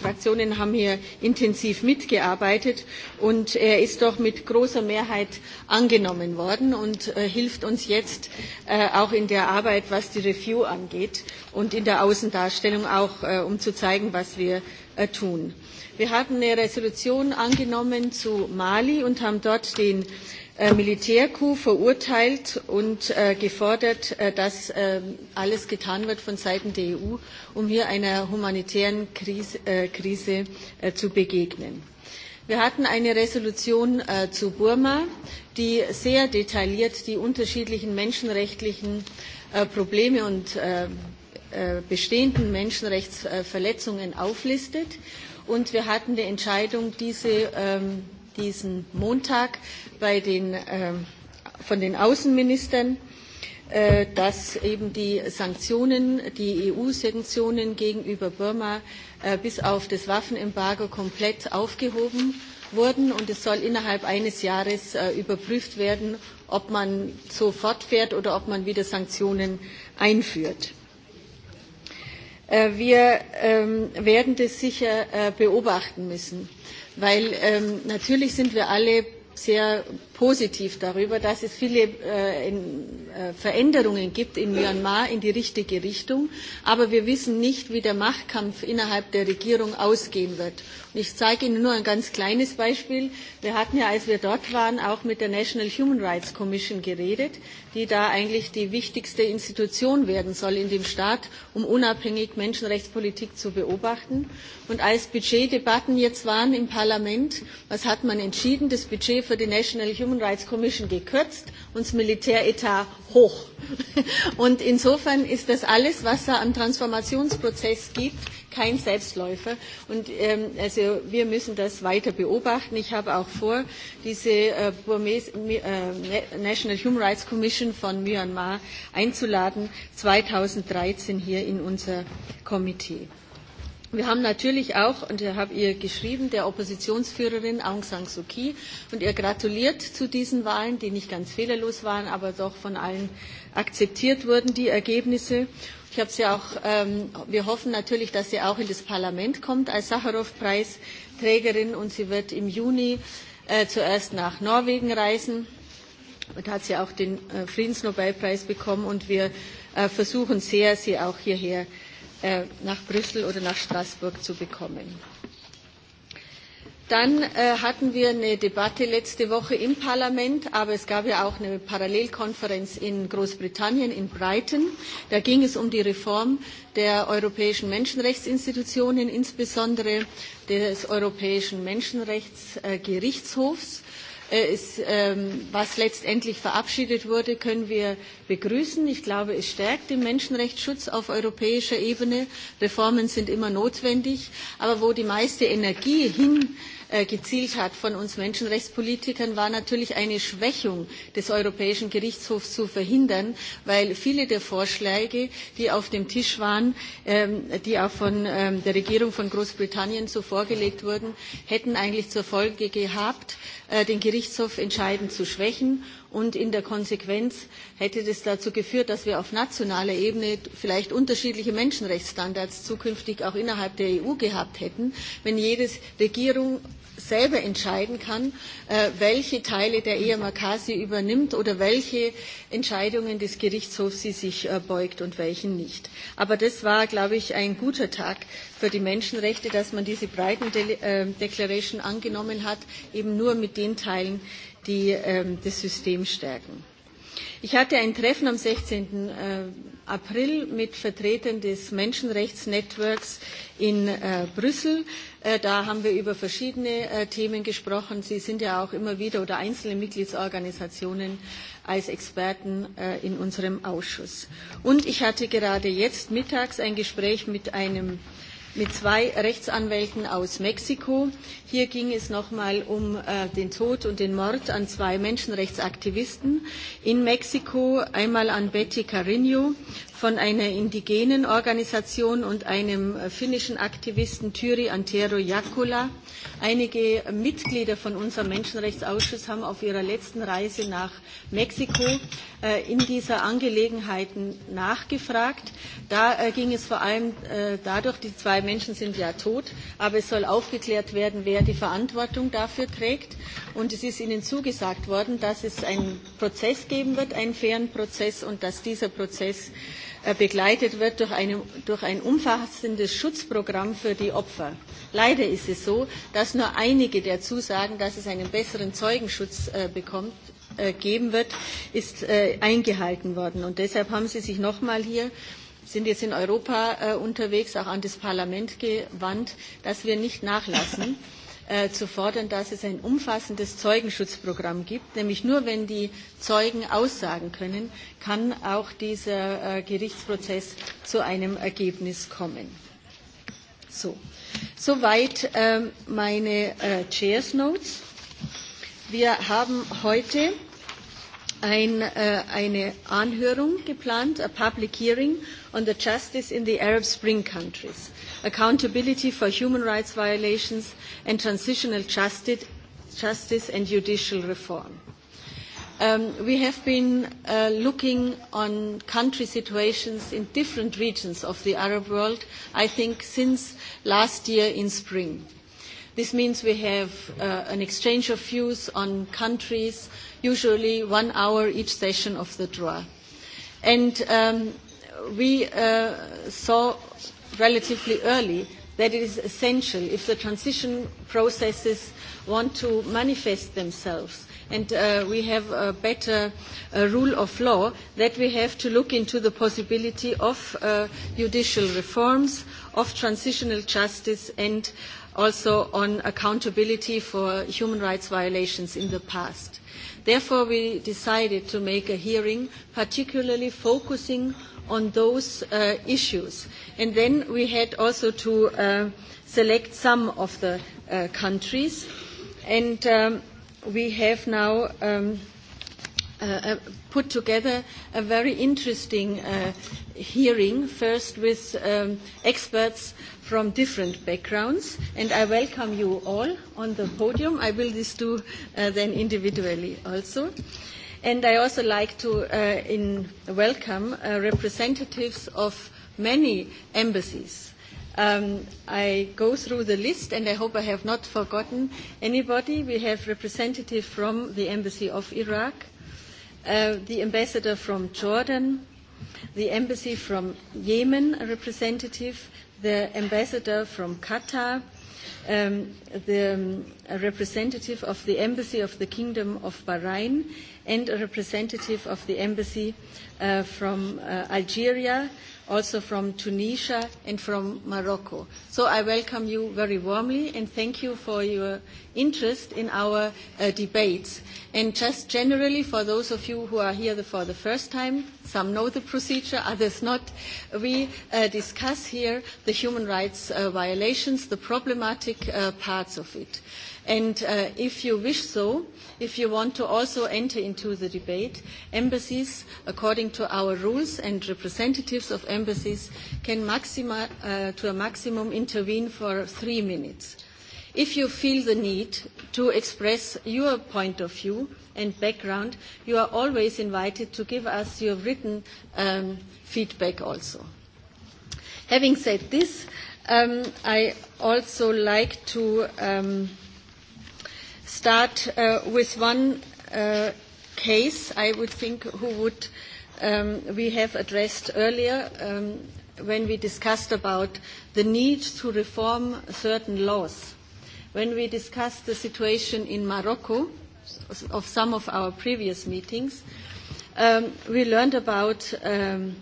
Fraktionen haben hier intensiv mitgearbeitet und er ist doch mit großer Mehrheit angenommen worden und äh, hilft uns jetzt äh, auch in der Arbeit, was die Review angeht und in der Außendarstellung auch, äh, um zu zeigen, was wir äh, tun. Wir hatten eine Resolution angenommen zu Mali und haben dort den Äh, Militärcoup verurteilt und äh, gefordert, äh, dass äh, alles getan wird von Seiten der EU, um hier einer humanitären Krise, äh, Krise äh, zu begegnen. Wir hatten eine Resolution äh, zu Burma, die sehr detailliert die unterschiedlichen menschenrechtlichen äh, Probleme und äh, äh, bestehenden Menschenrechtsverletzungen auflistet. Und wir hatten die Entscheidung, diese ähm, diesen Montag bei den, ähm, von den Außenministern, äh, dass eben die Sanktionen, die EU-Sanktionen gegenüber Burma äh, bis auf das Waffenembargo komplett aufgehoben wurden und es soll innerhalb eines Jahres äh, überprüft werden, ob man so fortfährt oder ob man wieder Sanktionen einführt. Wir ähm, werden das sicher beobachten müssen weil ähm, natürlich sind wir alle sehr positiv darüber, dass es viele äh, in, äh, Veränderungen gibt in Myanmar in die richtige Richtung. Aber wir wissen nicht, wie der Machtkampf innerhalb der Regierung ausgehen wird. Und ich zeige Ihnen nur ein ganz kleines Beispiel. Wir hatten ja, als wir dort waren, auch mit der National Human Rights Commission geredet die da eigentlich die wichtigste Institution werden soll in dem Staat, um unabhängig Menschenrechtspolitik zu beobachten. Und als Budgetdebatten jetzt waren im Parlament, was hat man entschieden? Das Budget für die National Human Rights Commission gekürzt und das Militäretat hoch. Und insofern ist das alles, was da am Transformationsprozess gibt, kein Selbstläufer. Und ähm, also wir müssen das weiter beobachten. Ich habe auch vor, diese äh, Burmese, äh, National Human Rights Commission von Myanmar einzuladen, 2013 hier in unser Komitee. Wir haben natürlich auch, und ich habe ihr geschrieben, der Oppositionsführerin Aung San Suu Kyi und ihr gratuliert zu diesen Wahlen, die nicht ganz fehlerlos waren, aber doch von allen akzeptiert wurden, die Ergebnisse. Ich habe sie auch, ähm, wir hoffen natürlich, dass sie auch in das Parlament kommt als Sacharow-Preisträgerin und sie wird im Juni äh, zuerst nach Norwegen reisen. Und hat sie auch den äh, Friedensnobelpreis bekommen und wir äh, versuchen sehr, sie auch hierher Äh, nach Brüssel oder nach Straßburg zu bekommen. Dann äh, hatten wir eine Debatte letzte Woche im Parlament, aber es gab ja auch eine Parallelkonferenz in Großbritannien, in Brighton. Da ging es um die Reform der europäischen Menschenrechtsinstitutionen, insbesondere des Europäischen Menschenrechtsgerichtshofs ist, äh, ähm, was letztendlich verabschiedet wurde, können wir begrüßen. Ich glaube, es stärkt den Menschenrechtsschutz auf europäischer Ebene. Reformen sind immer notwendig. Aber wo die meiste Energie hin Äh, gezielt hat von uns Menschenrechtspolitikern, war natürlich eine Schwächung des Europäischen Gerichtshofs zu verhindern, weil viele der Vorschläge, die auf dem Tisch waren, ähm, die auch von ähm, der Regierung von Großbritannien so vorgelegt wurden, hätten eigentlich zur Folge gehabt, äh, den Gerichtshof entscheidend zu schwächen und in der Konsequenz hätte das dazu geführt, dass wir auf nationaler Ebene vielleicht unterschiedliche Menschenrechtsstandards zukünftig auch innerhalb der EU gehabt hätten, wenn jede Regierung selber entscheiden kann, äh, welche Teile der EMRK sie übernimmt oder welche Entscheidungen des Gerichtshofs sie sich äh, beugt und welchen nicht. Aber das war, glaube ich, ein guter Tag für die Menschenrechte, dass man diese breiten De äh, Declaration angenommen hat, eben nur mit den Teilen, die äh, das System stärken. Ich hatte ein Treffen am 16. April mit Vertretern des Menschenrechtsnetzwerks in äh, Brüssel. Äh, da haben wir über verschiedene äh, Themen gesprochen. Sie sind ja auch immer wieder oder einzelne Mitgliedsorganisationen als Experten äh, in unserem Ausschuss. Und ich hatte gerade jetzt mittags ein Gespräch mit einem mit zwei Rechtsanwälten aus Mexiko. Hier ging es nochmal um äh, den Tod und den Mord an zwei Menschenrechtsaktivisten in Mexiko, einmal an Betty Carino von einer indigenen Organisation und einem äh, finnischen Aktivisten Tyri Antero Jakula. Einige Mitglieder von unserem Menschenrechtsausschuss haben auf ihrer letzten Reise nach Mexiko äh, in dieser Angelegenheit nachgefragt. Da äh, ging es vor allem äh, dadurch, die zwei Menschen sind ja tot, aber es soll aufgeklärt werden, wer die Verantwortung dafür trägt. Und es ist ihnen zugesagt worden, dass es einen Prozess geben wird, einen fairen Prozess und dass dieser Prozess Äh, begleitet wird durch, eine, durch ein umfassendes Schutzprogramm für die Opfer. Leider ist es so, dass nur einige der Zusagen, dass es einen besseren Zeugenschutz äh, bekommt, äh, geben wird, ist äh, eingehalten worden. Und deshalb haben Sie sich nochmal hier sind jetzt in Europa äh, unterwegs, auch an das Parlament gewandt, dass wir nicht nachlassen. Äh, zu fordern, dass es ein umfassendes Zeugenschutzprogramm gibt. Nämlich nur wenn die Zeugen aussagen können, kann auch dieser äh, Gerichtsprozess zu einem Ergebnis kommen. So. Soweit ähm, meine äh, Chairs Notes. Wir haben heute ein, äh, eine Anhörung geplant, a public hearing on the justice in the Arab Spring countries accountability for human rights violations, and transitional justice, justice and judicial reform. Um, we have been uh, looking on country situations in different regions of the Arab world, I think, since last year in spring. This means we have uh, an exchange of views on countries, usually one hour each session of the draw. And um, we uh, saw relatively early that it is essential if the transition processes want to manifest themselves and uh, we have a better uh, rule of law, that we have to look into the possibility of uh, judicial reforms, of transitional justice, and also on accountability for human rights violations in the past. Therefore, we decided to make a hearing particularly focusing on those uh, issues. And then we had also to uh, select some of the uh, countries. And um, we have now um, uh, uh, put together a very interesting uh, hearing, first with um, experts from different backgrounds, and I welcome you all on the podium. I will just do uh, then individually also. And I also like to uh, in welcome uh, representatives of many embassies. Um, I go through the list and I hope I have not forgotten anybody. We have representative from the embassy of Iraq, uh, the ambassador from Jordan, the embassy from Yemen, a representative, the ambassador from Qatar, um, the um, representative of the embassy of the Kingdom of Bahrain, and a representative of the embassy uh, from uh, Algeria, also from Tunisia and from Morocco. So I welcome you very warmly and thank you for your interest in our uh, debates. And just generally, for those of you who are here for the first time, some know the procedure, others not, we uh, discuss here the human rights uh, violations, the problematic uh, parts of it. And uh, if you wish so, if you want to also enter into the debate, embassies, according to our rules and representatives of embassies, can maxima, uh, to a maximum intervene for three minutes. If you feel the need to express your point of view and background, you are always invited to give us your written um, feedback also. Having said this, um, I also like to um, start uh, with one uh, case I would think who would um, we have addressed earlier um, when we discussed about the need to reform certain laws. When we discussed the situation in Morocco of some of our previous meetings, um, we learned about um,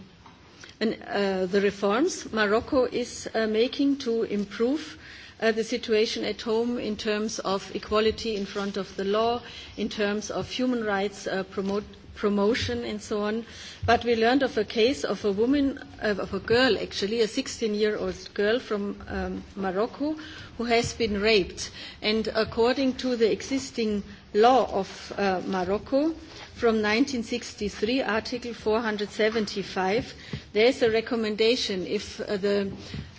an, uh, the reforms Morocco is uh, making to improve Uh, the situation at home in terms of equality in front of the law, in terms of human rights uh, promote, promotion and so on. But we learned of a case of a woman, uh, of a girl actually, a 16-year-old girl from um, Morocco who has been raped. And according to the existing law of uh, Morocco from 1963, Article 475, there is a recommendation if uh, the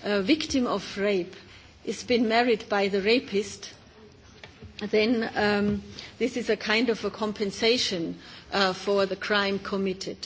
uh, victim of rape is been married by the rapist, then um, this is a kind of a compensation uh, for the crime committed.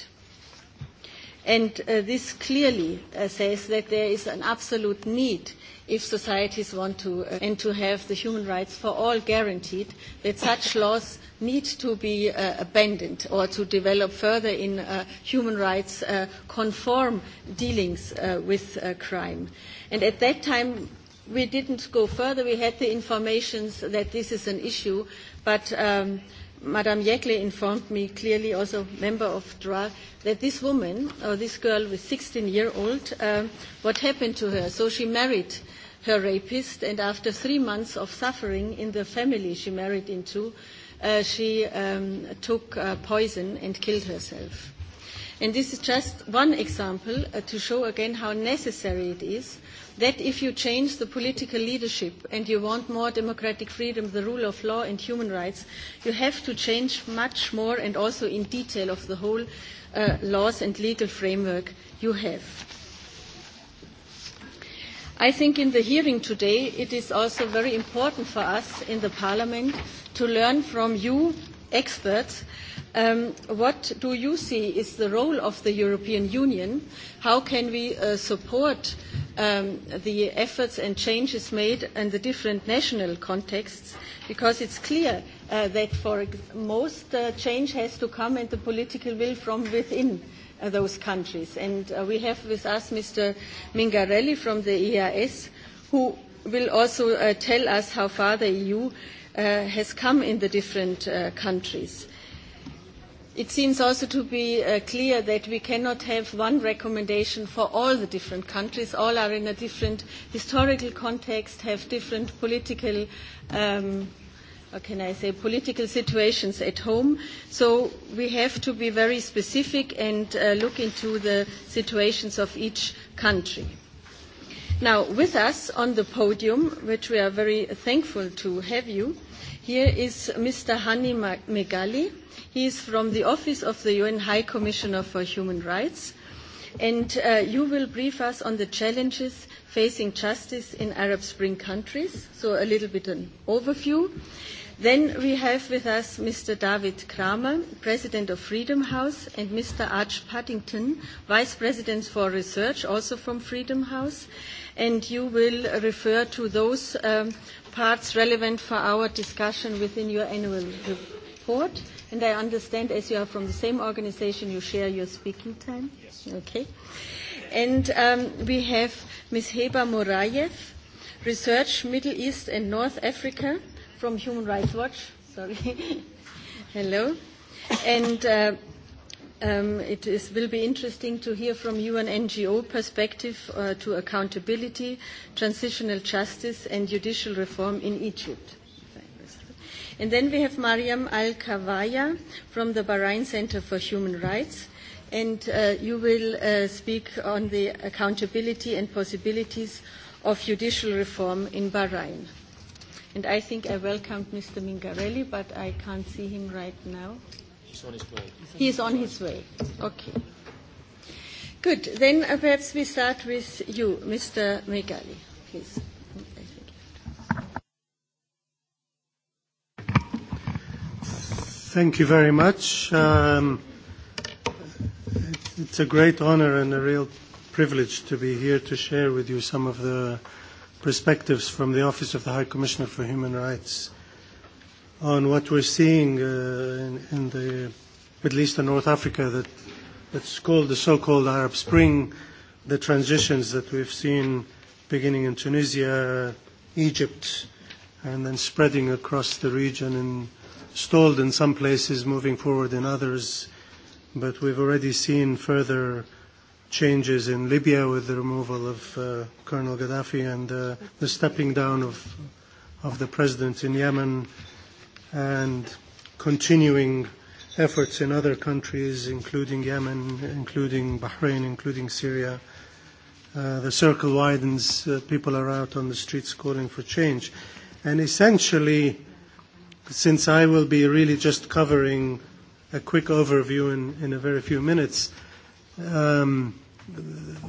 And uh, this clearly uh, says that there is an absolute need if societies want to uh, and to have the human rights for all guaranteed that such laws need to be uh, abandoned or to develop further in uh, human rights uh, conform dealings uh, with uh, crime. And at that time we didn't go further. We had the information that this is an issue, but um, Madame Yekle informed me clearly, also member of DRA, that this woman, or this girl was 16 year old, um, what happened to her? So she married her rapist, and after three months of suffering in the family she married into, uh, she um, took uh, poison and killed herself. And this is just one example uh, to show again how necessary it is that if you change the political leadership and you want more democratic freedom, the rule of law and human rights, you have to change much more and also in detail of the whole uh, laws and legal framework you have. I think in the hearing today it is also very important for us in the Parliament to learn from you experts um, what do you see is the role of the European Union? How can we uh, support um, the efforts and changes made in the different national contexts, because it's clear uh, that for most uh, change has to come and the political will from within uh, those countries. And uh, we have with us Mr. Mingarelli from the EIS, who will also uh, tell us how far the EU uh, has come in the different uh, countries it seems also to be uh, clear that we cannot have one recommendation for all the different countries. All are in a different historical context, have different political, um, what can I say, political situations at home. So we have to be very specific and uh, look into the situations of each country. Now, with us on the podium, which we are very thankful to have you, here is Mr. Hani Megali. He is from the Office of the UN High Commissioner for Human Rights, and uh, you will brief us on the challenges facing justice in Arab Spring countries, so a little bit an overview. Then we have with us Mr. David Kramer, President of Freedom House, and Mr. Arch Paddington, Vice President for Research, also from Freedom House and you will refer to those um, parts relevant for our discussion within your annual report. And I understand, as you are from the same organization, you share your speaking time? Yes. Okay. And um, we have Ms. Heba Morayev, Research Middle East and North Africa from Human Rights Watch. Sorry. Hello. And uh, Um, it is, will be interesting to hear from you an NGO perspective uh, to accountability, transitional justice and judicial reform in Egypt. And then we have Mariam Al-Kawaya from the Bahrain Center for Human Rights. And uh, you will uh, speak on the accountability and possibilities of judicial reform in Bahrain. And I think I welcomed Mr. Mingarelli, but I can't see him right now. He's on his way. on his way. Okay. Good. Then uh, perhaps we start with you, Mr. Megali, please. Thank you very much. Um, it's a great honor and a real privilege to be here to share with you some of the perspectives from the Office of the High Commissioner for Human Rights on what we're seeing uh, in, in the Middle East and North Africa that, that's called the so-called Arab Spring, the transitions that we've seen beginning in Tunisia, Egypt, and then spreading across the region and stalled in some places, moving forward in others. But we've already seen further changes in Libya with the removal of uh, Colonel Gaddafi and uh, the stepping down of, of the president in Yemen and continuing efforts in other countries, including Yemen, including Bahrain, including Syria. Uh, the circle widens. Uh, people are out on the streets calling for change. And essentially, since I will be really just covering a quick overview in, in a very few minutes, um,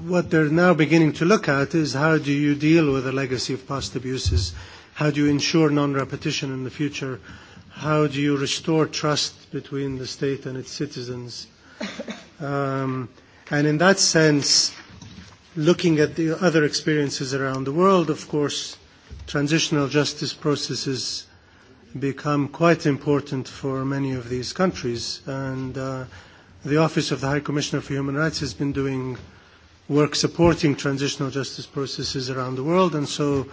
what they're now beginning to look at is how do you deal with the legacy of past abuses? How do you ensure non-repetition in the future? how do you restore trust between the state and its citizens? Um, and in that sense, looking at the other experiences around the world, of course, transitional justice processes become quite important for many of these countries. And uh, the Office of the High Commissioner for Human Rights has been doing work supporting transitional justice processes around the world. And so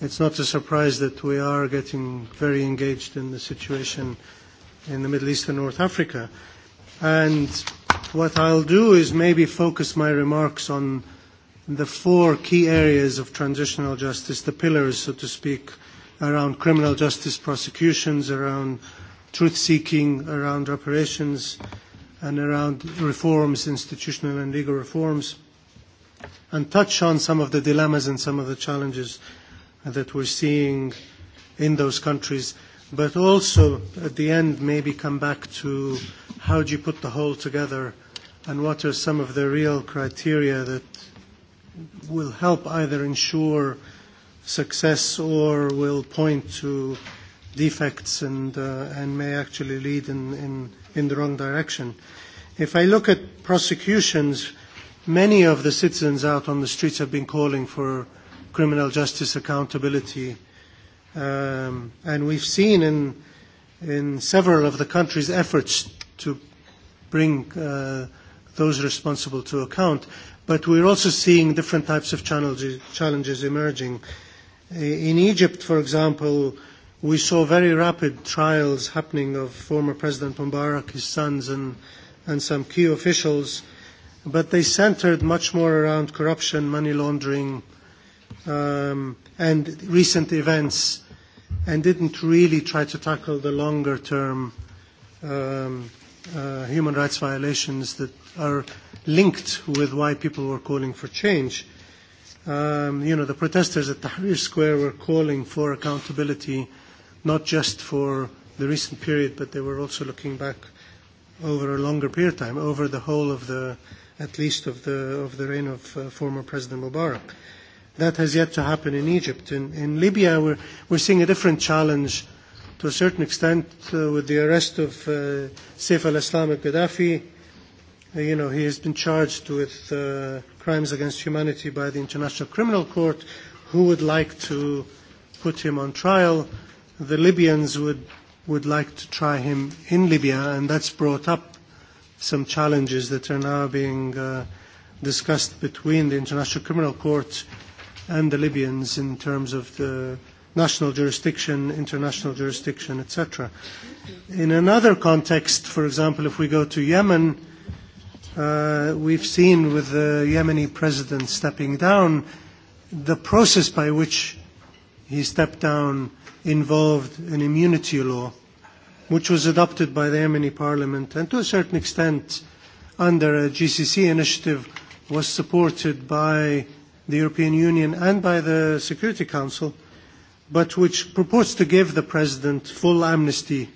It's not a surprise that we are getting very engaged in the situation in the Middle East and North Africa. And what I'll do is maybe focus my remarks on the four key areas of transitional justice, the pillars, so to speak, around criminal justice prosecutions, around truth-seeking, around reparations, and around reforms, institutional and legal reforms, and touch on some of the dilemmas and some of the challenges that we're seeing in those countries, but also at the end maybe come back to how do you put the whole together and what are some of the real criteria that will help either ensure success or will point to defects and, uh, and may actually lead in, in, in the wrong direction. If I look at prosecutions, many of the citizens out on the streets have been calling for criminal justice accountability. Um, and we've seen in, in several of the countries' efforts to bring uh, those responsible to account. But we're also seeing different types of challenges, challenges emerging. In Egypt, for example, we saw very rapid trials happening of former President Mubarak, his sons, and, and some key officials, but they centered much more around corruption, money laundering, um, and recent events and didn't really try to tackle the longer term um, uh, human rights violations that are linked with why people were calling for change. Um, you know, the protesters at Tahrir Square were calling for accountability, not just for the recent period, but they were also looking back over a longer period of time, over the whole of the, at least of the, of the reign of uh, former President Mubarak. That has yet to happen in Egypt. In, in Libya, we're, we're seeing a different challenge to a certain extent uh, with the arrest of uh, Saif al-Islam al Gaddafi. Uh, you know, he has been charged with uh, crimes against humanity by the International Criminal Court. Who would like to put him on trial? The Libyans would, would like to try him in Libya, and that's brought up some challenges that are now being uh, discussed between the International Criminal Court and the Libyans in terms of the national jurisdiction, international jurisdiction, etc. In another context, for example, if we go to Yemen, uh, we've seen with the Yemeni president stepping down, the process by which he stepped down involved an immunity law, which was adopted by the Yemeni parliament and to a certain extent under a GCC initiative was supported by the European Union and by the Security Council, but which purports to give the president full amnesty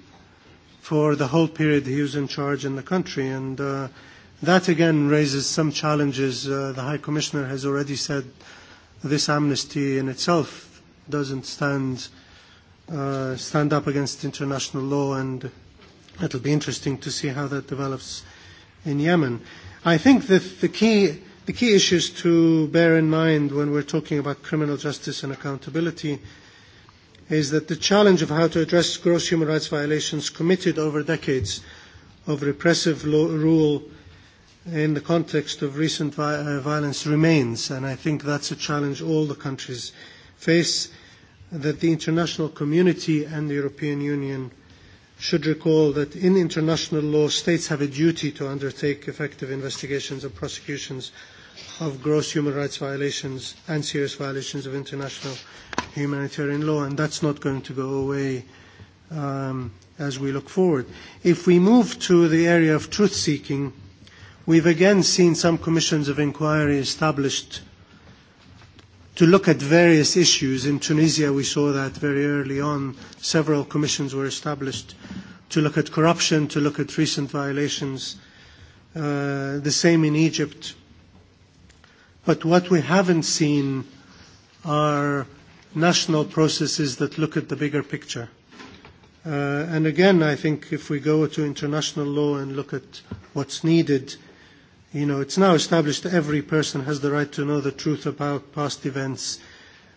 for the whole period he was in charge in the country. And uh, that again raises some challenges. Uh, the High Commissioner has already said this amnesty in itself doesn't stand, uh, stand up against international law, and it'll be interesting to see how that develops in Yemen. I think that the key The key issues to bear in mind when we're talking about criminal justice and accountability is that the challenge of how to address gross human rights violations committed over decades of repressive law, rule in the context of recent vi uh, violence remains, and I think that's a challenge all the countries face, that the international community and the European Union should recall that in international law, states have a duty to undertake effective investigations and prosecutions of gross human rights violations and serious violations of international humanitarian law, and that's not going to go away um, as we look forward. If we move to the area of truth seeking, we've again seen some commissions of inquiry established to look at various issues. In Tunisia, we saw that very early on. Several commissions were established to look at corruption, to look at recent violations. Uh, the same in Egypt. But what we haven't seen are national processes that look at the bigger picture. Uh, and again, I think if we go to international law and look at what's needed, you know, it's now established that every person has the right to know the truth about past events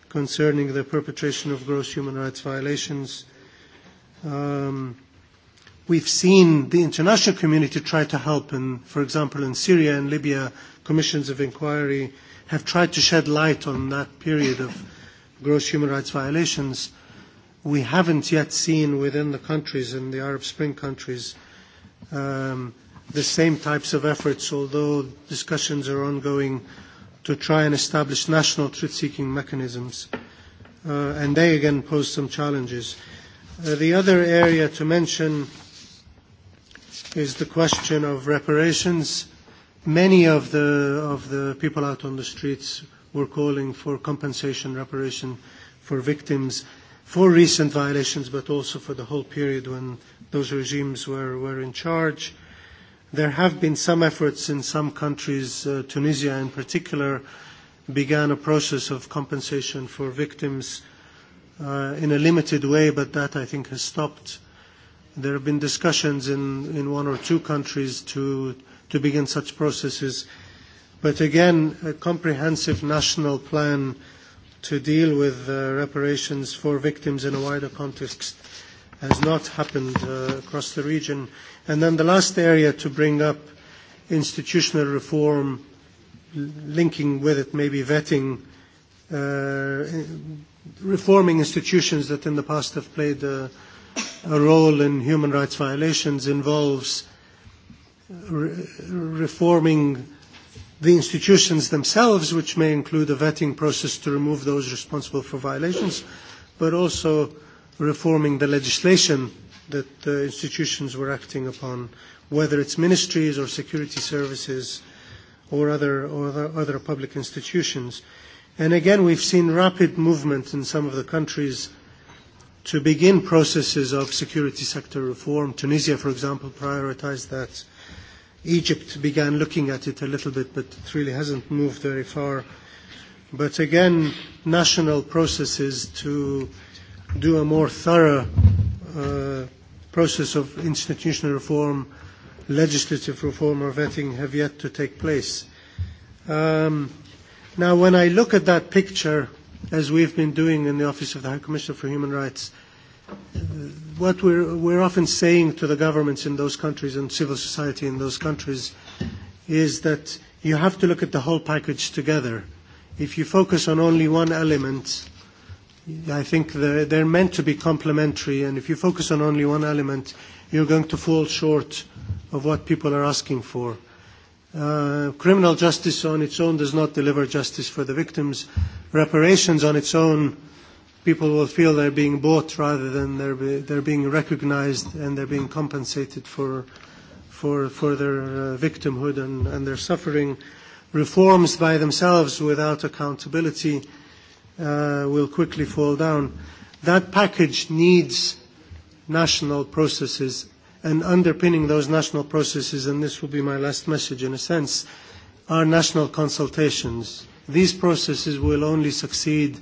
concerning the perpetration of gross human rights violations. Um, we've seen the international community try to help, in, for example, in Syria and Libya, commissions of inquiry have tried to shed light on that period of gross human rights violations, we haven't yet seen within the countries, in the Arab Spring countries, um, the same types of efforts, although discussions are ongoing to try and establish national truth-seeking mechanisms. Uh, and they again pose some challenges. Uh, the other area to mention is the question of reparations many of the, of the people out on the streets were calling for compensation, reparation for victims for recent violations, but also for the whole period when those regimes were, were in charge. There have been some efforts in some countries, uh, Tunisia in particular, began a process of compensation for victims uh, in a limited way, but that I think has stopped. There have been discussions in, in one or two countries to to begin such processes. But again, a comprehensive national plan to deal with uh, reparations for victims in a wider context has not happened uh, across the region. And then the last area to bring up institutional reform, linking with it maybe vetting, uh, reforming institutions that in the past have played a, a role in human rights violations involves re reforming the institutions themselves, which may include a vetting process to remove those responsible for violations, but also reforming the legislation that the institutions were acting upon, whether it's ministries or security services or other, or other public institutions. And again, we've seen rapid movement in some of the countries to begin processes of security sector reform. Tunisia, for example, prioritized that Egypt began looking at it a little bit, but it really hasn't moved very far. But again, national processes to do a more thorough uh, process of institutional reform, legislative reform or vetting have yet to take place. Um, now, when I look at that picture, as we've been doing in the Office of the High Commissioner for Human Rights, what we're, we're often saying to the governments in those countries and civil society in those countries is that you have to look at the whole package together. If you focus on only one element, I think they're, they're meant to be complementary, and if you focus on only one element, you're going to fall short of what people are asking for. Uh, criminal justice on its own does not deliver justice for the victims. Reparations on its own people will feel they're being bought rather than they're, be, they're being recognized and they're being compensated for, for, for their uh, victimhood and, and their suffering. Reforms by themselves without accountability uh, will quickly fall down. That package needs national processes and underpinning those national processes, and this will be my last message in a sense, are national consultations. These processes will only succeed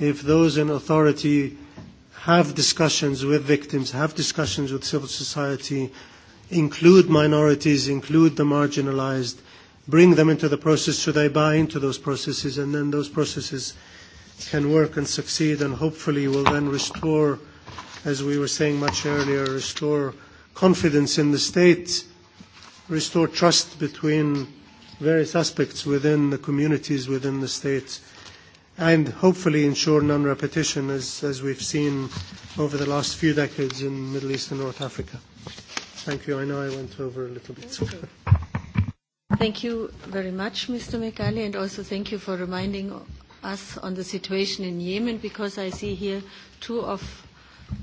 if those in authority have discussions with victims, have discussions with civil society, include minorities, include the marginalized, bring them into the process so they buy into those processes, and then those processes can work and succeed, and hopefully will then restore, as we were saying much earlier, restore confidence in the state, restore trust between various aspects within the communities, within the state and hopefully ensure non-repetition as, as we've seen over the last few decades in Middle East and North Africa. Thank you. I know I went over a little bit. Thank you, thank you very much, Mr. McAlley, and also thank you for reminding us on the situation in Yemen, because I see here two of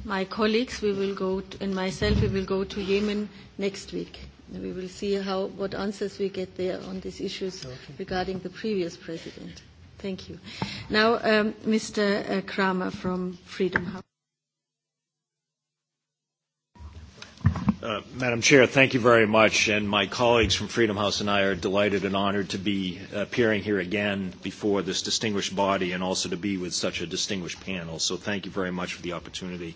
my colleagues we will go to, and myself we will go to Yemen next week. We will see how what answers we get there on these issues okay. regarding the previous president. Thank you. Now, um, Mr. Uh, Kramer from Freedom House. Uh, Madam Chair, thank you very much. And my colleagues from Freedom House and I are delighted and honored to be appearing here again before this distinguished body and also to be with such a distinguished panel. So thank you very much for the opportunity.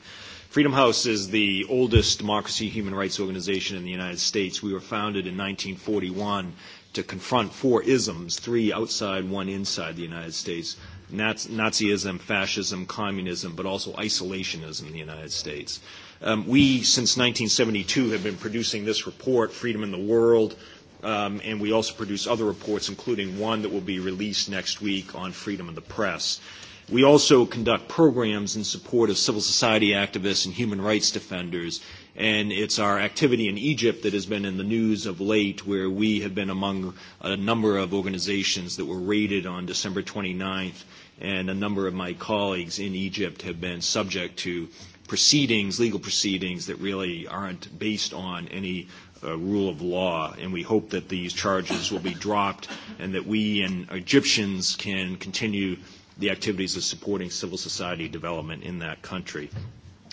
Freedom House is the oldest democracy human rights organization in the United States. We were founded in 1941 to confront four isms, three outside, one inside the United States, Nazism, fascism, communism, but also isolationism in the United States. Um, we, since 1972, have been producing this report, Freedom in the World, um, and we also produce other reports, including one that will be released next week on freedom of the press. We also conduct programs in support of civil society activists and human rights defenders and it's our activity in Egypt that has been in the news of late, where we have been among a number of organizations that were raided on December 29th, and a number of my colleagues in Egypt have been subject to proceedings, legal proceedings, that really aren't based on any uh, rule of law. And we hope that these charges will be dropped and that we and Egyptians can continue the activities of supporting civil society development in that country.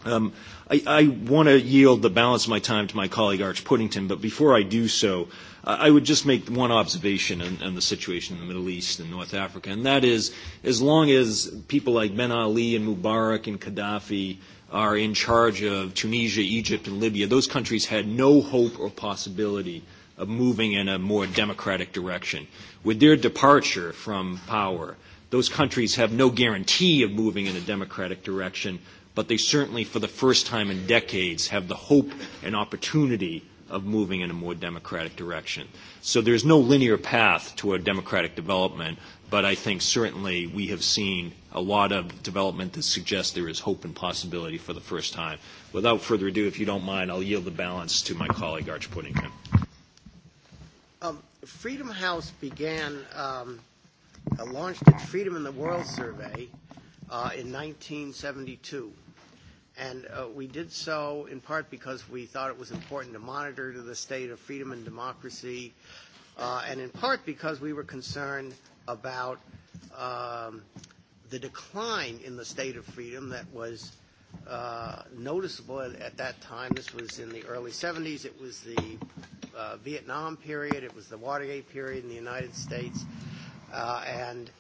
Um, I, I want to yield the balance of my time to my colleague Arch Puddington, but before I do so, I would just make one observation on, on the situation in the Middle East and North Africa, and that is, as long as people like Ben Ali and Mubarak and Gaddafi are in charge of Tunisia, Egypt, and Libya, those countries had no hope or possibility of moving in a more democratic direction. With their departure from power, those countries have no guarantee of moving in a democratic direction but they certainly, for the first time in decades, have the hope and opportunity of moving in a more democratic direction. So there's no linear path toward democratic development, but I think certainly we have seen a lot of development that suggests there is hope and possibility for the first time. Without further ado, if you don't mind, I'll yield the balance to my colleague Arch Puddington. Um, Freedom House began, um, launched its Freedom in the World survey uh, in 1972. And uh, we did so in part because we thought it was important to monitor the state of freedom and democracy, uh, and in part because we were concerned about um, the decline in the state of freedom that was uh, noticeable at, at that time. This was in the early 70s. It was the uh, Vietnam period. It was the Watergate period in the United States. Uh, and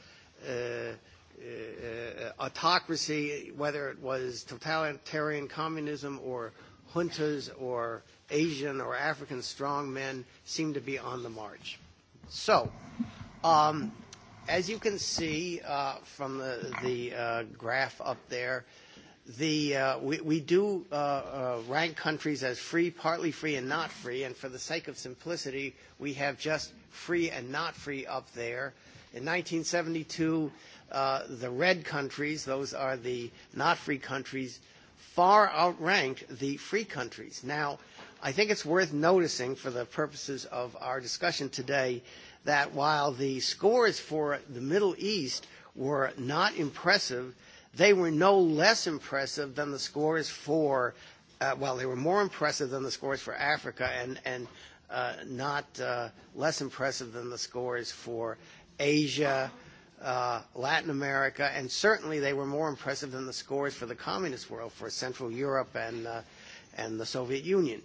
uh, Uh, uh, autocracy, whether it was totalitarian communism or juntas or Asian or African strongmen, seem to be on the march. So, um, as you can see uh, from the, the uh, graph up there, the, uh, we, we do uh, uh, rank countries as free, partly free, and not free. And for the sake of simplicity, we have just free and not free up there. In 1972, Uh, the red countries, those are the not free countries, far outranked the free countries. Now, I think it's worth noticing for the purposes of our discussion today that while the scores for the Middle East were not impressive, they were no less impressive than the scores for, uh, well, they were more impressive than the scores for Africa and, and uh, not uh, less impressive than the scores for Asia, uh, Latin America, and certainly they were more impressive than the scores for the communist world, for Central Europe and, uh, and the Soviet Union.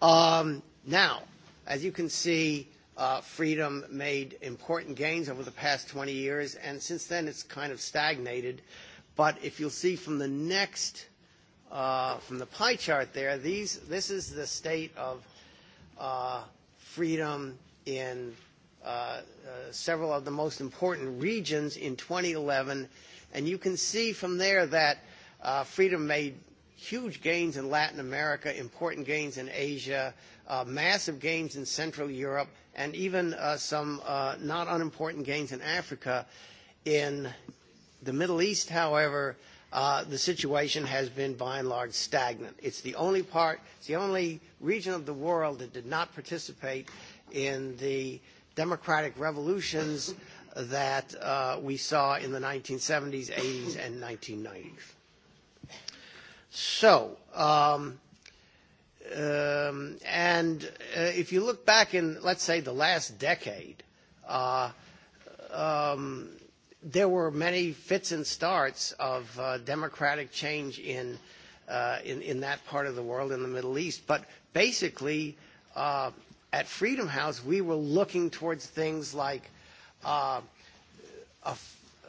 Um, now, as you can see, uh, freedom made important gains over the past 20 years, and since then it's kind of stagnated. But if you'll see from the next, uh, from the pie chart there, these, this is the state of uh, freedom in Uh, uh, several of the most important regions in 2011. And you can see from there that uh, Freedom made huge gains in Latin America, important gains in Asia, uh, massive gains in Central Europe, and even some not unimportant gains in Africa. In the Middle East, however, Uh, the situation has been by and large stagnant. It's the only part, it's the only region of the world that did not participate in the democratic revolutions that uh, we saw in the 1970s, 80s, and 1990s. So, um, um, and uh, if you look back in, let's say, the last decade, uh, um, there were many fits and starts of uh, democratic change in, uh, in, in that part of the world, in the Middle East. But basically, uh, at Freedom House, we were looking towards things like uh, a,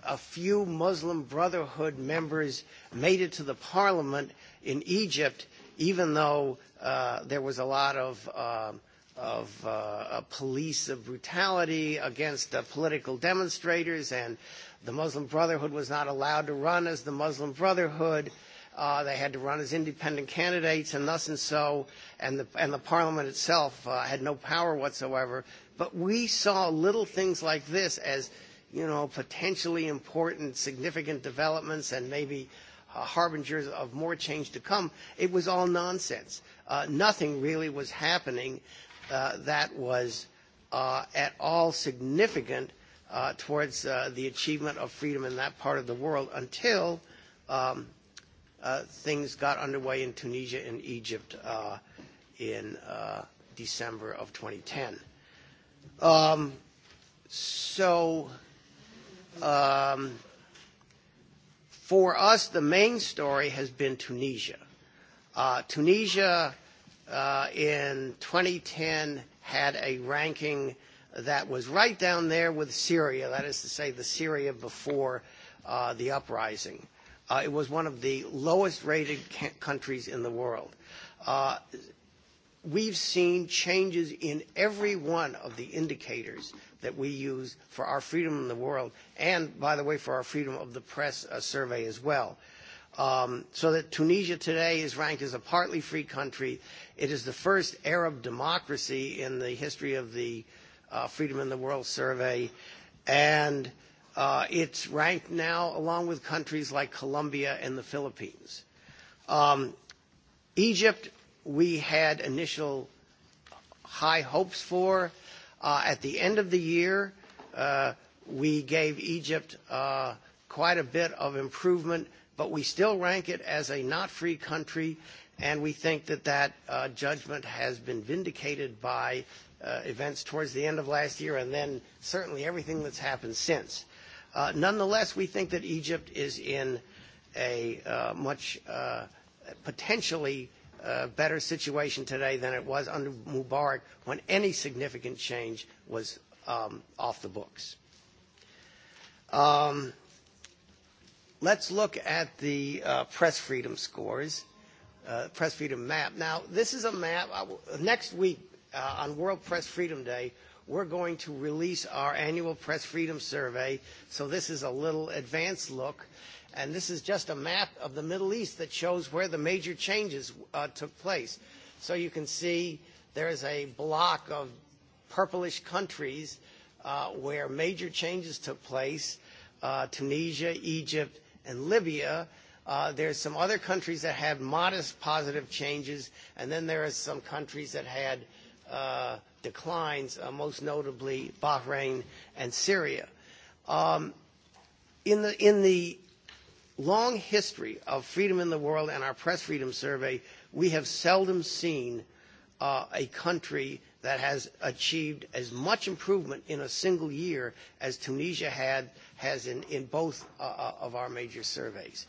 a few Muslim Brotherhood members made it to the parliament in Egypt, even though uh, there was a lot of, uh, of uh, police of brutality against uh, political demonstrators, and the Muslim Brotherhood was not allowed to run as the Muslim Brotherhood. Uh, Uh, they had to run as independent candidates, and thus and so, and the, and the parliament itself uh, had no power whatsoever. But we saw little things like this as, you know, potentially important, significant developments, and maybe uh, harbingers of more change to come. It was all nonsense. Uh, nothing really was happening uh, that was uh, at all significant uh, towards uh, the achievement of freedom in that part of the world until. Um, Uh, things got underway in Tunisia and Egypt uh, in uh, December of 2010. Um, so um, for us, the main story has been Tunisia. Uh, Tunisia uh, in 2010 had a ranking that was right down there with Syria, that is to say, the Syria before uh, the uprising. Uh, it was one of the lowest rated countries in the world. Uh, we've seen changes in every one of the indicators that we use for our freedom in the world, and by the way, for our freedom of the press uh, survey as well. Um, so that Tunisia today is ranked as a partly free country. It is the first Arab democracy in the history of the uh, Freedom in the World survey. And Uh, it's ranked now along with countries like Colombia and the Philippines. Um, Egypt, we had initial high hopes for. Uh, at the end of the year, uh, we gave Egypt uh, quite a bit of improvement, but we still rank it as a not free country, and we think that that uh, judgment has been vindicated by uh, events towards the end of last year and then certainly everything that's happened since. Uh, nonetheless, we think that Egypt is in a uh, much uh, potentially uh, better situation today than it was under Mubarak when any significant change was um, off the books. Um, let's look at the uh, press freedom scores, uh, press freedom map. Now, this is a map. I next week uh, on World Press Freedom Day, we're going to release our annual press freedom survey. So this is a little advanced look. And this is just a map of the Middle East that shows where the major changes uh, took place. So you can see there is a block of purplish countries uh, where major changes took place, uh, Tunisia, Egypt, and Libya. Uh, there's some other countries that had modest positive changes, and then there are some countries that had uh, declines, uh, most notably Bahrain and Syria. Um, in, the, in the long history of freedom in the world and our press freedom survey, we have seldom seen uh, a country that has achieved as much improvement in a single year as Tunisia had has in, in both uh, uh of our major surveys.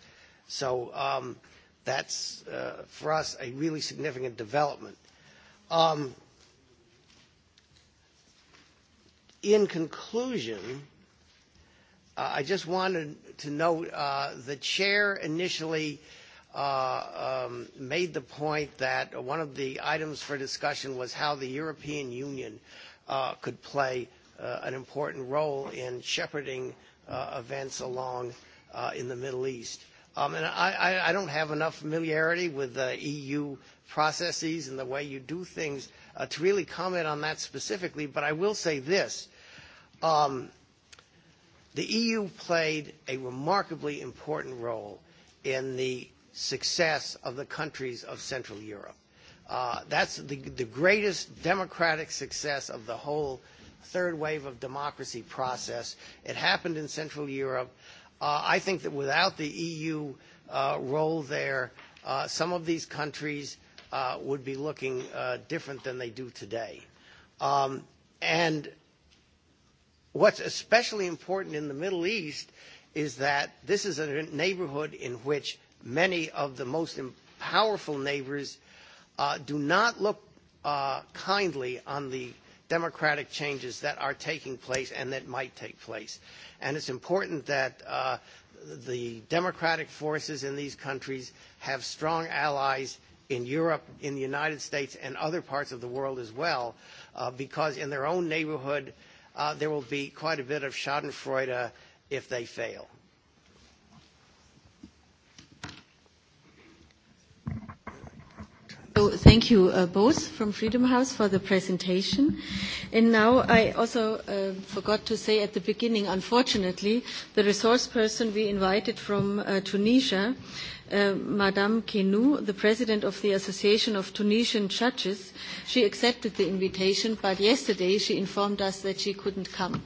So um, that's, uh, for us, a really significant development. Um, in conclusion, uh, I just wanted to note uh, the chair initially uh, um, made the point that one of the items for discussion was how the European Union uh, could play uh, an important role in shepherding uh, events along uh, in the Middle East. Um, and I, I don't have enough familiarity with the EU processes and the way you do things uh, to really comment on that specifically, but I will say this. Um, the EU played a remarkably important role in the success of the countries of Central Europe. Uh, that's the, the greatest democratic success of the whole third wave of democracy process. It happened in Central Europe. Uh, I think that without the EU uh, role there, uh, some of these countries Uh, would be looking uh, different than they do today. Um, and what's especially important in the Middle East is that this is a neighborhood in which many of the most powerful neighbors uh, do not look uh, kindly on the democratic changes that are taking place and that might take place. And it's important that uh, the democratic forces in these countries have strong allies in Europe, in the United States, and other parts of the world as well, uh, because in their own neighborhood, uh, there will be quite a bit of schadenfreude if they fail. Thank you uh, both from Freedom House for the presentation. And now I also uh, forgot to say at the beginning, unfortunately, the resource person we invited from uh, Tunisia, uh, Madame Kenou, the president of the Association of Tunisian Judges, she accepted the invitation, but yesterday she informed us that she couldn't come.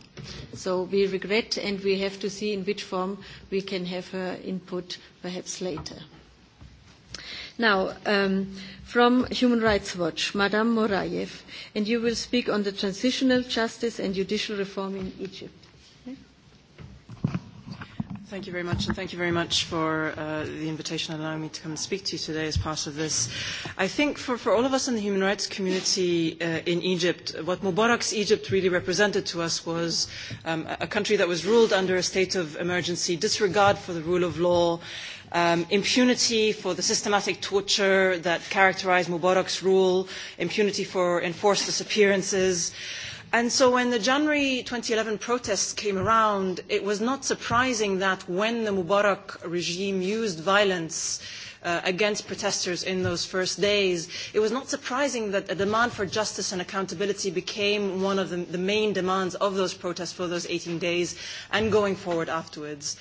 So we regret and we have to see in which form we can have her input perhaps later. Now, um, from Human Rights Watch, Madame Morayev, and you will speak on the transitional justice and judicial reform in Egypt. Thank you very much, and thank you very much for uh, the invitation allowing me to come and speak to you today as part of this. I think for, for all of us in the human rights community uh, in Egypt, what Mubarak's Egypt really represented to us was um, a country that was ruled under a state of emergency, disregard for the rule of law, Um, impunity for the systematic torture that characterised Mubarak's rule, impunity for enforced disappearances. And so when the January 2011 protests came around, it was not surprising that when the Mubarak regime used violence, uh, uh, against protesters in those first days, it was not surprising that a demand for justice and accountability became one of the, the main demands of those protests for those 18 days and going forward afterwards.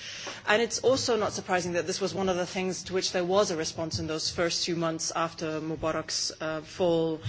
And it's also not surprising that this was one of the things to which there was a response in those first few months after Mubarak's uh, fall.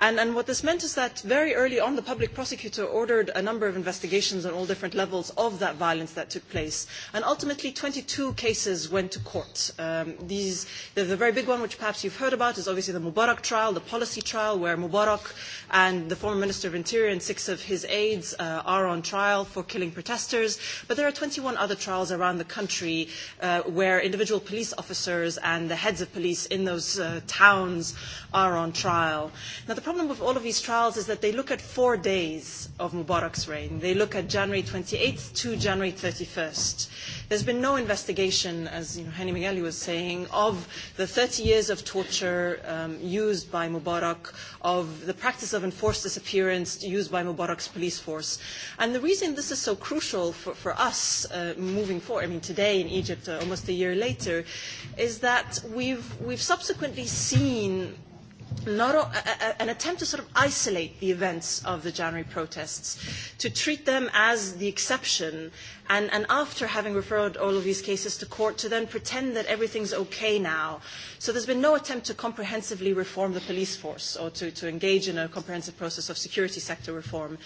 And, and what this meant is that very early on, the public prosecutor ordered a number of investigations on all different levels of that violence that took place. And ultimately, 22 cases went to court. Um, these, the, the very big one, which perhaps you've heard about, is obviously the Mubarak trial, the policy trial, where Mubarak and the former Minister of Interior and six of his aides uh, are on trial for killing protesters. But there are 21 other trials around the country uh, where individual police officers and the heads of police in those uh, towns are on trial. Now, the problem with all of these trials is that they look at four days of Mubarak's reign. They look at January 28th to January 31st. There's been no investigation, as you know, Hani Migueli was saying, of the 30 years of torture um, used by Mubarak, of the practice of enforced disappearance used by Mubarak's police force. And the reason this is so crucial for, for us uh, moving forward, I mean, today in Egypt, uh, almost a year later, is that we've, we've subsequently seen not a, a, an attempt to sort of isolate the events of the January protests, to treat them as the exception, and, and after having referred all of these cases to court, to then pretend that everything's okay now. So there's been no attempt to comprehensively reform the police force or to, to engage in a comprehensive process of security sector reform.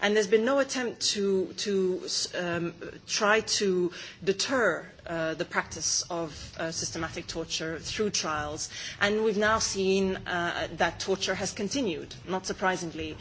And there's been no attempt to, to um, try to deter Uh, the practice of uh, systematic torture through trials. And we've now seen uh, that torture has continued, not surprisingly. Uh,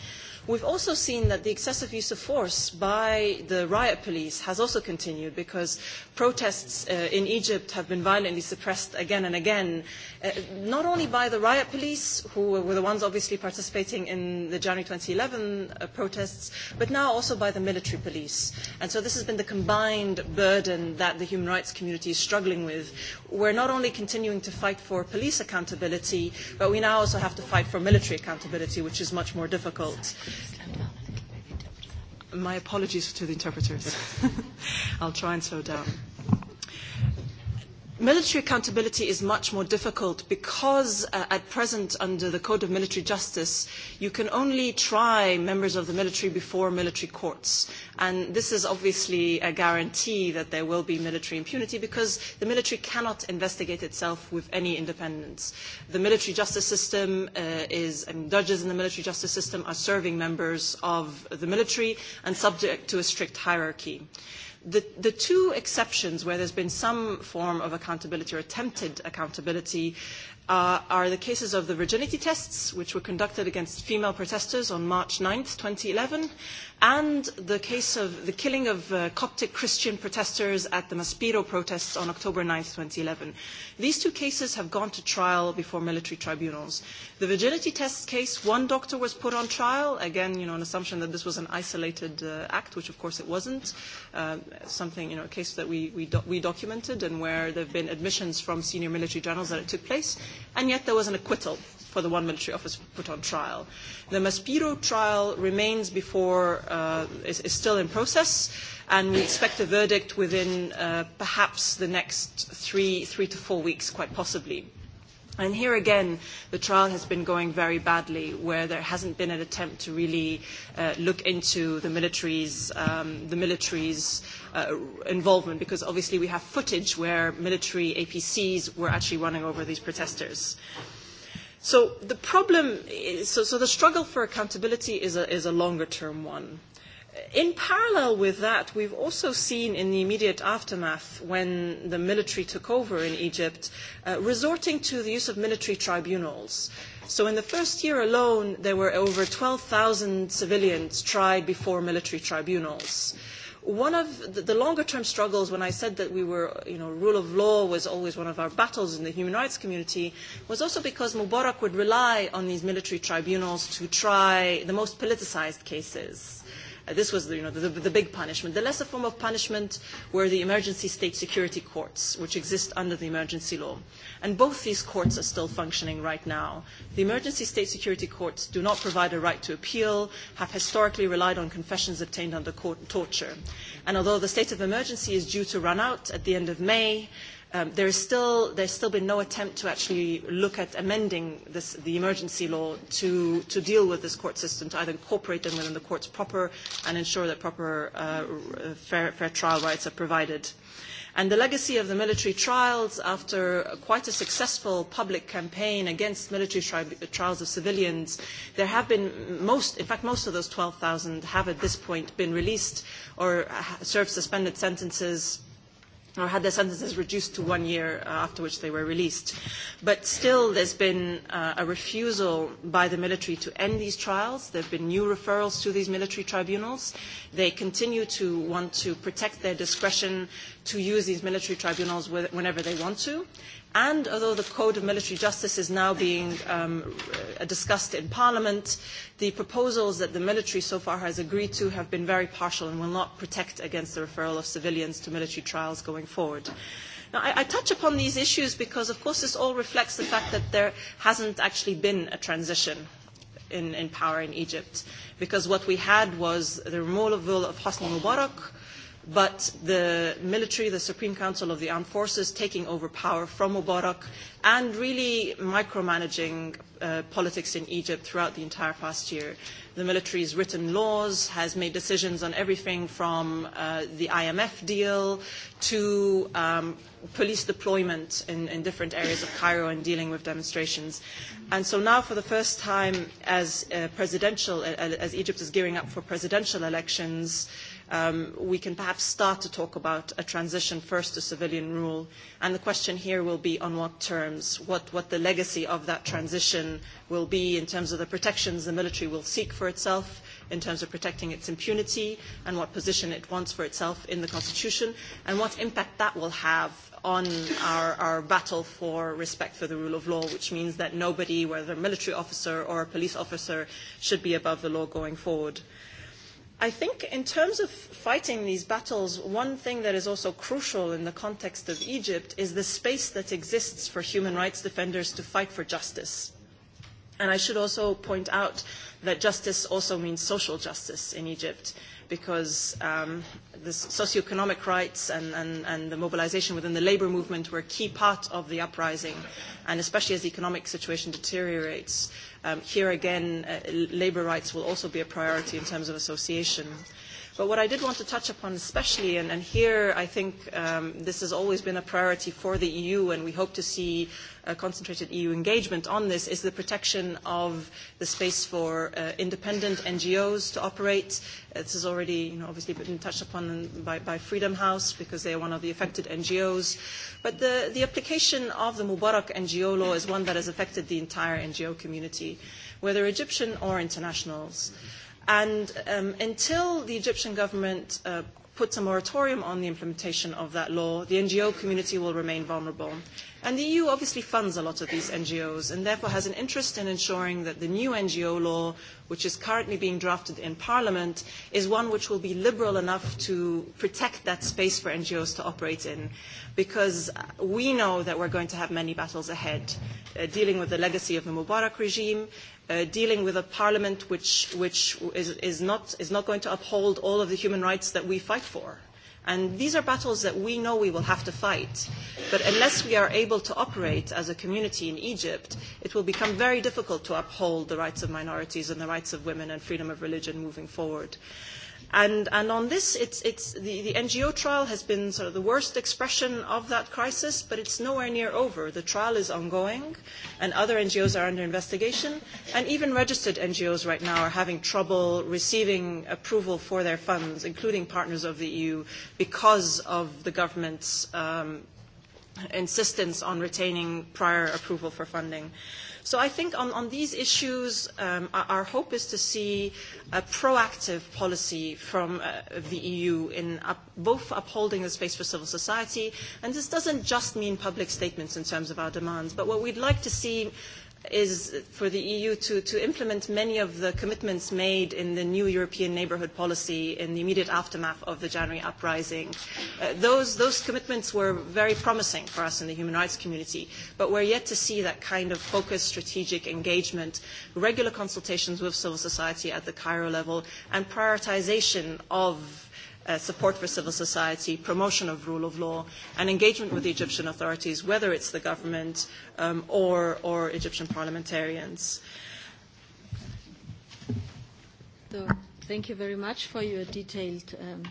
We've also seen that the excessive use of force by the riot police has also continued because protests uh, in Egypt have been violently suppressed again and again, uh, not only by the riot police, who were the ones obviously participating in the January 2011 uh, protests, but now also by the military police. And so this has been the combined burden that the human rights community is struggling with. We're not only continuing to fight for police accountability, but we now also have to fight for military accountability, which is much more difficult. My apologies to the interpreters. I'll try and slow down. Military accountability is much more difficult because uh, at present under the Code of Military Justice you can only try members of the military before military courts and this is obviously a guarantee that there will be military impunity because the military cannot investigate itself with any independence. The military justice system uh, is, and judges in the military justice system are serving members of the military and subject to a strict hierarchy. Uh, The, the, two exceptions where there's been some form of accountability or attempted accountability uh, are the cases of the virginity tests, which were conducted against female protesters on March 9th, 2011, and the case of the killing of uh, Coptic Christian protesters at the Maspero protests on October 9 2011. These two cases have gone to trial before military tribunals. The virginity test case, one doctor was put on trial, again, you know, an assumption that this was an isolated uh, act, which of course it wasn't, uh, something, you know, a case that we, we, do we documented and where there have been admissions from senior military generals that it took place, and yet there was an acquittal for the one military officer put on trial. The Maspiro trial remains before, uh, is, is still in process, and we expect a verdict within uh, perhaps the next three, three to four weeks, quite possibly. And here again, the trial has been going very badly, where there hasn't been an attempt to really uh, look into the military's, um, the military's uh, involvement, because obviously we have footage where military APCs were actually running over these protesters. Uh, So the problem, is, so, so the struggle for accountability is a, is a longer term one. In parallel with that, we've also seen in the immediate aftermath, when the military took over in Egypt, uh, resorting to the use of military tribunals. So in the first year alone, there were over 12,000 civilians tried before military tribunals. Uh, One of the, the longer term struggles when I said that we were, you know, rule of law was always one of our battles in the human rights community was also because Mubarak would rely on these military tribunals to try the most politicized cases this was the, you know, the, the big punishment. The lesser form of punishment were the emergency state security courts, which exist under the emergency law. And both these courts are still functioning right now. The emergency state security courts do not provide a right to appeal, have historically relied on confessions obtained under court torture. And although the state of emergency is due to run out at the end of May, Um, there is still, there's still been no attempt to actually look at amending this, the emergency law to, to deal with this court system, to either incorporate them within the courts proper and ensure that proper uh, uh fair, fair trial rights are provided. And the legacy of the military trials, after quite a successful public campaign against military tri trials of civilians, there have been most, in fact, most of those 12,000 have at this point been released or served suspended sentences or had their sentences reduced to one year uh, after which they were released. But still, there's been uh, a refusal by the military to end these trials. There have been new referrals to these military tribunals. They continue to want to protect their discretion to use these military tribunals whenever they want to. And although the Code of Military Justice is now being um, uh, discussed in Parliament, the proposals that the military so far has agreed to have been very partial and will not protect against the referral of civilians to military trials going forward. Now, I, I touch upon these issues because, of course, this all reflects the fact that there hasn't actually been a transition in, in power in Egypt, because what we had was the removal of Hosni Mubarak, but the military, the Supreme Council of the Armed Forces, taking over power from Mubarak and really micromanaging uh, politics in Egypt throughout the entire past year. The military's written laws has made decisions on everything from uh, the IMF deal to um, police deployment in, in different areas of Cairo and dealing with demonstrations. And so now for the first time as uh, presidential, as Egypt is gearing up for presidential elections, uh, um, we can perhaps start to talk about a transition first to civilian rule. And the question here will be on what terms, what, what the legacy of that transition will be in terms of the protections the military will seek for itself, in terms of protecting its impunity and what position it wants for itself in the Constitution and what impact that will have on our, our battle for respect for the rule of law, which means that nobody, whether a military officer or a police officer, should be above the law going forward. I think in terms of fighting these battles, one thing that is also crucial in the context of Egypt is the space that exists for human rights defenders to fight for justice. And I should also point out that justice also means social justice in Egypt because um, the socioeconomic rights and, and, and the mobilization within the labor movement were a key part of the uprising. And especially as the economic situation deteriorates, Um, here again, uh, labour rights will also be a priority in terms of association. But what I did want to touch upon especially, and, and here I think um, this has always been a priority for the EU, and we hope to see a concentrated EU engagement on this, is the protection of the space for uh, independent NGOs to operate. Uh, this has already you know, obviously been touched upon by, by Freedom House because they are one of the affected NGOs. But the, the application of the Mubarak NGO law is one that has affected the entire NGO community, whether Egyptian or internationals. Mm-hmm. And um, until the Egyptian government uh, puts a moratorium on the implementation of that law, the NGO community will remain vulnerable. And the EU obviously funds a lot of these NGOs and therefore has an interest in ensuring that the new NGO law, which is currently being drafted in Parliament, is one which will be liberal enough to protect that space for NGOs to operate in. Because uh, we know that we're going to have many battles ahead, uh, dealing with the legacy of the Mubarak regime, Uh, dealing with a parliament which, which is, is, not, is not going to uphold all of the human rights that we fight for. And these are battles that we know we will have to fight. But unless we are able to operate as a community in Egypt, it will become very difficult to uphold the rights of minorities and the rights of women and freedom of religion moving forward. Uh, And, and on this, it's, it's the, the NGO trial has been sort of the worst expression of that crisis, but it's nowhere near over. The trial is ongoing, and other NGOs are under investigation, and even registered NGOs right now are having trouble receiving approval for their funds, including partners of the EU, because of the government's um, insistence on retaining prior approval for funding. Uh, So I think on, on these issues, um, our, our hope is to see a proactive policy from uh, the EU in up, both upholding the space for civil society, and this doesn't just mean public statements in terms of our demands, but what we'd like to see is for the EU to, to implement many of the commitments made in the new European neighbourhood policy in the immediate aftermath of the January uprising. Uh, those, those commitments were very promising for us in the human rights community, but we're yet to see that kind of focused strategic engagement, regular consultations with civil society at the Cairo level, and prioritisation of Uh, support for civil society, promotion of rule of law, and engagement with the Egyptian authorities, whether it's the government um, or, or, Egyptian parliamentarians. So, thank you very much for your detailed um,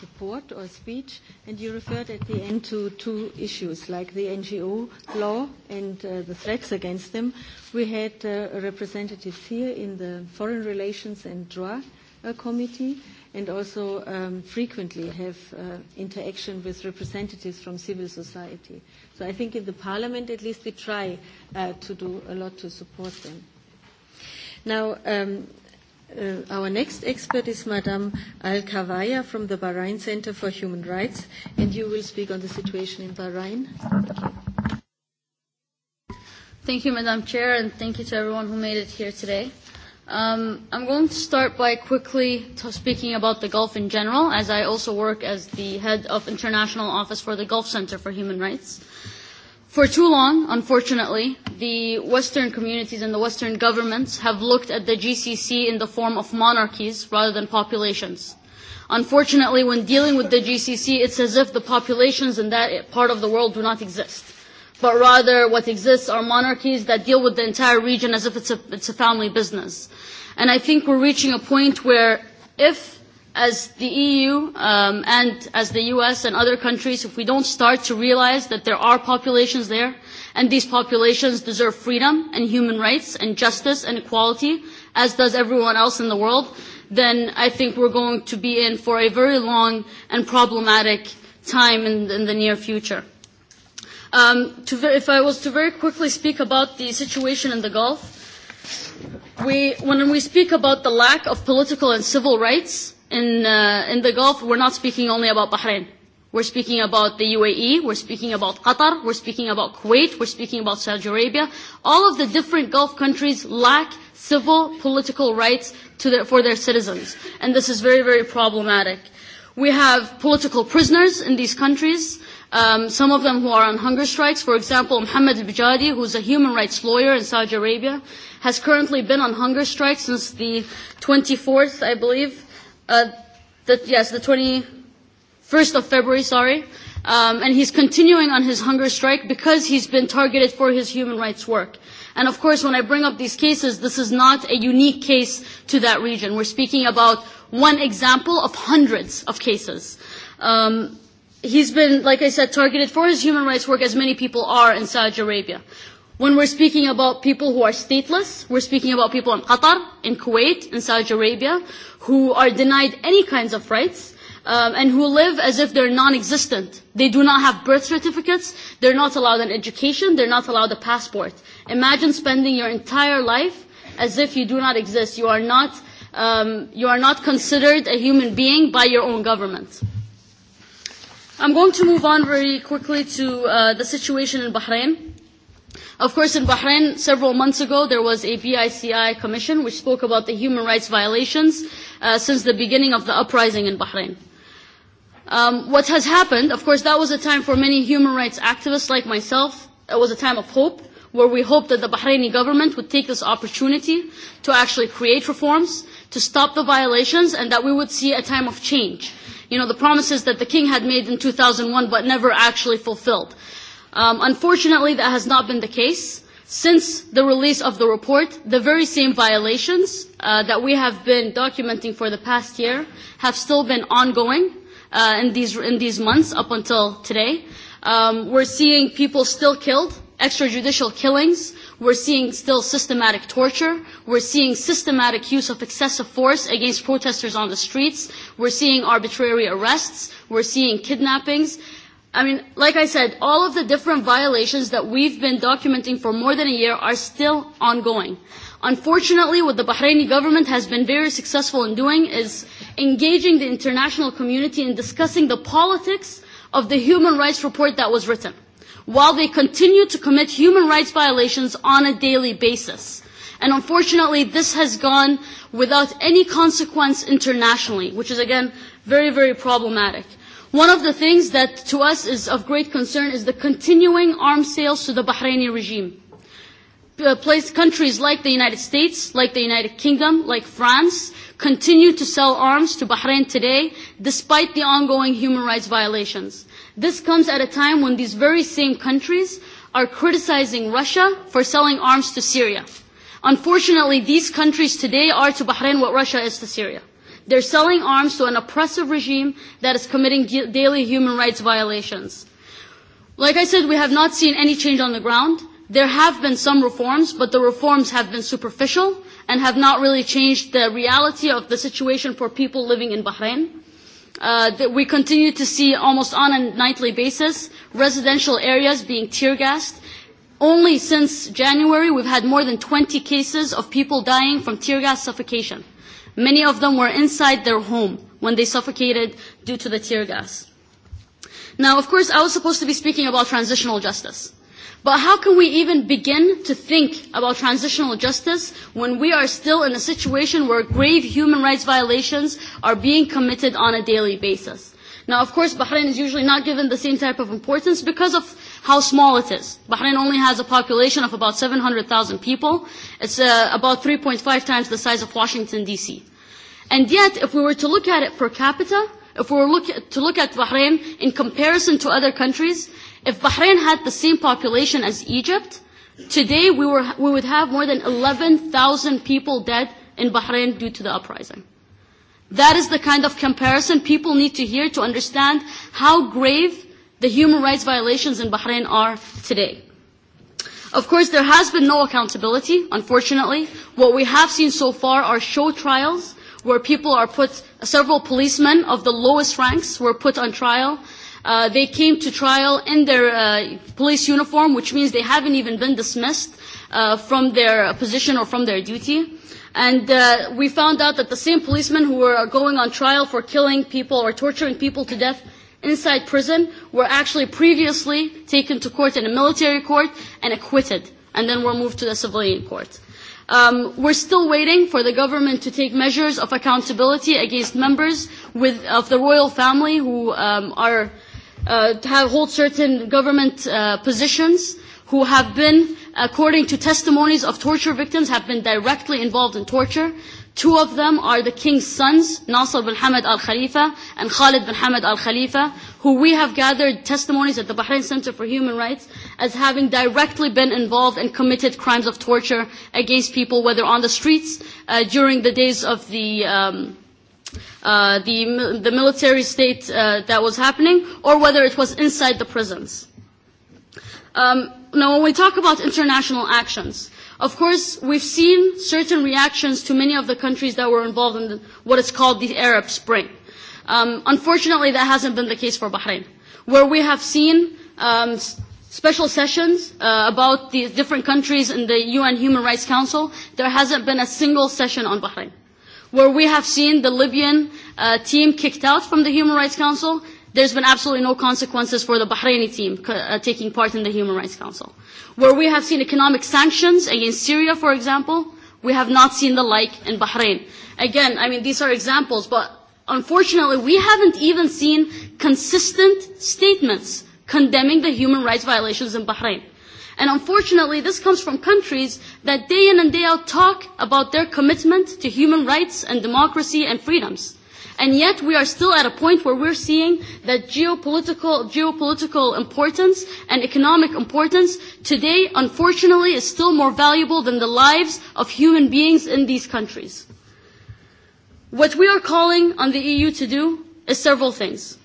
report or speech. And you referred at the end to two issues, like the NGO law and uh, the threats against them. We had uh, here in the Foreign Relations and DROA uh, Committee and also um, frequently have uh, interaction with representatives from civil society. So I think in the parliament at least we try uh, to do a lot to support them. Now, um, Uh, our next expert is Madame Al Kawaya from the Bahrain Center for Human Rights, and you will speak on the situation in Bahrain. Thank you. Thank you, Madam Chair, and thank you to everyone who made it here today. Um, I'm going to start by quickly speaking about the Gulf in general, as I also work as the head of International Office for the Gulf Center for Human Rights. For too long, unfortunately, the Western communities and the Western governments have looked at the GCC in the form of monarchies rather than populations. Unfortunately, when dealing with the GCC, it's as if the populations in that part of the world do not exist but rather what exists are monarchies that deal with the entire region as if it's a, it's a family business. And I think we're reaching a point where if, as the EU um, and as the US and other countries, if we don't start to realize that there are populations there, and these populations deserve freedom and human rights and justice and equality, as does everyone else in the world, then I think we're going to be in for a very long and problematic time in, in the near future. Um, to, if I was to very quickly speak about the situation in the Gulf, we, when we speak about the lack of political and civil rights in, uh, in the Gulf, we're not speaking only about Bahrain. We're speaking about the UAE, we're speaking about Qatar, we're speaking about Kuwait, we're speaking about Saudi Arabia. All of the different Gulf countries lack civil political rights to their, for their citizens, and this is very, very problematic. We have political prisoners in these countries Um, some of them who are on hunger strikes, for example, Mohammed Bijadi, is a human rights lawyer in Saudi Arabia, has currently been on hunger strike since the 24th, I believe, uh, the, yes, the 21st of February, sorry, um, and he's continuing on his hunger strike because he's been targeted for his human rights work. And of course, when I bring up these cases, this is not a unique case to that region. We're speaking about one example of hundreds of cases. Um, he's been, like I said, targeted for his human rights work, as many people are in Saudi Arabia. When we're speaking about people who are stateless, we're speaking about people in Qatar, in Kuwait, in Saudi Arabia, who are denied any kinds of rights, um, and who live as if they're non-existent. They do not have birth certificates, they're not allowed an education, they're not allowed a passport. Imagine spending your entire life as if you do not exist. You are not, um, you are not considered a human being by your own government. I'm going to move on very quickly to uh, the situation in Bahrain. Of course, in Bahrain, several months ago, there was a BICI commission which spoke about the human rights violations uh, since the beginning of the uprising in Bahrain. Um, what has happened, of course, that was a time for many human rights activists like myself. It was a time of hope, where we hoped that the Bahraini government would take this opportunity to actually create reforms, to stop the violations, and that we would see a time of change you know, the promises that the king had made in 2001 but never actually fulfilled. Um, unfortunately, that has not been the case. Since the release of the report, the very same violations uh, that we have been documenting for the past year have still been ongoing uh, in, these, in these months up until today. Um, we're seeing people still killed, extrajudicial killings, We're seeing still systematic torture. We're seeing systematic use of excessive force against protesters on the streets. We're seeing arbitrary arrests. We're seeing kidnappings. I mean, like I said, all of the different violations that we've been documenting for more than a year are still ongoing. Unfortunately, what the Bahraini government has been very successful in doing is engaging the international community in discussing the politics of the human rights report that was written while they continue to commit human rights violations on a daily basis. And unfortunately, this has gone without any consequence internationally, which is again very, very problematic. One of the things that to us is of great concern is the continuing arms sales to the Bahraini regime. Uh, place, countries like the United States, like the United Kingdom, like France, continue to sell arms to Bahrain today, despite the ongoing human rights violations. This comes at a time when these very same countries are criticizing Russia for selling arms to Syria. Unfortunately, these countries today are to Bahrain what Russia is to Syria. They're selling arms to an oppressive regime that is committing daily human rights violations. Like I said, we have not seen any change on the ground. There have been some reforms, but the reforms have been superficial and have not really changed the reality of the situation for people living in Bahrain. Uh, that we continue to see almost on a nightly basis residential areas being tear gassed. Only since January, we've had more than 20 cases of people dying from tear gas suffocation. Many of them were inside their home when they suffocated due to the tear gas. Now, of course, I was supposed to be speaking about transitional justice. But how can we even begin to think about transitional justice when we are still in a situation where grave human rights violations are being committed on a daily basis? Now, of course, Bahrain is usually not given the same type of importance because of how small it is. Bahrain only has a population of about 700,000 people. It's uh, about 3.5 times the size of Washington, D.C. And yet, if we were to look at it per capita, if we were look to look at Bahrain in comparison to other countries, If Bahrain had the same population as Egypt, today we, were, we would have more than 11,000 people dead in Bahrain due to the uprising. That is the kind of comparison people need to hear to understand how grave the human rights violations in Bahrain are today. Of course, there has been no accountability, unfortunately. What we have seen so far are show trials where people are put, several policemen of the lowest ranks were put on trial Uh, they came to trial in their uh, police uniform, which means they haven't even been dismissed uh, from their position or from their duty. And uh, we found out that the same policemen who were going on trial for killing people or torturing people to death inside prison were actually previously taken to court in a military court and acquitted, and then were moved to the civilian court. Um, we're still waiting for the government to take measures of accountability against members with, of the royal family who um, are uh, to hold certain government uh, positions who have been, according to testimonies of torture victims, have been directly involved in torture. Two of them are the king's sons, Nasser bin Hamad al Khalifa and Khalid bin Hamad al Khalifa, who we have gathered testimonies at the Bahrain Center for Human Rights as having directly been involved and committed crimes of torture against people, whether on the streets, uh, during the days of the. Um, uh, the, the military state uh, that was happening or whether it was inside the prisons. Um, now, when we talk about international actions, of course, we've seen certain reactions to many of the countries that were involved in the, what is called the Arab Spring. Um, unfortunately, that hasn't been the case for Bahrain, where we have seen um, special sessions uh, about the different countries in the UN Human Rights Council. There hasn't been a single session on Bahrain where we have seen the Libyan uh, team kicked out from the Human Rights Council, there's been absolutely no consequences for the Bahraini team uh, taking part in the Human Rights Council. Where we have seen economic sanctions against Syria, for example, we have not seen the like in Bahrain. Again, I mean, these are examples, but unfortunately, we haven't even seen consistent statements condemning the human rights violations in Bahrain. And unfortunately, this comes from countries that day in and day out talk about their commitment to human rights and democracy and freedoms. And yet we are still at a point where we're seeing that geopolitical, geopolitical importance and economic importance today, unfortunately, is still more valuable than the lives of human beings in these countries. What we are calling on the EU to do is several things.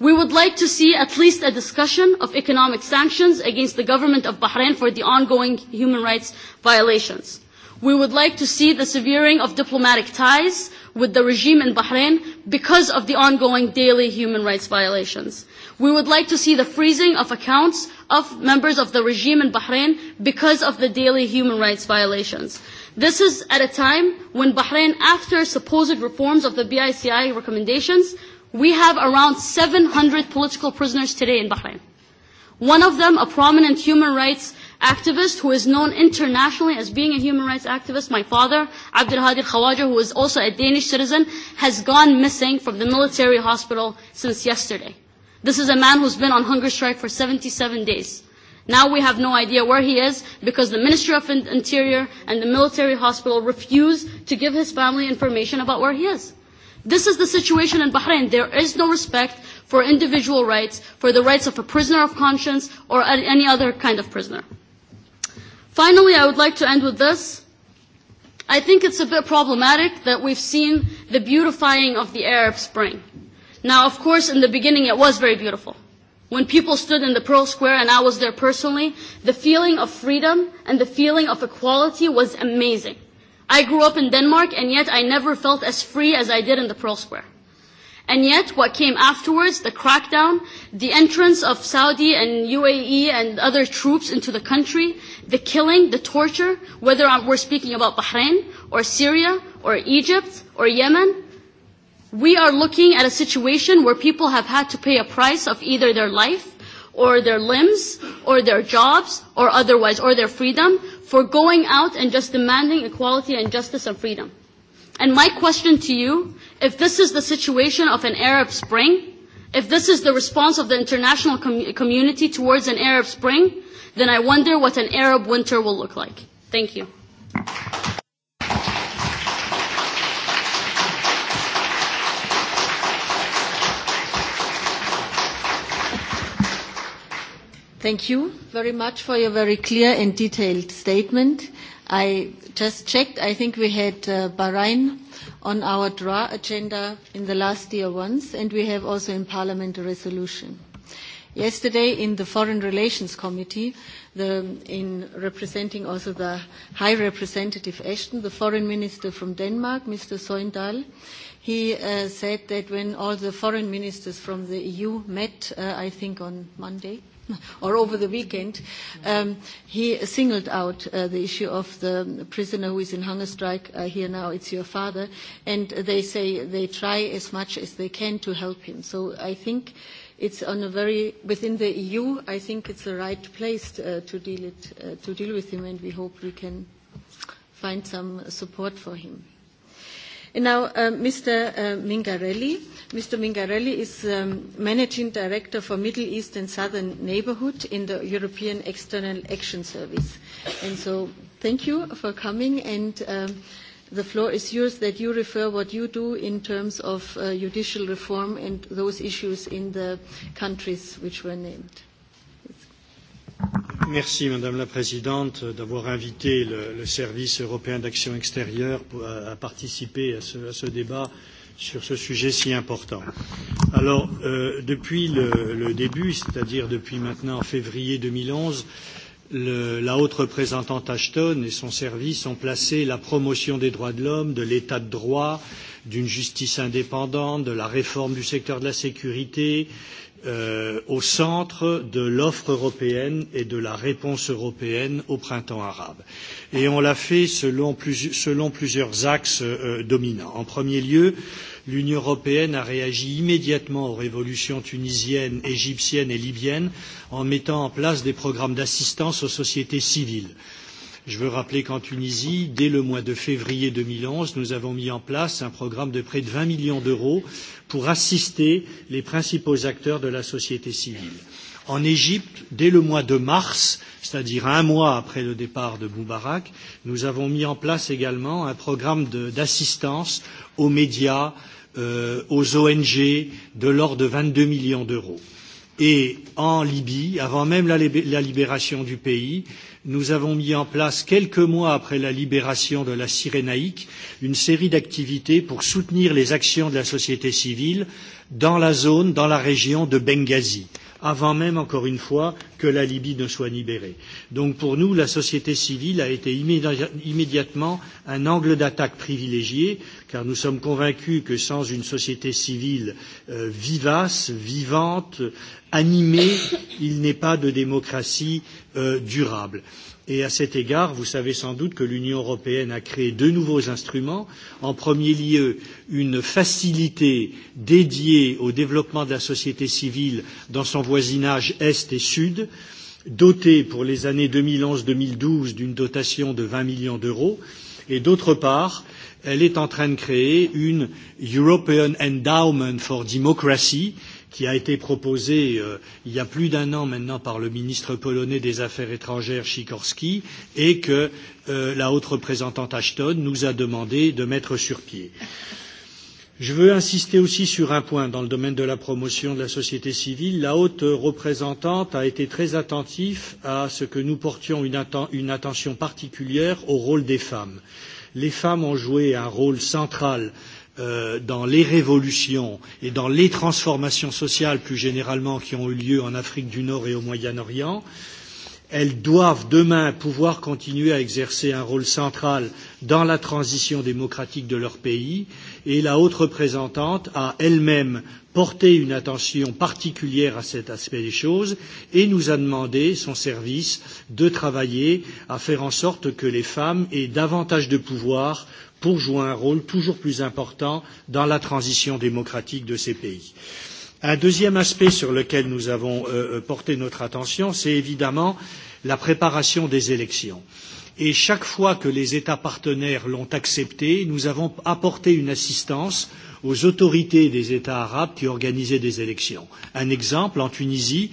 We would like to see at least a discussion of economic sanctions against the government of Bahrain for the ongoing human rights violations. We would like to see the severing of diplomatic ties with the regime in Bahrain because of the ongoing daily human rights violations. We would like to see the freezing of accounts of members of the regime in Bahrain because of the daily human rights violations. This is at a time when Bahrain, after supposed reforms of the BICI recommendations, We have around 700 political prisoners today in Bahrain. One of them, a prominent human rights activist who is known internationally as being a human rights activist, my father, Abdul Hadi Khawaja, who is also a Danish citizen, has gone missing from the military hospital since yesterday. This is a man who's been on hunger strike for 77 days. Now we have no idea where he is because the Ministry of Interior and the military hospital refuse to give his family information about where he is. This is the situation in Bahrain. There is no respect for individual rights, for the rights of a prisoner of conscience or any other kind of prisoner. Finally, I would like to end with this. I think it's a bit problematic that we've seen the beautifying of the Arab Spring. Now, of course, in the beginning it was very beautiful. When people stood in the Pearl Square and I was there personally, the feeling of freedom and the feeling of equality was amazing. I grew up in Denmark, and yet I never felt as free as I did in the Pearl Square. And yet, what came afterwards, the crackdown, the entrance of Saudi and UAE and other troops into the country, the killing, the torture, whether we're speaking about Bahrain or Syria or Egypt or Yemen, we are looking at a situation where people have had to pay a price of either their life or their limbs or their jobs or otherwise or their freedom for going out and just demanding equality and justice and freedom. And my question to you, if this is the situation of an Arab Spring, if this is the response of the international com- community towards an Arab Spring, then I wonder what an Arab winter will look like. Thank you. Thank you very much for your very clear and detailed statement. I just checked. I think we had uh, Bahrain on our draw agenda in the last year once, and we have also in Parliament a resolution. Yesterday in the Foreign Relations Committee, the, in representing also the High Representative Ashton, the Foreign Minister from Denmark, Mr. Soindal, he uh, said that when all the foreign ministers from the EU met, uh, I think on Monday, or over the weekend, um, he singled out uh, the issue of the prisoner who is in hunger strike uh, here now, it's your father, and they say they try as much as they can to help him. So I think it's on a very, within the EU, I think it's the right place to, uh, to, deal, it, uh, to deal with him, and we hope we can find some support for him. And now, uh, Mr. Uh, Mingarelli Mr. Mingarelli is um, Managing Director for Middle East and Southern Neighborhood in the European External Action Service. And so thank you for coming and um, the floor is yours that you refer what you do in terms of uh, judicial reform and those issues in the countries which were named. Merci Madame la Présidente d'avoir invité le, le Service européen d'action extérieure à, à participer à ce, à ce débat sur ce sujet si important. Alors, euh, depuis le, le début, c'est-à-dire depuis maintenant février 2011, le, la haute représentante Ashton et son service ont placé la promotion des droits de l'homme, de l'état de droit, d'une justice indépendante, de la réforme du secteur de la sécurité, euh, au centre de l'offre européenne et de la réponse européenne au printemps arabe. Et on l'a fait selon, plus, selon plusieurs axes euh, dominants. En premier lieu, euh, l'Union européenne a réagi immédiatement aux révolutions tunisienne, égyptienne et libyenne en mettant en place des programmes d'assistance aux sociétés civiles. Je veux rappeler qu'en Tunisie, dès le mois de février 2011, nous avons mis en place un programme de près de 20 millions d'euros pour assister les principaux acteurs de la société civile en Égypte, dès le mois de mars, c'est-à-dire un mois après le départ de Moubarak, nous avons mis en place également un programme d'assistance aux médias, euh, aux ONG, de l'ordre de 22 millions d'euros. Et en Libye, avant même la, lib la libération du pays, nous avons mis en place, quelques mois après la libération de la Cyrénaïque, une série d'activités pour soutenir les actions de la société civile dans la zone, dans la région de Benghazi avant même, encore une fois, que la Libye ne soit libérée. Donc pour nous, la société civile a été immédiatement un angle d'attaque privilégié, car nous sommes convaincus que sans une société civile euh, vivace, vivante, animée, il n'est pas de démocratie euh, durable. Euh, Et à cet égard, vous savez sans doute que l'Union européenne a créé deux nouveaux instruments. En premier lieu, une facilité dédiée au développement de la société civile dans son voisinage Est et Sud, dotée pour les années 2011-2012 d'une dotation de 20 millions d'euros. Et d'autre part, elle est en train de créer une European Endowment for Democracy, euh, qui a été proposé euh, il y a plus d'un an maintenant par le ministre polonais des Affaires étrangères Sikorski et que euh, la haute représentante Ashton nous a demandé de mettre sur pied. Je veux insister aussi sur un point dans le domaine de la promotion de la société civile. La haute représentante a été très attentive à ce que nous portions une, atten une attention particulière au rôle des femmes. Les femmes ont joué un rôle central euh, Euh, dans les révolutions et dans les transformations sociales plus généralement qui ont eu lieu en Afrique du Nord et au Moyen-Orient, elles doivent demain pouvoir continuer à exercer un rôle central dans la transition démocratique de leur pays et la haute représentante a elle-même porté une attention particulière à cet aspect des choses et nous a demandé, son service, de travailler à faire en sorte que les femmes aient davantage de pouvoir pour jouer un rôle toujours plus important dans la transition démocratique de ces pays. Un deuxième aspect sur lequel nous avons euh, euh, porté notre attention, c'est évidemment la préparation des élections. Et chaque fois que les États partenaires l'ont accepté, nous avons apporté une assistance aux autorités des États arabes qui organisaient des élections. Un exemple, en Tunisie,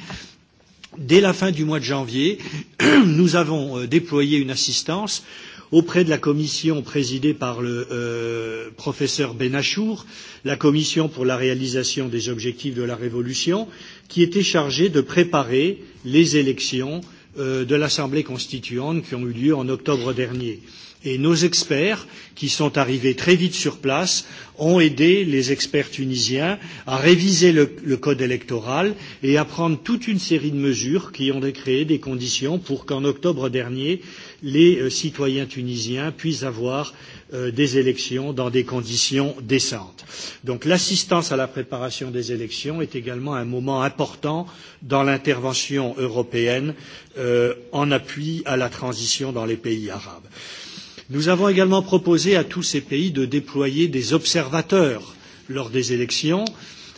dès la fin du mois de janvier, nous avons euh, déployé une assistance auprès de la commission présidée par le euh, professeur Benachour, la commission pour la réalisation des objectifs de la révolution, qui était chargée de préparer les élections euh, de l'Assemblée constituante qui ont eu lieu en octobre dernier. Et nos experts, qui sont arrivés très vite sur place, ont aidé les experts tunisiens à réviser le, le code électoral et à prendre toute une série de mesures qui ont créé des conditions pour qu'en octobre dernier, euh, les euh, citoyens tunisiens puissent avoir euh, des élections dans des conditions décentes. Donc l'assistance à la préparation des élections est également un moment important dans l'intervention européenne euh, en appui à la transition dans les pays arabes. Nous avons également proposé à tous ces pays de déployer des observateurs lors des élections.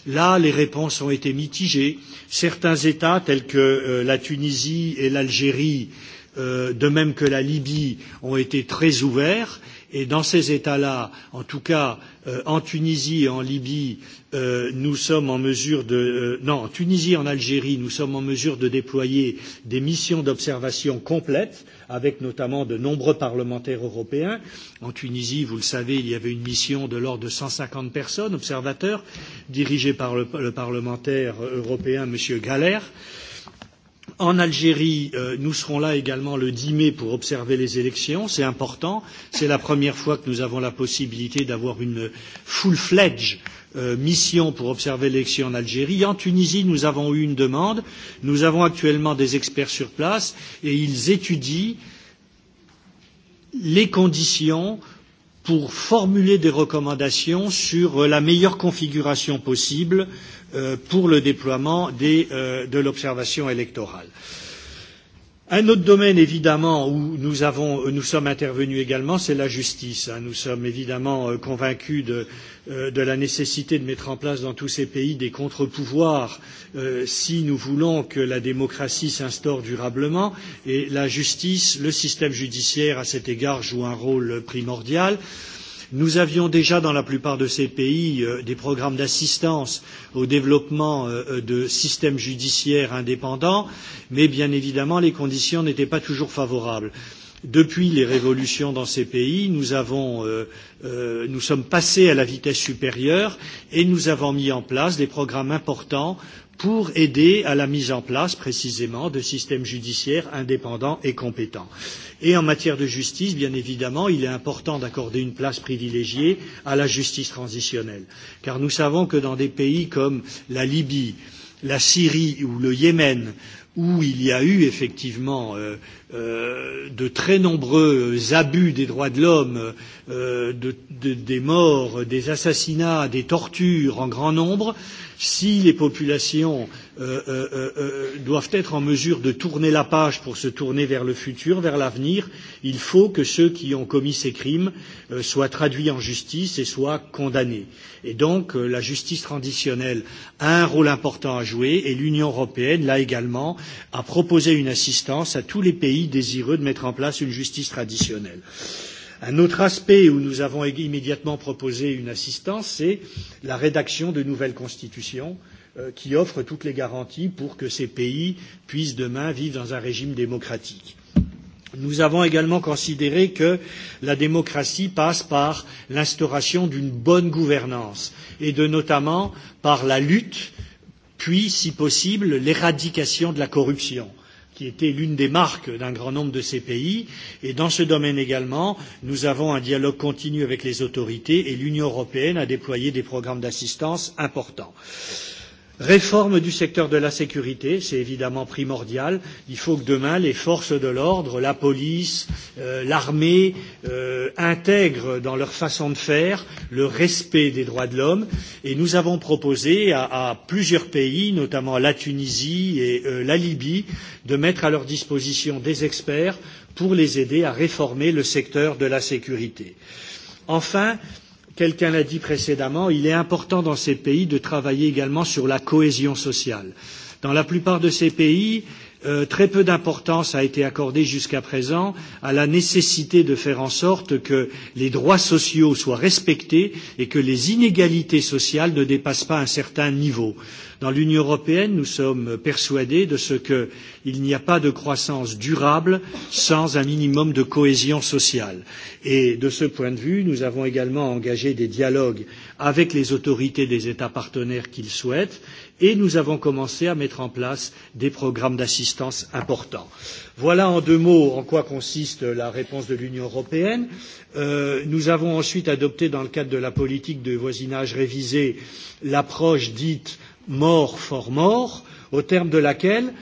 Là, les réponses ont été mitigées. Certains États, tels que euh, la Tunisie et l'Algérie, euh, Euh, de même que la Libye, ont été très ouverts. Et dans ces États-là, en tout cas euh, en Tunisie et en Libye, euh, nous sommes en mesure de euh, non en Tunisie et en Algérie, nous sommes en mesure de déployer des missions d'observation complètes, avec notamment de nombreux parlementaires européens. En Tunisie, vous le savez, il y avait une mission de l'ordre de 150 personnes, observateurs, dirigée par le, le parlementaire européen M. Galère. Euh, En Algérie, euh, nous serons là également le 10 mai pour observer les élections. C'est important. C'est la première fois que nous avons la possibilité d'avoir une full-fledged euh, mission pour observer l'élection en Algérie. En Tunisie, nous avons eu une demande. Nous avons actuellement des experts sur place et ils étudient les conditions pour formuler des recommandations sur euh, la meilleure configuration possible euh, pour le déploiement des, euh, de l'observation électorale. Euh, un autre domaine, évidemment, où nous, avons, euh, nous sommes intervenus également, c'est la justice. Nous sommes évidemment euh, convaincus de, euh, de la nécessité de mettre en place dans tous ces pays des contre-pouvoirs euh, si nous voulons que la démocratie s'instaure durablement. Et la justice, le système judiciaire, à cet égard, joue un rôle primordial. Euh, Nous avions déjà dans la plupart de ces pays euh, des programmes d'assistance au développement euh, euh de systèmes judiciaires indépendants, mais bien évidemment les conditions n'étaient pas toujours favorables. Depuis les révolutions dans ces pays, nous, avons, euh, euh, nous sommes passés à la vitesse supérieure et nous avons mis en place des programmes importants pour aider à la mise en place précisément de systèmes judiciaires indépendants et compétents. Et en matière de justice, bien évidemment, il est important d'accorder une place privilégiée à la justice transitionnelle, car nous savons que dans des pays comme la Libye, la Syrie ou le Yémen, où il y a eu effectivement euh, euh, de très nombreux abus des droits de l'homme, euh, de, de, des morts, des assassinats, des tortures en grand nombre, si les populations Euh euh, euh, euh, doivent être en mesure de tourner la page pour se tourner vers le futur, vers l'avenir, il faut que ceux qui ont commis ces crimes euh, soient traduits en justice et soient condamnés. Et donc euh, la justice traditionnelle a un rôle important à jouer et l'Union européenne, là également, a proposé une assistance à tous les pays désireux de mettre en place une justice traditionnelle. Un autre aspect où nous avons immédiatement proposé une assistance, c'est la rédaction de nouvelles constitutions Euh, qui offre toutes les garanties pour que ces pays puissent demain vivre dans un régime démocratique. Nous avons également considéré que la démocratie passe par l'instauration d'une bonne gouvernance et de notamment par la lutte, puis, si possible, l'éradication de la corruption qui était l'une des marques d'un grand nombre de ces pays. Et dans ce domaine également, nous avons un dialogue continu avec les autorités et l'Union européenne a déployé des programmes d'assistance importants. Euh, Réforme du secteur de la sécurité, c'est évidemment primordial. Il faut que demain les forces de l'ordre, la police, euh, l'armée euh, intègrent dans leur façon de faire le respect des droits de l'homme. Et nous avons proposé à, à plusieurs pays, notamment la Tunisie et euh, la Libye, de mettre à leur disposition des experts pour les aider à réformer le secteur de la sécurité. Enfin, euh, Quelqu'un l'a dit précédemment, il est important dans ces pays de travailler également sur la cohésion sociale. Dans la plupart de ces pays, Euh, très peu d'importance a été accordée jusqu'à présent à la nécessité de faire en sorte que les droits sociaux soient respectés et que les inégalités sociales ne dépassent pas un certain niveau. Dans l'Union européenne, nous sommes persuadés de ce qu'il n'y a pas de croissance durable sans un minimum de cohésion sociale. Et de ce point de vue, nous avons également engagé des dialogues avec les autorités des États partenaires qu'ils souhaitent et nous avons commencé à mettre en place des programmes d'assistance importants. Voilà en deux mots en quoi consiste la réponse de l'Union européenne. Euh, nous avons ensuite adopté, dans le cadre de la politique de voisinage révisée, l'approche dite mort for mort, au terme de laquelle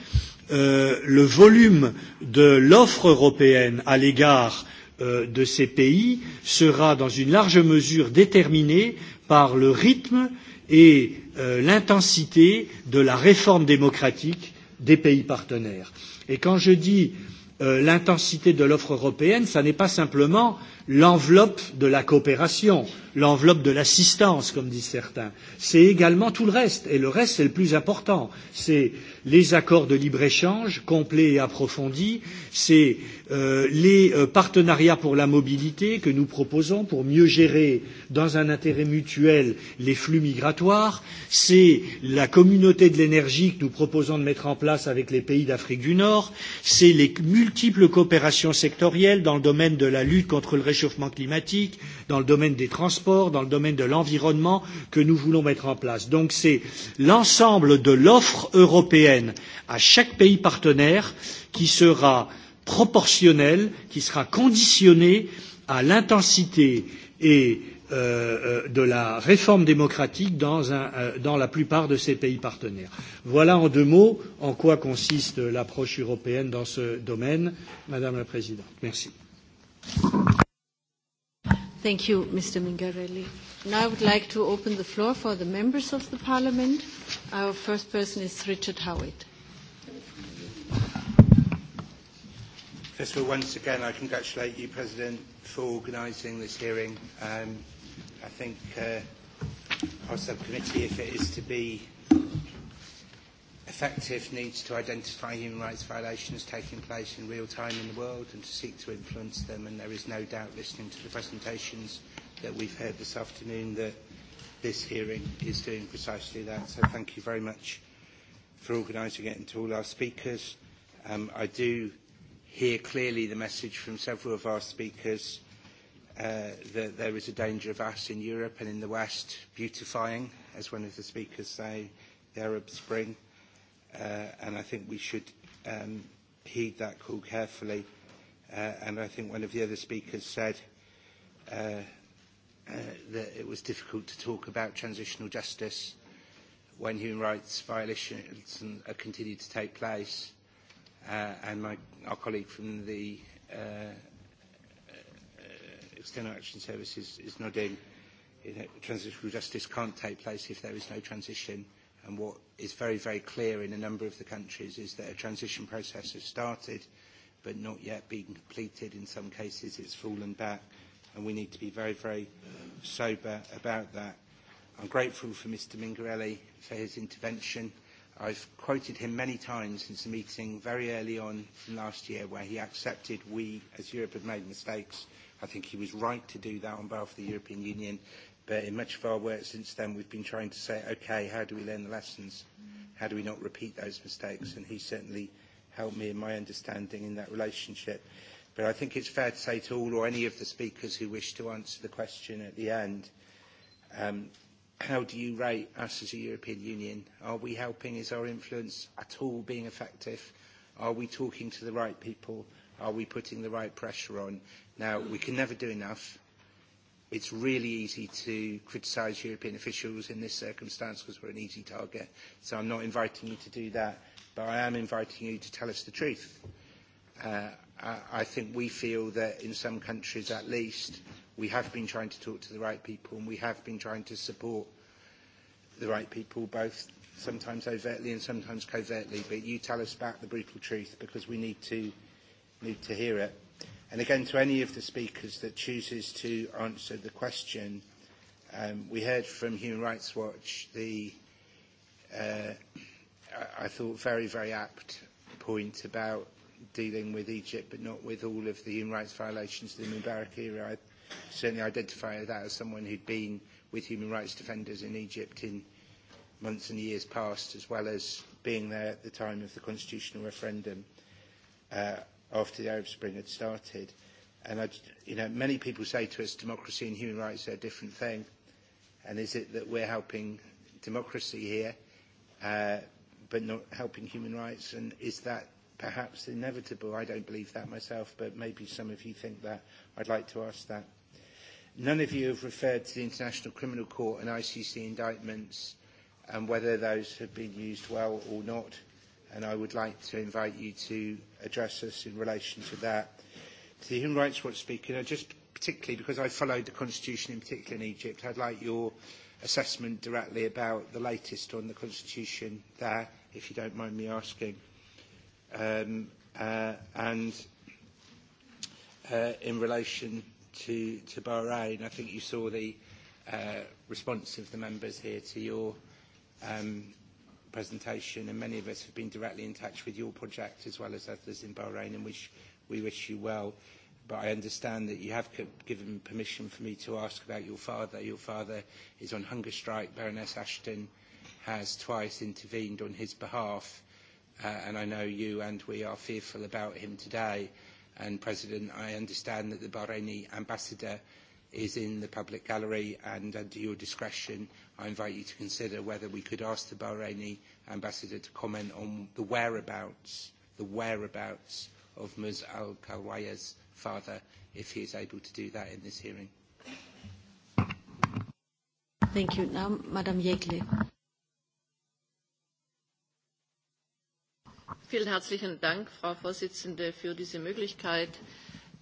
euh, le volume de l'offre européenne à l'égard euh, de ces pays sera dans une large mesure déterminé par le rythme et Euh, l'intensité de la réforme démocratique des pays partenaires. Et quand je dis euh, l'intensité de l'offre européenne, ce n'est pas simplement l'enveloppe de la coopération, l'enveloppe de l'assistance, comme disent certains. C'est également tout le reste, et le reste, c'est le plus important. C'est les accords de libre-échange complets et approfondis, c'est euh, les euh, partenariats pour la mobilité que nous proposons pour mieux gérer dans un intérêt mutuel les flux migratoires, c'est la communauté de l'énergie que nous proposons de mettre en place avec les pays d'Afrique du Nord, c'est les multiples coopérations sectorielles dans le domaine de la lutte contre le réchauffement climatique, dans le domaine des transports, dans le domaine de l'environnement que nous voulons mettre en place. Donc c'est l'ensemble de l'offre européenne européenne à chaque pays partenaire qui sera proportionnel, qui sera conditionné à l'intensité et euh, euh, de la réforme démocratique dans, un, euh, dans la plupart de ces pays partenaires. Voilà en deux mots en quoi consiste l'approche européenne dans ce domaine, Madame la Présidente. Merci. Thank you, Mr. Mingarelli. Now I would like to open the floor for the members of the Parliament. Our first person is Richard Howitt. First of all, once again, I congratulate you, President, for organising this hearing. Um, I think uh, our subcommittee, if it is to be effective, needs to identify human rights violations taking place in real time in the world and to seek to influence them. And there is no doubt, listening to the presentations that we've heard this afternoon, that this hearing is doing precisely that. So thank you very much for organising it and to all our speakers. Um, I do hear clearly the message from several of our speakers uh, that there is a danger of us in Europe and in the West beautifying, as one of the speakers say, the Arab Spring. Uh, and I think we should um, heed that call carefully. Uh, and I think one of the other speakers said uh, Uh, that it was difficult to talk about transitional justice when human rights violations are continued to take place. Uh, and my, our colleague from the uh, uh, External Action Service is, is nodding. You know, transitional justice can't take place if there is no transition. And what is very, very clear in a number of the countries is that a transition process has started but not yet being completed. In some cases, it's fallen back and we need to be very, very sober about that. I'm grateful for Mr Mingarelli for his intervention. I've quoted him many times since the meeting very early on from last year where he accepted we as Europe had made mistakes. I think he was right to do that on behalf of the European Union. But in much of our work since then, we've been trying to say, okay, how do we learn the lessons? How do we not repeat those mistakes? And he certainly helped me in my understanding in that relationship. But I think it's fair to say to all or any of the speakers who wish to answer the question at the end, um, how do you rate us as a European Union? Are we helping? Is our influence at all being effective? Are we talking to the right people? Are we putting the right pressure on? Now, we can never do enough. It's really easy to criticise European officials in this circumstance because we're an easy target. So I'm not inviting you to do that, but I am inviting you to tell us the truth. Uh, uh, I think we feel that in some countries at least, we have been trying to talk to the right people and we have been trying to support the right people, both sometimes overtly and sometimes covertly. But you tell us back the brutal truth because we need to, need to hear it. And again, to any of the speakers that chooses to answer the question, um, we heard from Human Rights Watch the, uh, I thought, very, very apt point about dealing with Egypt, but not with all of the human rights violations in the Mubarak era. I certainly identify that as someone who'd been with human rights defenders in Egypt in months and years past, as well as being there at the time of the constitutional referendum uh, after the Arab Spring had started. And I, you know, many people say to us democracy and human rights are a different thing. And is it that we're helping democracy here, uh, but not helping human rights? And is that perhaps inevitable. I don't believe that myself, but maybe some of you think that. I'd like to ask that. None of you have referred to the International Criminal Court and ICC indictments and whether those have been used well or not. And I would like to invite you to address us in relation to that. To the Human Rights Watch speaker, you know, just particularly because I followed the constitution in particular in Egypt, I'd like your assessment directly about the latest on the constitution there, if you don't mind me asking um, uh, and uh, in relation to, to Bahrain, I think you saw the uh, response of the members here to your um, presentation, and many of us have been directly in touch with your project as well as others in Bahrain, and wish, we wish you well. But I understand that you have given permission for me to ask about your father. Your father is on hunger strike. Baroness Ashton has twice intervened on his behalf uh, and I know you and we are fearful about him today. And President, I understand that the Bahraini ambassador is in the public gallery and under your discretion I invite you to consider whether we could ask the Bahraini ambassador to comment on the whereabouts, the whereabouts of Ms al-Kawaya's father if he is able to do that in this hearing. Thank you. Now, Madam Yegley. Vielen herzlichen Dank, Frau Vorsitzende, für diese Möglichkeit,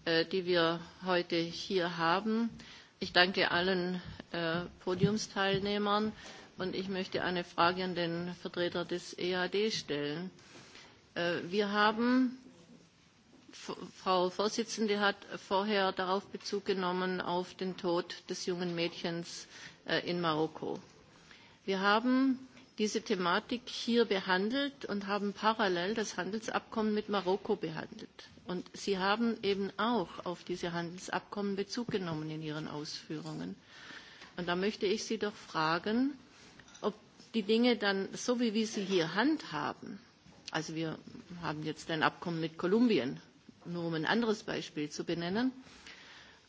äh, die wir heute hier haben. Ich danke allen äh, Podiumsteilnehmern und ich möchte eine Frage an den Vertreter des EAD stellen. Äh, wir haben, Frau Vorsitzende hat vorher darauf Bezug genommen, auf den Tod des jungen Mädchens in Marokko. Wir haben diese Thematik hier behandelt und haben parallel das Handelsabkommen mit Marokko behandelt. Und Sie haben eben auch auf diese Handelsabkommen Bezug genommen in Ihren Ausführungen. Und da möchte ich Sie doch fragen, ob die Dinge dann, so wie wir sie hier handhaben, also wir haben jetzt ein Abkommen mit Kolumbien, nur um ein anderes Beispiel zu benennen,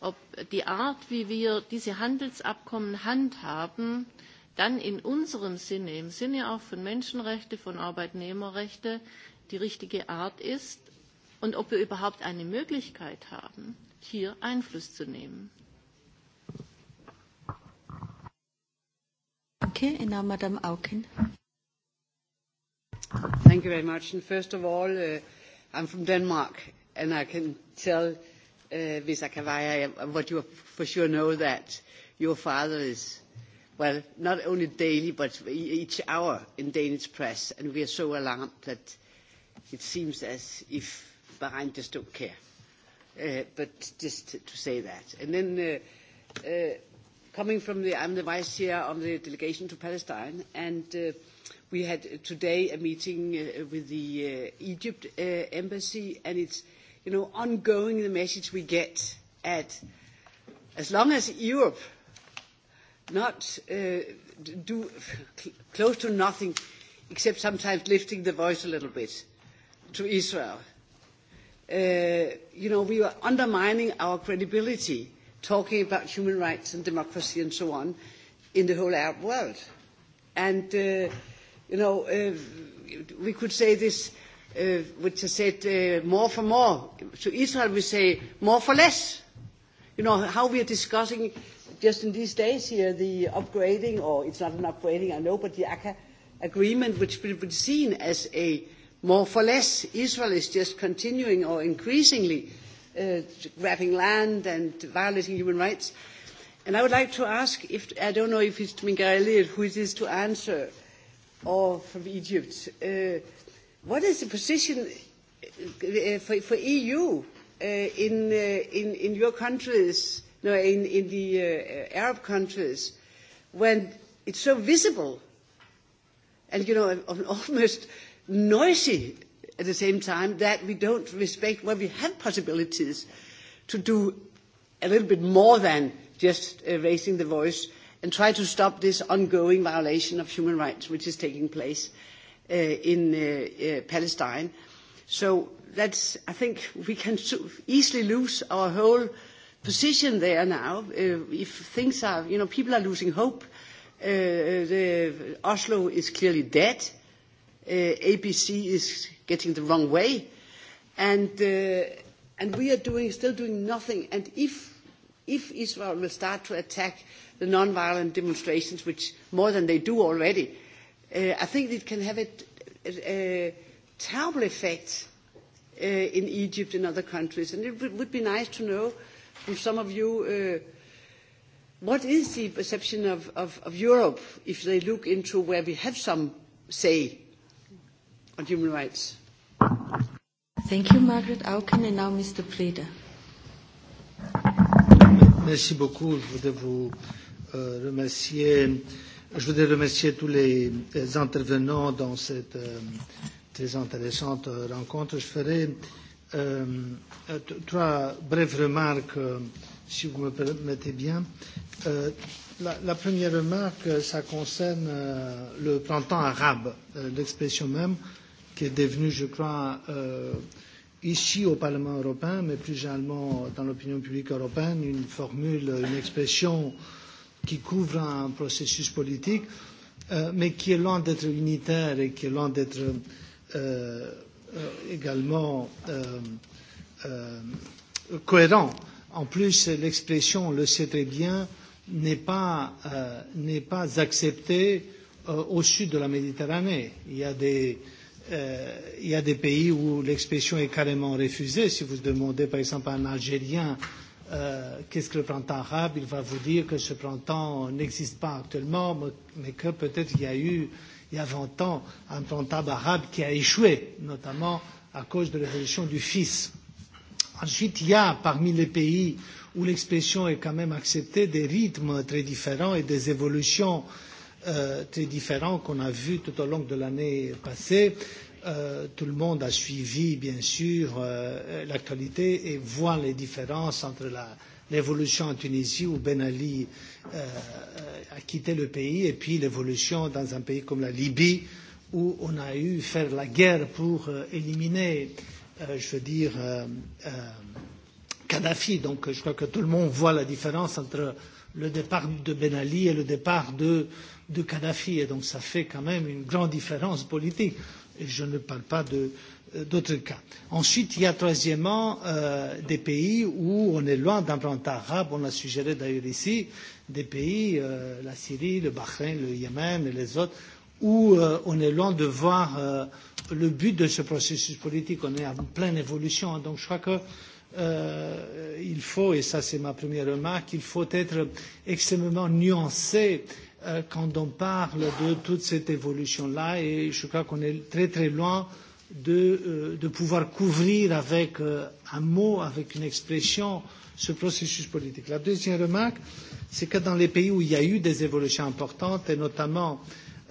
ob die Art, wie wir diese Handelsabkommen handhaben, äh, dann in unserem Sinne, im Sinne auch von Menschenrechten, von Arbeitnehmerrechten, die richtige Art ist und ob wir überhaupt eine Möglichkeit haben, hier Einfluss zu nehmen. Okay, and now Madame Auken. Thank you very much. And first of all, uh, I'm from Denmark, and I can tell uh, Ms. Akavaya what you for sure know that your father is well, not only daily, but each hour in Danish press, and we are so alarmed that it seems as if Bahrain just don't care. Uh, but just to, to say that. And then uh, uh, coming from the, I'm the vice chair of the delegation to Palestine, and uh, we had today a meeting uh, with the uh, Egypt uh, embassy, and it's, you know, ongoing the message we get at, as long as Europe not uh, do close to nothing except sometimes lifting the voice a little bit to Israel. Uh, you know, we are undermining our credibility talking about human rights and democracy and so on in the whole Arab world. And, uh, you know, uh, we could say this, uh, which I said, uh, more for more. To Israel, we say more for less. You know, how we are discussing just in these days here, the upgrading, or it's not an upgrading, I know, but the ACA agreement, which will be seen as a more for less, Israel is just continuing or increasingly uh, grabbing land and violating human rights. And I would like to ask, if I don't know if it's Mingarelli who it is to answer, or from Egypt, uh, what is the position uh, for, for EU uh, in, uh, in, in your countries no, in, in the uh, Arab countries, when it's so visible and, you know, almost noisy at the same time that we don't respect when we have possibilities to do a little bit more than just uh, raising the voice and try to stop this ongoing violation of human rights which is taking place uh, in uh, uh, Palestine. So that's, I think we can easily lose our whole position there now. Uh, if things are, you know, people are losing hope. Uh, uh the Oslo is clearly dead. Uh, ABC is getting the wrong way, and uh, and we are doing still doing nothing. And if if Israel will start to attack the non-violent demonstrations, which more than they do already, uh, I think it can have a, a, a terrible effect uh, in Egypt and other countries. And it would be nice to know from some of you, uh, what is the perception of, of, of Europe if they look into where we have some say on human rights? Thank you, Margaret Auken, and now Mr. Pleda. Merci beaucoup. Je voudrais vous euh, remercier. Je voudrais remercier tous les, les intervenants dans cette euh, très intéressante euh, rencontre. Je ferai euh, euh, trois brèves remarques, uh, si vous me permettez bien. Euh, la, la première remarque, uh, ça concerne euh, le printemps arabe, euh, l'expression même qui est devenue, je crois, euh, ici au Parlement européen, mais plus généralement dans l'opinion publique européenne, une formule, une expression qui couvre un processus politique, euh, mais qui est loin d'être unitaire et qui est loin d'être euh, euh, également euh, euh, cohérent. En plus, l'expression le sait très bien n'est pas, euh, n'est pas acceptée euh, au sud de la Méditerranée. Il y a des, euh, il y a des pays où l'expression est carrément refusée. Si vous demandez par exemple à un Algérien euh, qu'est-ce que le printemps arabe, il va vous dire que ce printemps n'existe pas actuellement, mais que peut-être il y a eu euh, il y a 20 ans un entente arabe qui a échoué, notamment à cause de l'évolution du fils. Ensuite, il y a parmi les pays où l'expression est quand même acceptée des rythmes très différents et des évolutions euh, très différentes qu'on a vues tout au long de l'année passée. Euh, tout le monde a suivi, bien sûr, euh, l'actualité et voit les différences entre l'évolution en Tunisie où Ben Ali euh, euh, à euh, quitter le pays, et puis l'évolution dans un pays comme la Libye, où on a eu faire la guerre pour euh, éliminer, euh, je veux dire, euh, euh, Kadhafi. Donc je crois que tout le monde voit la différence entre le départ de Ben Ali et le départ de, de Kadhafi. Et donc ça fait quand même une grande différence politique. Et je ne parle pas de, euh, d'autres cas. Ensuite, il y a troisièmement euh, des pays où on est loin d'un plan arabe, on l'a suggéré d'ailleurs ici, des pays, euh, la Syrie, le Bahreïn, le Yémen et les autres, où euh, on est loin de voir euh, le but de ce processus politique. On est en pleine évolution. Hein, Donc je crois qu'il euh, faut, et ça c'est ma première remarque, il faut être extrêmement nuancé euh, quand on parle de toute cette évolution-là. Et je crois qu'on est très très loin de, euh, de pouvoir couvrir avec euh, un mot, avec une expression, euh, ce processus politique. La deuxième remarque, c'est que dans les pays où il y a eu des évolutions importantes, et notamment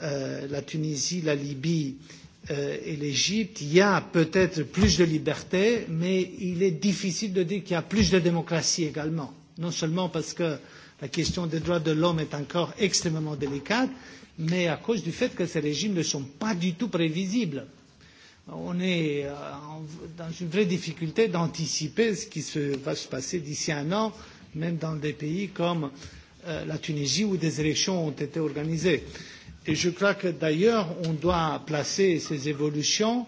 euh, la Tunisie, la Libye euh, et l'Égypte, il y a peut-être plus de liberté, mais il est difficile de dire qu'il y a plus de démocratie également. Non seulement parce que la question des droits de l'homme est encore extrêmement délicate, mais à cause du fait que ces régimes ne sont pas du tout prévisibles on est euh, dans une vraie difficulté d'anticiper ce qui se, va se passer d'ici un an, même dans des pays comme euh, la Tunisie où des élections ont été organisées. Et je crois que d'ailleurs, on doit placer ces évolutions,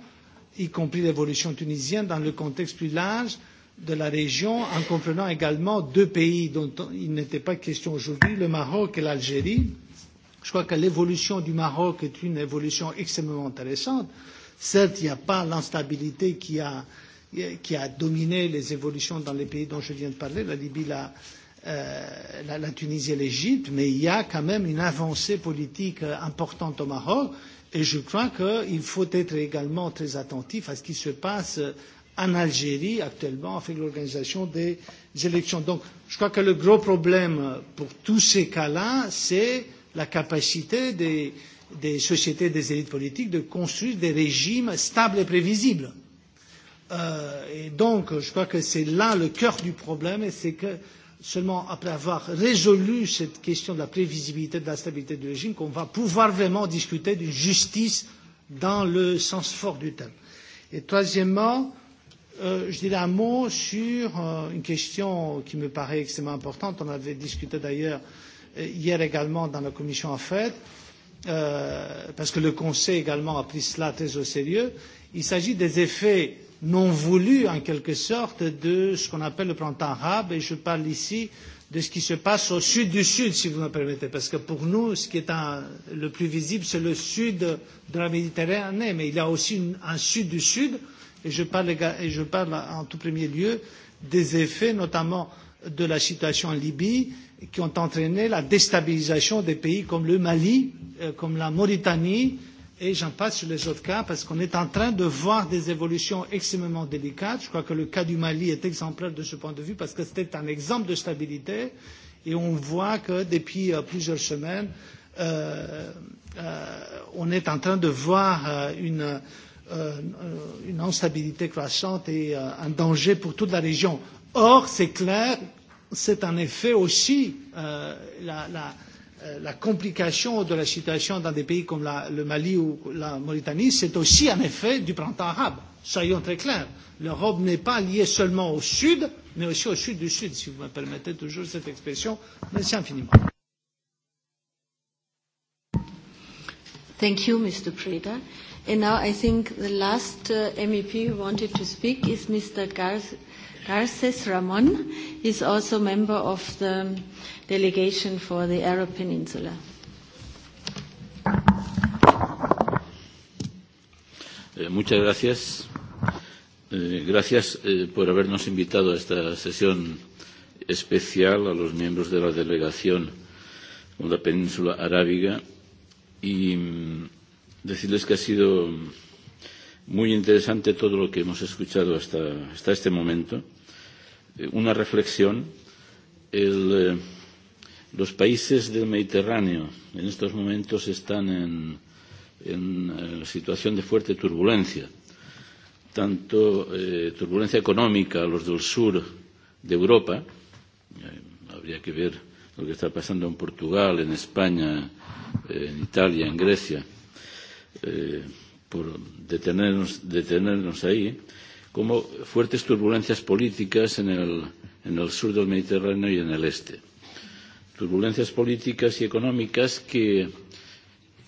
y compris l'évolution tunisienne, dans le contexte plus large de la région, en comprenant également deux pays dont il n'était pas question aujourd'hui, le Maroc et l'Algérie. Je crois que l'évolution du Maroc est une évolution extrêmement intéressante. Euh, Certes, il n'y a pas l'instabilité qui a, qui a dominé les évolutions dans les pays dont je viens de parler, la Libye, la, euh, la, la Tunisie et l'Égypte, mais il y a quand même une avancée politique euh, importante au Maroc. Et je crois qu'il faut être également très attentif à ce qui se passe euh, en Algérie actuellement avec l'organisation des élections. Donc je crois que le gros problème euh, pour tous ces cas-là, c'est la capacité des, des sociétés des élites politiques de construire des régimes stables et prévisibles. Euh, et donc, je crois que c'est là le cœur du problème, et c'est que seulement après avoir résolu cette question de la prévisibilité, de la stabilité du régime, qu'on va pouvoir vraiment discuter d'une justice dans le sens fort du terme. Et troisièmement, euh, je dirais un mot sur euh, une question qui me paraît extrêmement importante. On avait discuté d'ailleurs euh, hier également dans la commission en fait. Euh, Euh, parce que le Conseil également a pris cela très au sérieux, il s'agit des effets non voulus en quelque sorte de ce qu'on appelle le printemps arabe et je parle ici de ce qui se passe au sud du sud, si vous me permettez, parce que pour nous, ce qui est un, le plus visible, c'est le sud de la Méditerranée, mais il y a aussi une, un sud du sud, et je parle, et je parle en tout premier lieu des effets, notamment de la situation en Libye, qui ont entraîné la déstabilisation des pays comme le Mali, euh, comme la Mauritanie, et j'en passe sur les autres cas, parce qu'on est en train de voir des évolutions extrêmement délicates. Je crois que le cas du Mali est exemplaire de ce point de vue, parce que c'était un exemple de stabilité, et on voit que depuis euh, plusieurs semaines, euh, euh, on est en train de voir euh, une, euh, une instabilité croissante et euh, un danger pour toute la région. Or, c'est clair c'est en effet aussi euh, la, la, euh, la complication de la situation dans des pays comme la, le Mali ou la Mauritanie, c'est aussi en effet du printemps arabe. Soyons très clairs. L'Europe n'est pas liée seulement au Sud, mais aussi au Sud du Sud, si vous me permettez toujours cette expression. Merci infiniment. Thank you, Mr. Preda. And now I think the last uh, MEP who wanted to speak is Mr. Garz Garces Ramon is also member of the delegation for the Arab Peninsula. Eh, muchas gracias. Eh, gracias eh, por habernos invitado a esta sesión especial a los miembros de la delegación de la península arábiga y mm, decirles que ha sido muy interesante todo lo que hemos escuchado hasta, hasta este momento una reflexión. El, eh, los países del Mediterráneo en estos momentos están en, en eh, situación de fuerte turbulencia, tanto eh, turbulencia económica, los del sur de Europa, eh, habría que ver lo que está pasando en Portugal, en España, eh, en Italia, en Grecia, eh, por detenernos, detenernos ahí, como fuertes turbulencias políticas en el, en el sur del Mediterráneo y en el este. Turbulencias políticas y económicas que,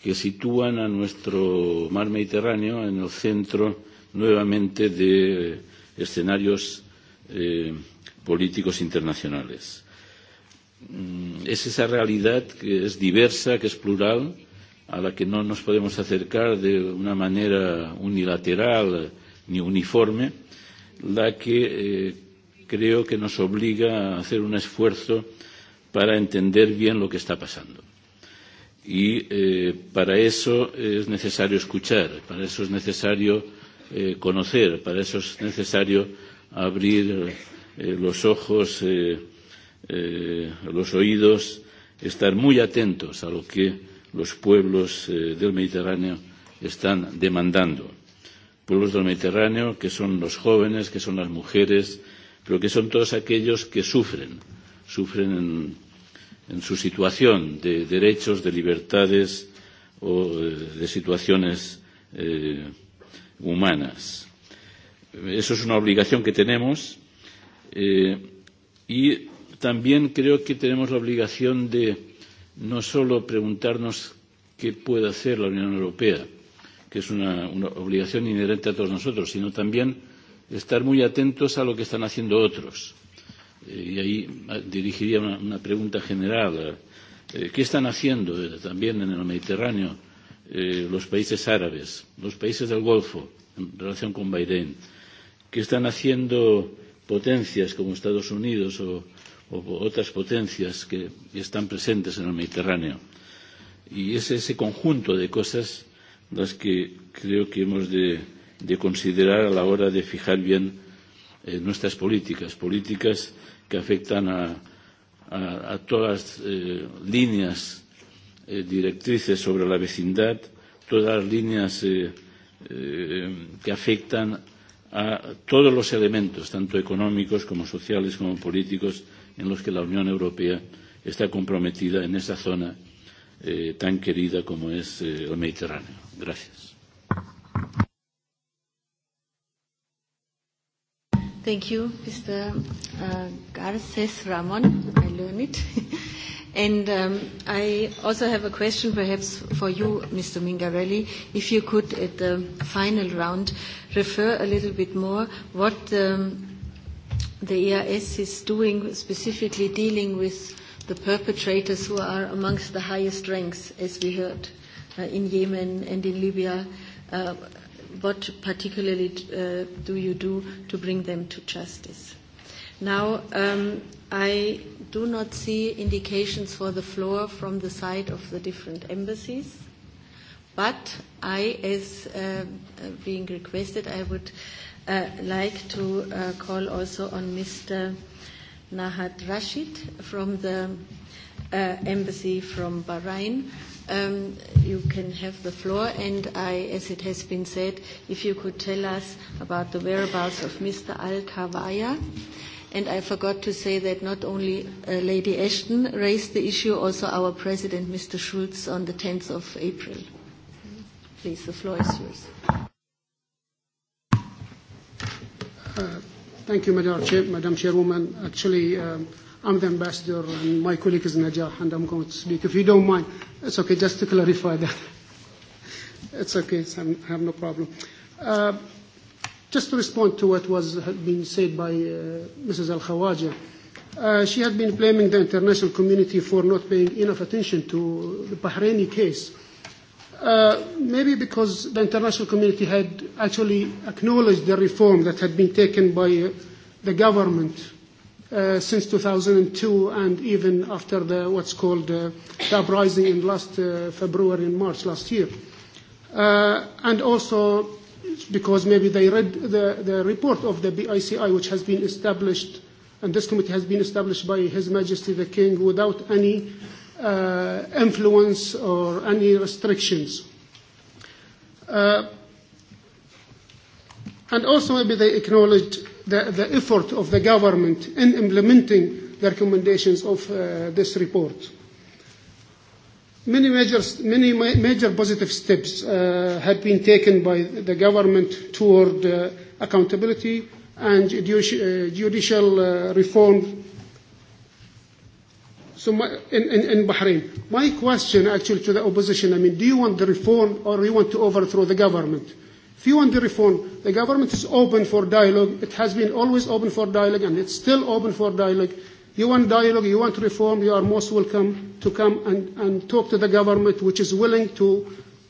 que sitúan a nuestro mar Mediterráneo en el centro nuevamente de escenarios eh, políticos internacionales. Mm, es esa realidad que es diversa, que es plural, a la que no nos podemos acercar de una manera unilateral ni uniforme, la que eh, creo que nos obliga a hacer un esfuerzo para entender bien lo que está pasando. Y eh, para eso es necesario escuchar, para eso es necesario eh, conocer, para eso es necesario abrir eh, los ojos, eh, eh, los oídos, estar muy atentos a lo que los pueblos eh, del Mediterráneo están demandando pueblos del Mediterráneo, que son los jóvenes, que son las mujeres, pero que son todos aquellos que sufren, sufren en, en su situación de derechos, de libertades o eh, de situaciones eh, humanas. Eso es una obligación que tenemos eh, y también creo que tenemos la obligación de no solo preguntarnos qué puede hacer la Unión Europea, que es una, una obligación inherente a todos nosotros, sino también estar muy atentos a lo que están haciendo otros. Eh, y ahí dirigiría una, una pregunta general. Eh, ¿Qué están haciendo eh, también en el Mediterráneo eh, los países árabes, los países del Golfo, en relación con Bahrein? ¿Qué están haciendo potencias como Estados Unidos o, o otras potencias que están presentes en el Mediterráneo? Y es ese conjunto de cosas las que creo que hemos de, de considerar a la hora de fijar bien eh, nuestras políticas, políticas que afectan a, a, a todas las eh, líneas eh, directrices sobre la vecindad, todas las líneas eh, eh, que afectan a todos los elementos, tanto económicos como sociales como políticos, en los que la Unión Europea está comprometida en esa zona eh, tan querida como es eh, el Mediterráneo. Gracias. Thank you, Mr. Uh, Garces Ramon. I learned it. and um, I also have a question perhaps for you, Mr. Mingarelli, if you could at the final round refer a little bit more what um, the EIS is doing specifically dealing with the perpetrators who are amongst the highest ranks, as we heard, uh, in Yemen and in Libya. Uh, what particularly uh, do you do to bring them to justice? Now, um, I do not see indications for the floor from the side of the different embassies, but I, as uh, uh being requested, I would uh, like to uh, call also on Mr. Nahat Rashid from the uh, embassy from Bahrain. Um, you can have the floor, and I, as it has been said, if you could tell us about the whereabouts of Mr. Al Kawaya. And I forgot to say that not only uh, Lady Ashton raised the issue, also our President, Mr. Schulz, on the 10th of April. Please, the floor is yours. Uh, Thank you, Madam, Chair, Madam Chairwoman. Actually, um, I'm the ambassador and my colleague is Najah and I'm going to speak. If you don't mind, it's okay, just to clarify that. It's okay, I have no problem. Uh, just to respond to what was had been said by uh, Mrs. Al-Khawaja, uh, she had been blaming the international community for not paying enough attention to the Bahraini case. Uh, maybe because the international community had actually acknowledged the reform that had been taken by uh, the government uh, since 2002 and even after the, what's called uh, the uprising in last uh, February and March last year. Uh, and also because maybe they read the, the report of the BICI, which has been established, and this committee has been established by His Majesty the King without any uh, influence or any restrictions. Uh, and also maybe they acknowledged the, the effort of the government in implementing the recommendations of uh, this report. Many major, many ma major positive steps uh, have been taken by the government toward uh, accountability and judici uh, judicial uh, reform So my, in, in, in Bahrain, my question actually to the opposition, I mean, do you want the reform or you want to overthrow the government? If you want the reform, the government is open for dialogue. It has been always open for dialogue and it's still open for dialogue. You want dialogue, you want reform, you are most welcome to come and, and talk to the government which is willing to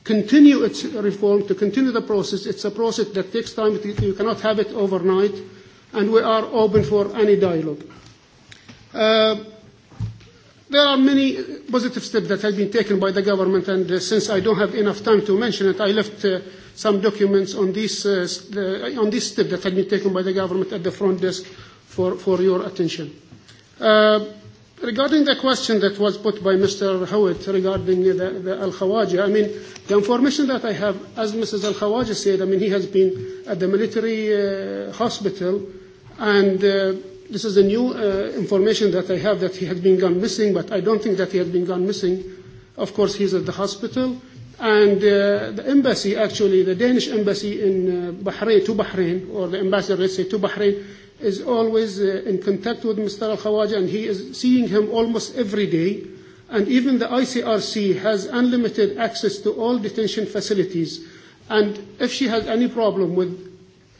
continue its reform, to continue the process. It's a process that takes time. You cannot have it overnight. And we are open for any dialogue. Uh, There are many positive steps that have been taken by the government, and uh, since I don't have enough time to mention it, I left uh, some documents on this, uh, the, on this step that had been taken by the government at the front desk for, for your attention. Uh, regarding the question that was put by Mr. Howitt regarding the, the Al-Khawaja, I mean, the information that I have, as Mrs. Al-Khawaja said, I mean, he has been at the military uh, hospital, and... Uh, This is the new uh, information that I have that he had been gone missing, but I don't think that he had been gone missing. Of course, he's at the hospital. And uh, the embassy, actually, the Danish embassy in uh, Bahrain, to Bahrain, or the ambassador, let's say, to Bahrain, is always uh, in contact with Mr. Al-Khawaja, and he is seeing him almost every day. And even the ICRC has unlimited access to all detention facilities. And if she had any problem with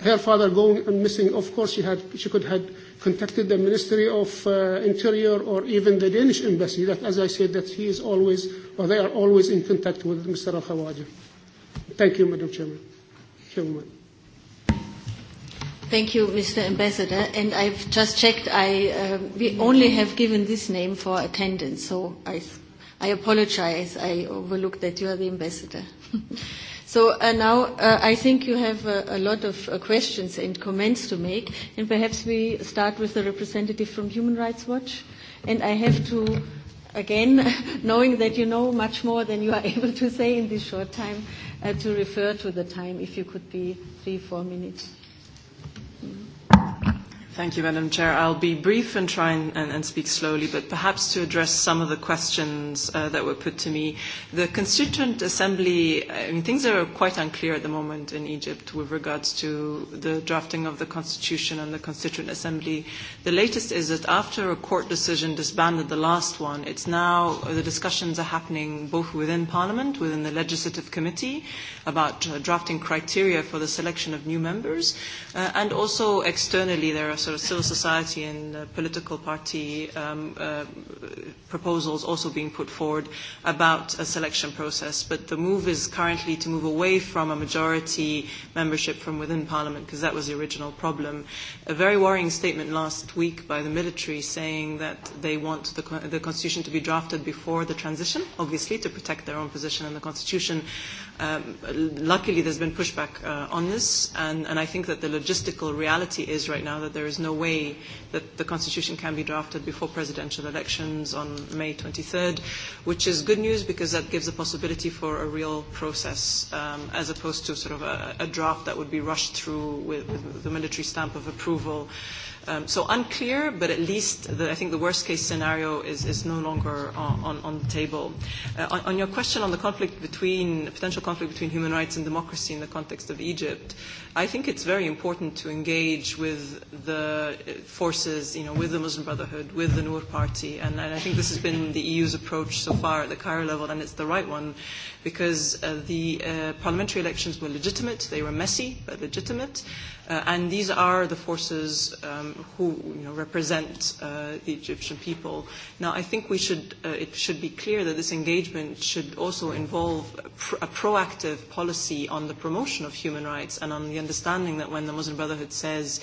her father going and missing, of course she, had, she could have contacted the Ministry of uh, Interior or even the Danish embassy. That, as I said, that he is always, or they are always in contact with Mr. Al Khawaja. Thank you, Madam Chairman. Chairman. Thank you, Mr. Ambassador. And I've just checked. I uh, we only have given this name for attendance, so I I apologize. I overlooked that you are the ambassador. So uh, now uh, I think you have uh, a lot of uh, questions and comments to make, and perhaps we start with the representative from Human Rights Watch. And I have to, again, knowing that you know much more than you are able to say in this short time, uh, to refer to the time, if you could be three, four minutes. Mm. Thank you, Madam Chair. I'll be brief and try and, and, and speak slowly, but perhaps to address some of the questions uh, that were put to me. The Constituent Assembly, I mean, things are quite unclear at the moment in Egypt with regards to the drafting of the Constitution and the Constituent Assembly. The latest is that after a court decision disbanded the last one, it's now, the discussions are happening both within Parliament, within the Legislative Committee, about uh, drafting criteria for the selection of new members, uh, and also externally there are sort of civil society and uh, political party um, uh, proposals also being put forward about a selection process. But the move is currently to move away from a majority membership from within Parliament, because that was the original problem. A very worrying statement last week by the military saying that they want the, the constitution to be drafted before the transition, obviously, to protect their own position in the constitution. Um, luckily, there's been pushback uh, on this, and, and I think that the logistical reality is right now that there is no way that the constitution can be drafted before presidential elections on May 23rd, which is good news because that gives a possibility for a real process um, as opposed to sort of a, a draft that would be rushed through with, with the military stamp of approval Um, so unclear, but at least the, I think the worst case scenario is, is no longer on, on, on the table. Uh, on, on your question on the conflict between, potential conflict between human rights and democracy in the context of Egypt, I think it's very important to engage with the uh, forces, you know, with the Muslim Brotherhood, with the Noor Party, and, and I think this has been the EU's approach so far at the Cairo level, and it's the right one because uh, the uh, parliamentary elections were legitimate, they were messy, but legitimate. Uh, and these are the forces um, who you know, represent uh, the Egyptian people. Now, I think we should, uh, it should be clear that this engagement should also involve a, pr- a proactive policy on the promotion of human rights and on the understanding that when the Muslim Brotherhood says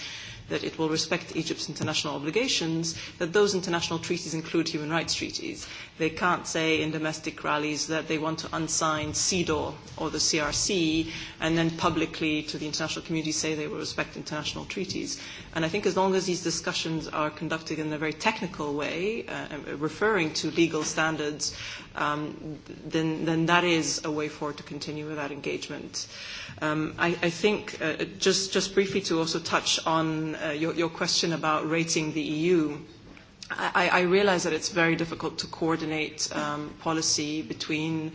that it will respect Egypt's international obligations, that those international treaties include human rights treaties. They can't say in domestic rallies that they want to unsign CEDAW or the CRC and then publicly to the international community say they will respect international treaties. And I think as long as these discussions are conducted in a very technical way, uh, uh, referring to legal standards, um, then, then that is a way forward to continue with that engagement. Um, I, I think uh, just, just briefly to also touch on uh, your, your question about rating the EU, I, I realize that it's very difficult to coordinate um, policy between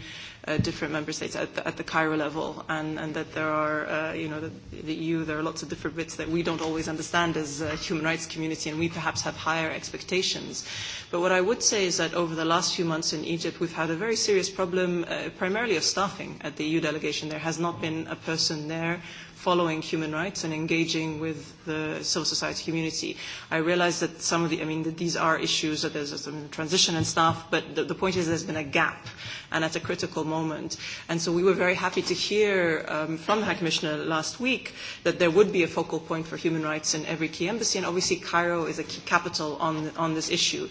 uh, different member states at the, at the Cairo level, and, and that there are, uh, you know, the, the EU, there are lots of different bits that we don't always understand as a human rights community, and we perhaps have higher expectations. But what I would say is that over the last few months in Egypt, we've had a very serious problem, uh, primarily of staffing at the EU delegation. There has not been a person there following human rights and engaging with the civil society community. I realize that some of the, I mean, that these are issues that there's some transition and stuff, but the, the point is there's been a gap and at a critical moment. And so we were very happy to hear um, from the High Commissioner last week that there would be a focal point for human rights in every key embassy, and obviously Cairo is a key capital on, on this issue.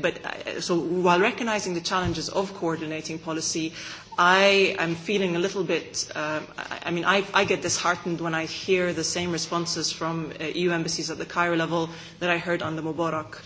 But uh, so while recognizing the challenges of coordinating policy, I am feeling a little bit, uh, I, mean, I, I get disheartened when I hear the same responses from uh, EU embassies at the Cairo level that I heard on the Mubarak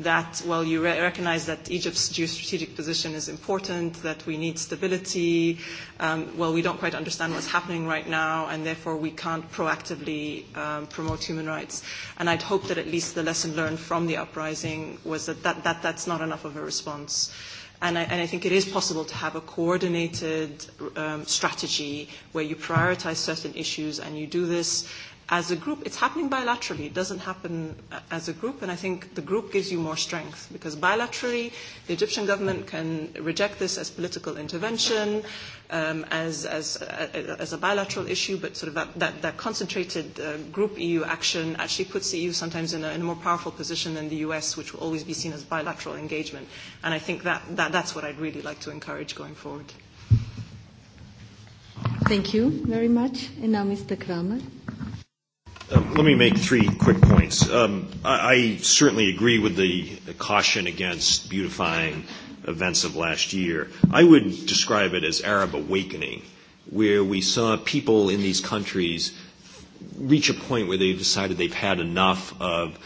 that, well, you re recognize that Egypt's geostrategic position is important, that we need stability, um, well, we don't quite understand what's happening right now, and therefore we can't proactively um, promote human rights. And I'd hope that at least the lesson learned from the uprising was that, that, that that's not enough of a response. Uh, And I, and I think it is possible to have a coordinated um, strategy where you prioritize certain issues and you do this as a group. It's happening bilaterally. It doesn't happen uh, as a group, and I think the group gives you more strength because bilaterally, the Egyptian government can reject this as political intervention, um, as, as, uh, as a bilateral issue, but sort of that, that, that concentrated uh, group EU action actually puts the EU sometimes in a, in a more powerful position than the US, which will always be seen as bilateral engagement. And I think that, that, that's what I'd really like to encourage going forward. Thank you very much. And now Mr. Kramer. Um, let me make three quick points. Um, I, I certainly agree with the caution against beautifying events of last year. I would describe it as Arab awakening, where we saw people in these countries reach a point where they decided they've had enough of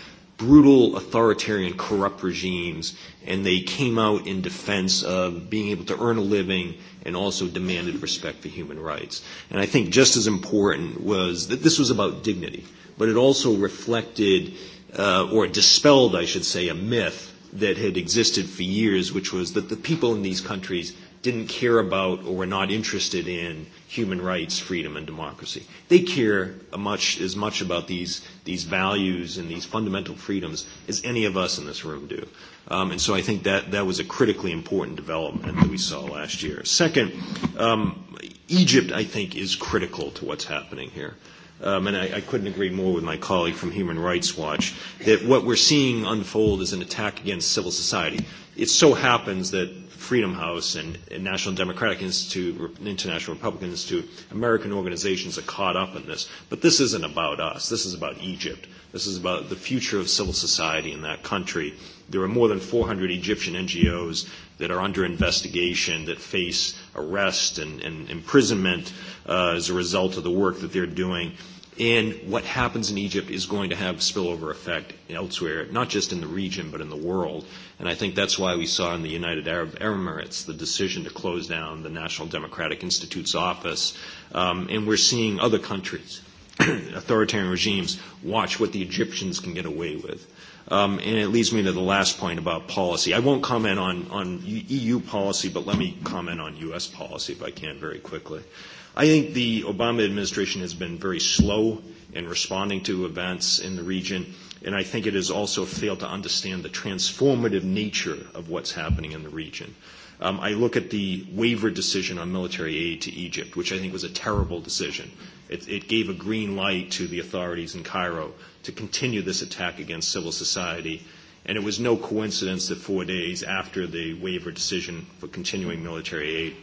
brutal, authoritarian, corrupt regimes, and they came out in defense of being able to earn a living and also demanded respect for human rights. And I think just as important was that this was about dignity, but it also reflected uh, or dispelled, I should say, a myth that had existed for years, which was that the people in these countries didn't care about or were not interested in human rights, freedom, and democracy. They care much, as much about these, these values and these fundamental freedoms as any of us in this room do. Um, and so I think that, that was a critically important development that we saw last year. Second, um, Egypt, I think, is critical to what's happening here. Um, and I, I couldn't agree more with my colleague from Human Rights Watch that what we're seeing unfold is an attack against civil society it so happens that Freedom House and, and National Democratic Institute, International Republican Institute, American organizations are caught up in this. But this isn't about us. This is about Egypt. This is about the future of civil society in that country. There are more than 400 Egyptian NGOs that are under investigation, that face arrest and, and imprisonment uh, as a result of the work that they're doing. And what happens in Egypt is going to have spillover effect elsewhere, not just in the region, but in the world. And I think that's why we saw in the United Arab Emirates the decision to close down the National Democratic Institute's office. Um, and we're seeing other countries, authoritarian regimes, watch what the Egyptians can get away with. Um, and it leads me to the last point about policy. I won't comment on, on EU policy, but let me comment on U.S. policy if I can very quickly. Uh, I think the Obama administration has been very slow in responding to events in the region, and I think it has also failed to understand the transformative nature of what's happening in the region. Um, I look at the waiver decision on military aid to Egypt, which I think was a terrible decision. It, it gave a green light to the authorities in Cairo to continue this attack against civil society. And it was no coincidence that four days after the waiver decision for continuing military aid,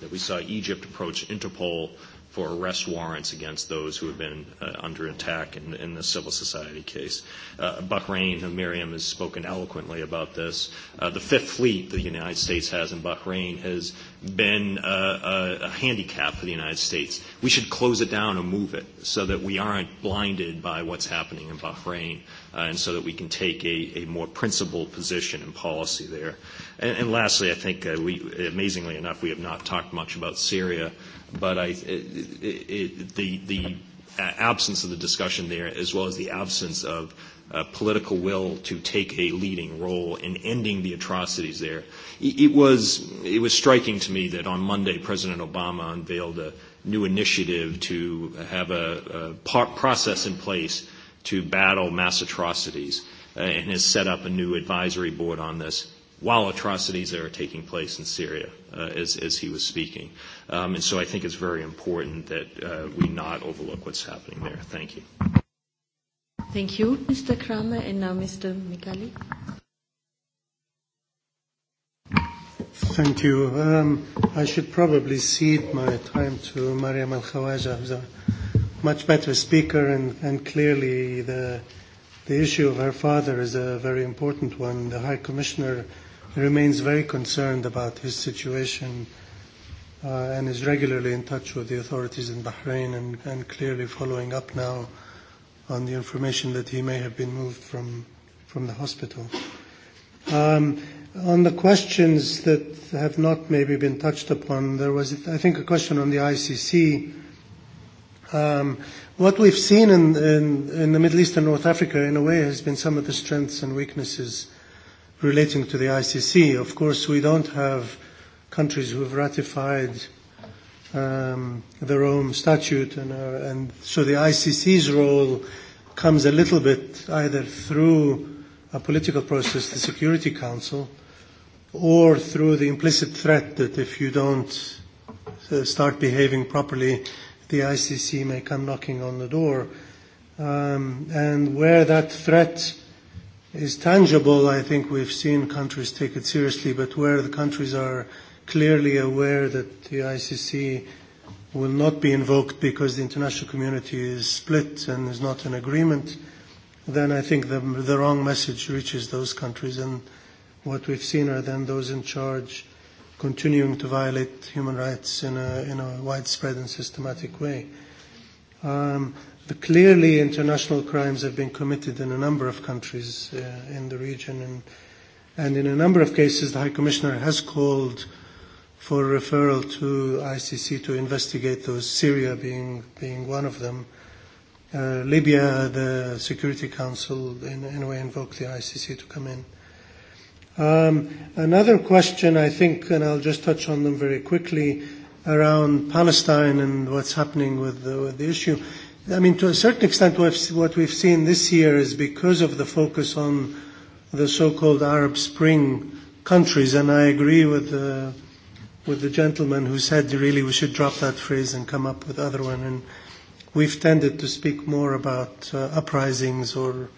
that we saw Egypt approach Interpol for arrest warrants against those who have been uh, under attack in, in the civil society case. Uh, Bahrain, and Miriam has spoken eloquently about this. Uh, the Fifth Fleet that the United States has in Bahrain has been uh, a, a handicap for the United States. We should close it down and move it so that we aren't blinded by what's happening in Bahrain uh, and so that we can take a, a more principled position in policy there. And, and lastly, I think uh, we, amazingly enough, we have not talked much about Syria, but I, it, it, it, the, the absence of the discussion there, as well as the absence of uh, political will to take a leading role in ending the atrocities there. It, it, was, it was striking to me that on Monday, President Obama unveiled a new initiative to have a, a process in place to battle mass atrocities uh, and has set up a new advisory board on this while atrocities are taking place in Syria, uh, as, as he was speaking. Um, and so I think it's very important that uh, we not overlook what's happening there. Thank you. Thank you, Mr. Kramer, and now Mr. Mikali. Thank you. Um, I should probably cede my time to Mariam Al-Khawaja, who's much better speaker, and, and clearly the, the issue of her father is a very important one. The High Commissioner remains very concerned about his situation uh, and is regularly in touch with the authorities in Bahrain and, and clearly following up now on the information that he may have been moved from, from the hospital. Um, on the questions that have not maybe been touched upon, there was, I think, a question on the ICC Um, what we've seen in, in, in the Middle East and North Africa, in a way, has been some of the strengths and weaknesses relating to the ICC. Of course, we don't have countries who have ratified um, the Rome Statute, and, uh, and so the ICC's role comes a little bit either through a political process, the Security Council, or through the implicit threat that if you don't uh, start behaving properly, the ICC may come knocking on the door. Um, and where that threat is tangible, I think we've seen countries take it seriously, but where the countries are clearly aware that the ICC will not be invoked because the international community is split and is not in agreement, then I think the, the wrong message reaches those countries. And what we've seen are then those in charge continuing to violate human rights in a, in a widespread and systematic way. Um, the clearly international crimes have been committed in a number of countries uh, in the region, and, and in a number of cases, the High Commissioner has called for referral to ICC to investigate those, Syria being, being one of them. Uh, Libya, the Security Council, in, in a way, invoked the ICC to come in. Um, another question, I think, and I'll just touch on them very quickly, around Palestine and what's happening with the, with the issue. I mean, to a certain extent, what we've seen this year is because of the focus on the so-called Arab Spring countries, and I agree with the, with the gentleman who said really we should drop that phrase and come up with other one. And we've tended to speak more about uh, uprisings or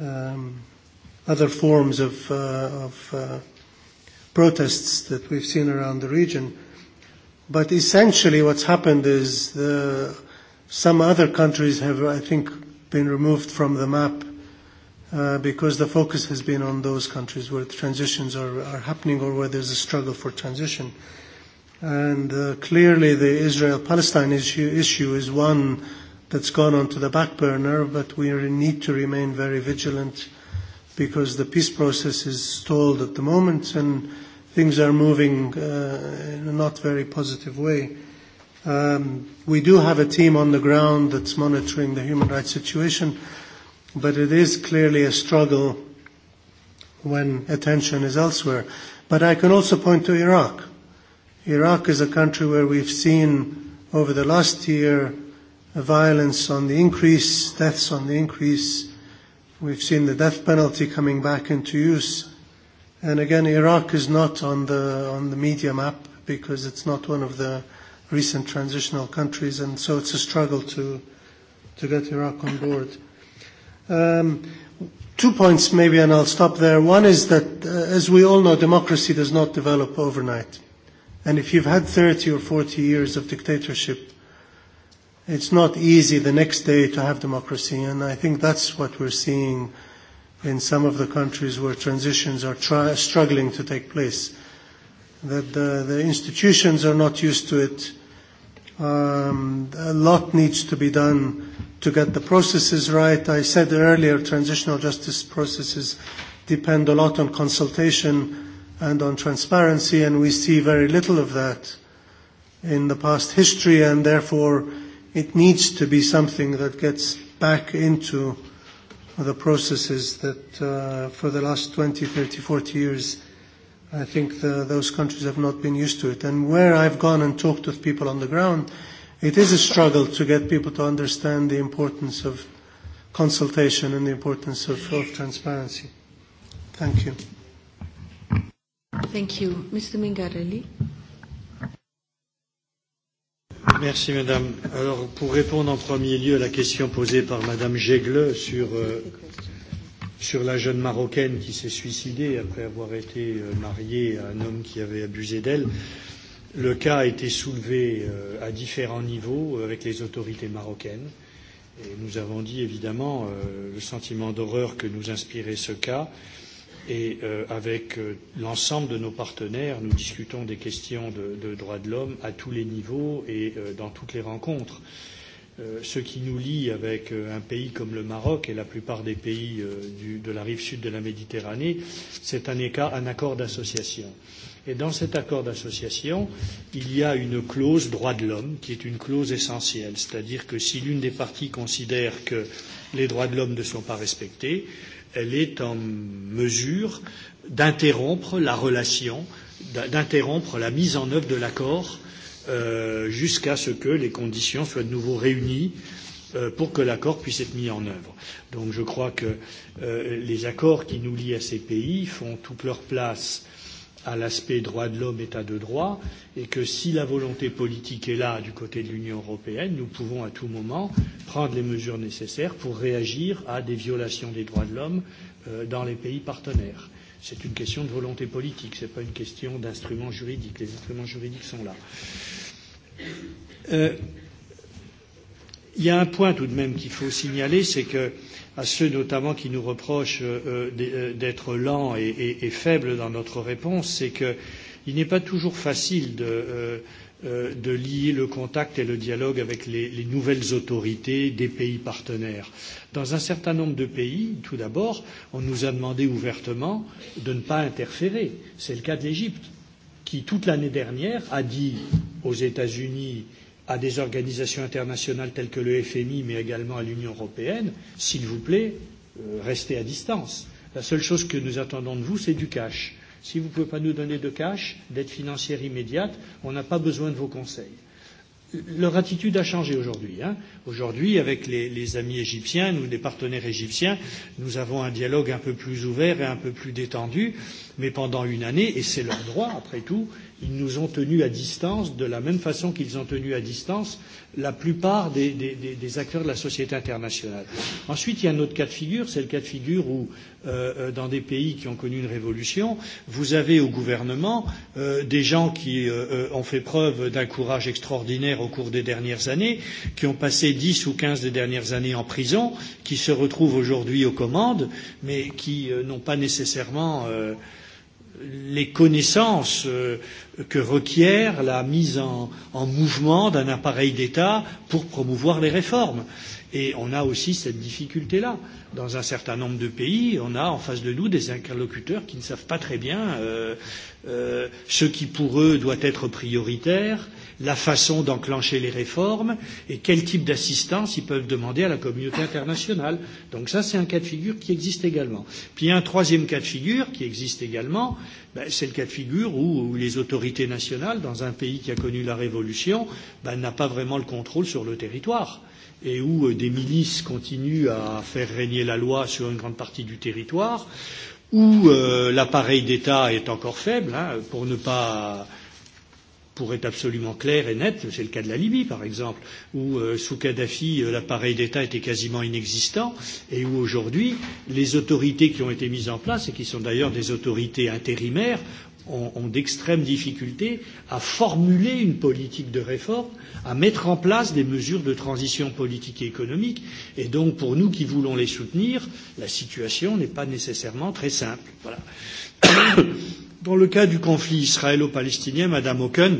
um, other forms of, uh, of uh, protests that we've seen around the region. But essentially, what's happened is the, some other countries have, I think, been removed from the map uh, because the focus has been on those countries where transitions are, are happening or where there's a struggle for transition. And uh, clearly, the Israel-Palestine issue, issue is one that's gone onto the back burner, but we need to remain very vigilant because the peace process is stalled at the moment and things are moving uh, in a not very positive way. Um, we do have a team on the ground that's monitoring the human rights situation, but it is clearly a struggle when attention is elsewhere. But I can also point to Iraq. Iraq is a country where we've seen over the last year violence on the increase, deaths on the increase, We've seen the death penalty coming back into use. And again, Iraq is not on the, on the media map because it's not one of the recent transitional countries, and so it's a struggle to, to get Iraq on board. Um, two points maybe, and I'll stop there. One is that, uh, as we all know, democracy does not develop overnight. And if you've had 30 or 40 years of dictatorship, it's not easy the next day to have democracy, and I think that's what we're seeing in some of the countries where transitions are try, struggling to take place. That the, the institutions are not used to it. Um, a lot needs to be done to get the processes right. I said earlier, transitional justice processes depend a lot on consultation and on transparency, and we see very little of that in the past history, and therefore it needs to be something that gets back into the processes that uh, for the last 20, 30, 40 years, I think the, those countries have not been used to it. And where I've gone and talked with people on the ground, it is a struggle to get people to understand the importance of consultation and the importance of, of transparency. Thank you. Thank you. Mr. Mingarelli. Merci, madame. Alors, pour répondre en premier lieu à la question posée par madame Jegle sur, euh, sur la jeune Marocaine qui s'est suicidée après avoir été euh, mariée à un homme qui avait abusé d'elle, le cas a été soulevé euh, à différents niveaux avec les autorités marocaines. Et nous avons dit, évidemment, euh, le sentiment d'horreur que nous inspirait ce cas. Euh, et euh, avec euh, l'ensemble de nos partenaires, nous discutons des questions de, de droits de l'homme à tous les niveaux et euh, dans toutes les rencontres. Euh, ce qui nous lie avec euh, un pays comme le Maroc et la plupart des pays euh, du, de la rive sud de la Méditerranée, c'est un, un accord d'association. Et dans cet accord d'association, il y a une clause droits de l'homme qui est une clause essentielle, c'est-à-dire que si l'une des parties considère que les droits de l'homme ne sont pas respectés, elle est en mesure d'interrompre la relation, d'a-, d'interrompre la mise en œuvre de l'accord euh, jusqu'à ce que les conditions soient de nouveau réunies euh, pour que l'accord puisse être mis en œuvre. Donc je crois que euh, les accords qui nous lient à ces pays font toute leur place euh, à l'aspect droits de l'homme, état de droit, et que si la volonté politique est là du côté de l'Union européenne, nous pouvons à tout moment prendre les mesures nécessaires pour réagir à des violations des droits de l'homme euh, dans les pays partenaires. C'est une question de volonté politique, ce n'est pas une question d'instruments juridiques. Les instruments juridiques sont là. Euh, Il y a un point tout de même qu'il faut signaler, c'est que à ceux notamment qui nous reprochent euh, euh, euh d'être lents et, et, et faibles dans notre réponse, c'est qu'il n'est pas toujours facile de, euh, euh, de lier le contact et le dialogue avec les, les nouvelles autorités des pays partenaires. Dans un certain nombre de pays, tout d'abord, on nous a demandé ouvertement de ne pas interférer. C'est le cas de l'Égypte, qui toute l'année dernière a dit aux États-Unis à des organisations internationales telles que le FMI, mais également à l'Union européenne, s'il vous plaît, euh, restez à distance. La seule chose que nous attendons de vous, c'est du cash. Si vous ne pouvez pas nous donner de cash, d'aide financière immédiate, on n'a pas besoin de vos conseils. Leur attitude a changé aujourd'hui. Hein. Aujourd'hui, avec les, les amis égyptiens, nous, les partenaires égyptiens, nous avons un dialogue un peu plus ouvert et un peu plus détendu, mais pendant une année, et c'est leur droit, après tout, ils nous ont tenus à distance de la même façon qu'ils ont tenu à distance la plupart des, des, des, des acteurs de la société internationale. Ensuite, il y a un autre cas de figure, c'est le cas de figure où, euh, euh dans des pays qui ont connu une révolution, vous avez au gouvernement euh, des gens qui euh, euh ont fait preuve d'un courage extraordinaire au cours des dernières années, qui ont passé 10 ou 15 des dernières années en prison, qui se retrouvent aujourd'hui aux commandes, mais qui euh, n'ont pas nécessairement. Euh, les connaissances euh, que requiert la mise en, en mouvement d'un appareil d'État pour promouvoir les réformes. Et on a aussi cette difficulté-là. Dans un certain nombre de pays, on a en face de nous des interlocuteurs qui ne savent pas très bien euh, euh, ce qui pour eux doit être prioritaire, euh, la façon d'enclencher les réformes et quel type d'assistance ils peuvent demander à la communauté internationale. Donc ça, c'est un cas de figure qui existe également. Puis il y a un troisième cas de figure qui existe également, ben, c'est le cas de figure où, où les autorités nationales, dans un pays qui a connu la révolution, ben, pas vraiment le contrôle sur le territoire et où euh, des milices continuent à faire régner la loi sur une grande partie du territoire, où euh, l'appareil d'État est encore faible, hein, pour ne pas euh, pour être absolument clair et net, c'est le cas de la Libye par exemple, où euh, sous Kadhafi euh, l'appareil d'État était quasiment inexistant et où aujourd'hui les autorités qui ont été mises en place et qui sont d'ailleurs des autorités intérimaires ont, ont d'extrêmes difficultés à formuler une politique de réforme, à mettre en place des mesures de transition politique et économique. Et donc, pour nous qui voulons les soutenir, la situation n'est pas nécessairement très simple. Voilà. Dans le cas du conflit israélo-palestinien, Madame Hawken,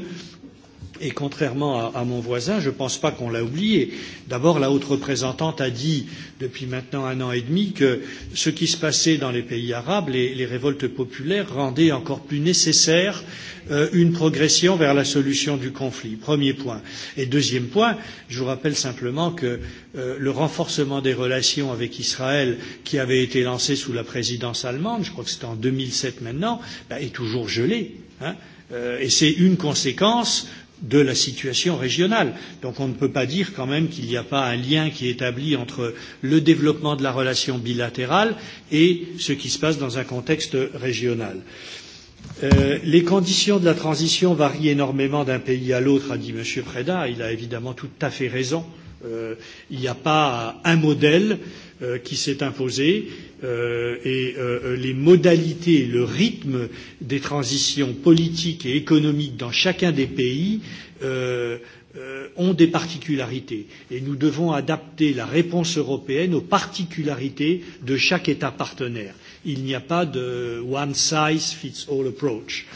Et contrairement à, à mon voisin, je ne pense pas qu'on l'a oublié. D'abord, la haute représentante a dit depuis maintenant un an et demi que ce qui se passait dans les pays arabes, les, les révoltes populaires, rendaient encore plus nécessaire euh, une progression vers la solution du conflit. Premier point. Et deuxième point, je vous rappelle simplement que euh, le renforcement des relations avec Israël, qui avait été lancé sous la présidence allemande, je crois que c'était en 2007 maintenant, bah, est toujours gelé. Hein euh, et c'est une conséquence euh, de la situation régionale. Donc on ne peut pas dire quand même qu'il n'y a pas un lien qui est établi entre le développement de la relation bilatérale et ce qui se passe dans un contexte régional. Euh, les conditions de la transition varient énormément d'un pays à l'autre, a dit M. Preda. Il a évidemment tout à fait raison. Euh, il n'y a pas un modèle. Euh, Euh, qui s'est imposé euh, et euh, euh, les modalités, le rythme des transitions politiques et économiques dans chacun des pays euh, euh, ont des particularités et nous devons adapter la réponse européenne aux particularités de chaque État partenaire. Il n'y a pas de one size fits all approach.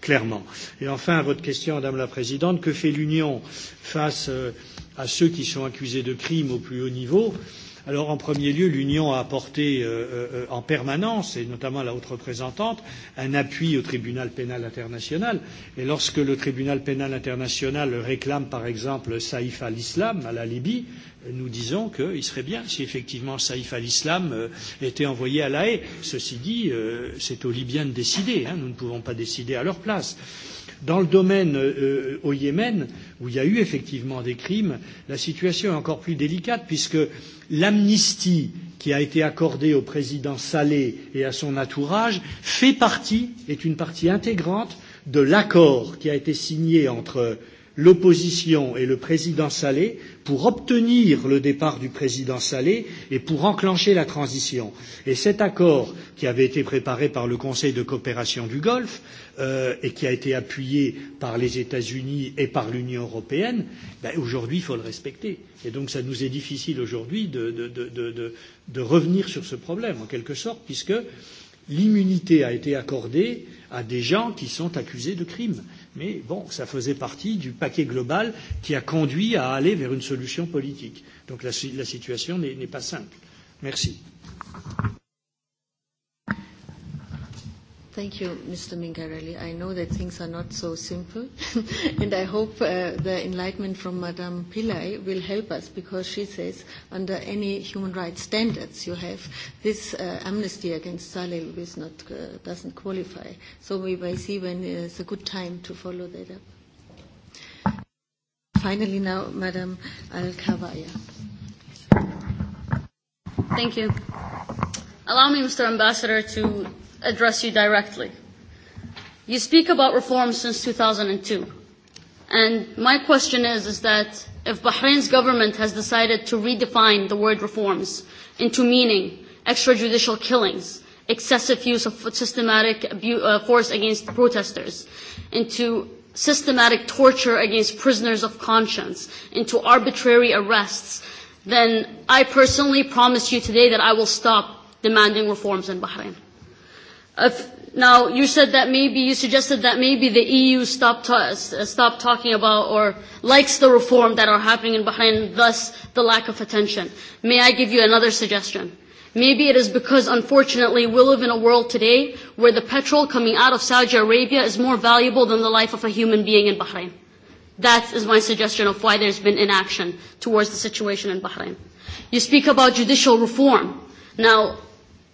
Clairement. Et enfin, à votre question, Madame la Présidente, que fait l'Union face euh, à ceux qui sont accusés de crimes au plus haut niveau euh, Alors, en premier lieu, l'Union a apporté euh, euh, en permanence, et notamment la haute représentante, un appui au tribunal pénal international. Et lorsque le tribunal pénal international réclame, par exemple, Saïf al-Islam à la Libye, euh, nous disons qu'il serait bien si effectivement Saïf al-Islam euh, était envoyé à La Haye. Ceci dit, c'est aux Libyens de décider, hein, nous ne pouvons pas décider à leur place. Dans le domaine euh, au Yémen, euh, où il y a eu effectivement des crimes, la situation est encore plus délicate puisque l'amnistie qui a été accordée au président Salé et à son entourage fait partie, est une partie intégrante de l'accord qui a été signé entre l'opposition et le président Salé pour obtenir le départ du président Salé et pour enclencher la transition. Et cet accord, qui avait été préparé par le Conseil de coopération du Golfe euh, et qui a été appuyé par les États-Unis et par l'Union européenne, ben aujourd'hui, il faut le respecter. Et donc, ça nous est difficile aujourd'hui de, de, de, de, de, de revenir sur ce problème, en quelque sorte, puisque l'immunité a été accordée à des gens qui sont accusés de crimes. Mais bon, ça faisait partie du paquet global qui a conduit à aller vers une solution politique. Donc la, la situation n'est pas simple. Merci. Thank you, Mr. Mingarelli. I know that things are not so simple, and I hope uh, the enlightenment from Madame Pillay will help us because she says under any human rights standards you have, this uh, amnesty against Saleh is not, uh, doesn't qualify. So we may see when uh, it's a good time to follow that up. Finally now, Madame Al-Kawaya. Thank you. Allow me, Mr. Ambassador, to address you directly. You speak about reform since 2002. And my question is, is that if Bahrain's government has decided to redefine the word reforms into meaning extrajudicial killings, excessive use of systematic abuse, uh, force against protesters, into systematic torture against prisoners of conscience, into arbitrary arrests, then I personally promise you today that I will stop demanding reforms in Bahrain. Uh, now, you said that maybe, you suggested that maybe the EU stopped, ta- uh, stopped talking about or likes the reform that are happening in Bahrain, thus the lack of attention. May I give you another suggestion? Maybe it is because, unfortunately, we live in a world today where the petrol coming out of Saudi Arabia is more valuable than the life of a human being in Bahrain. That is my suggestion of why there's been inaction towards the situation in Bahrain. You speak about judicial reform. Now,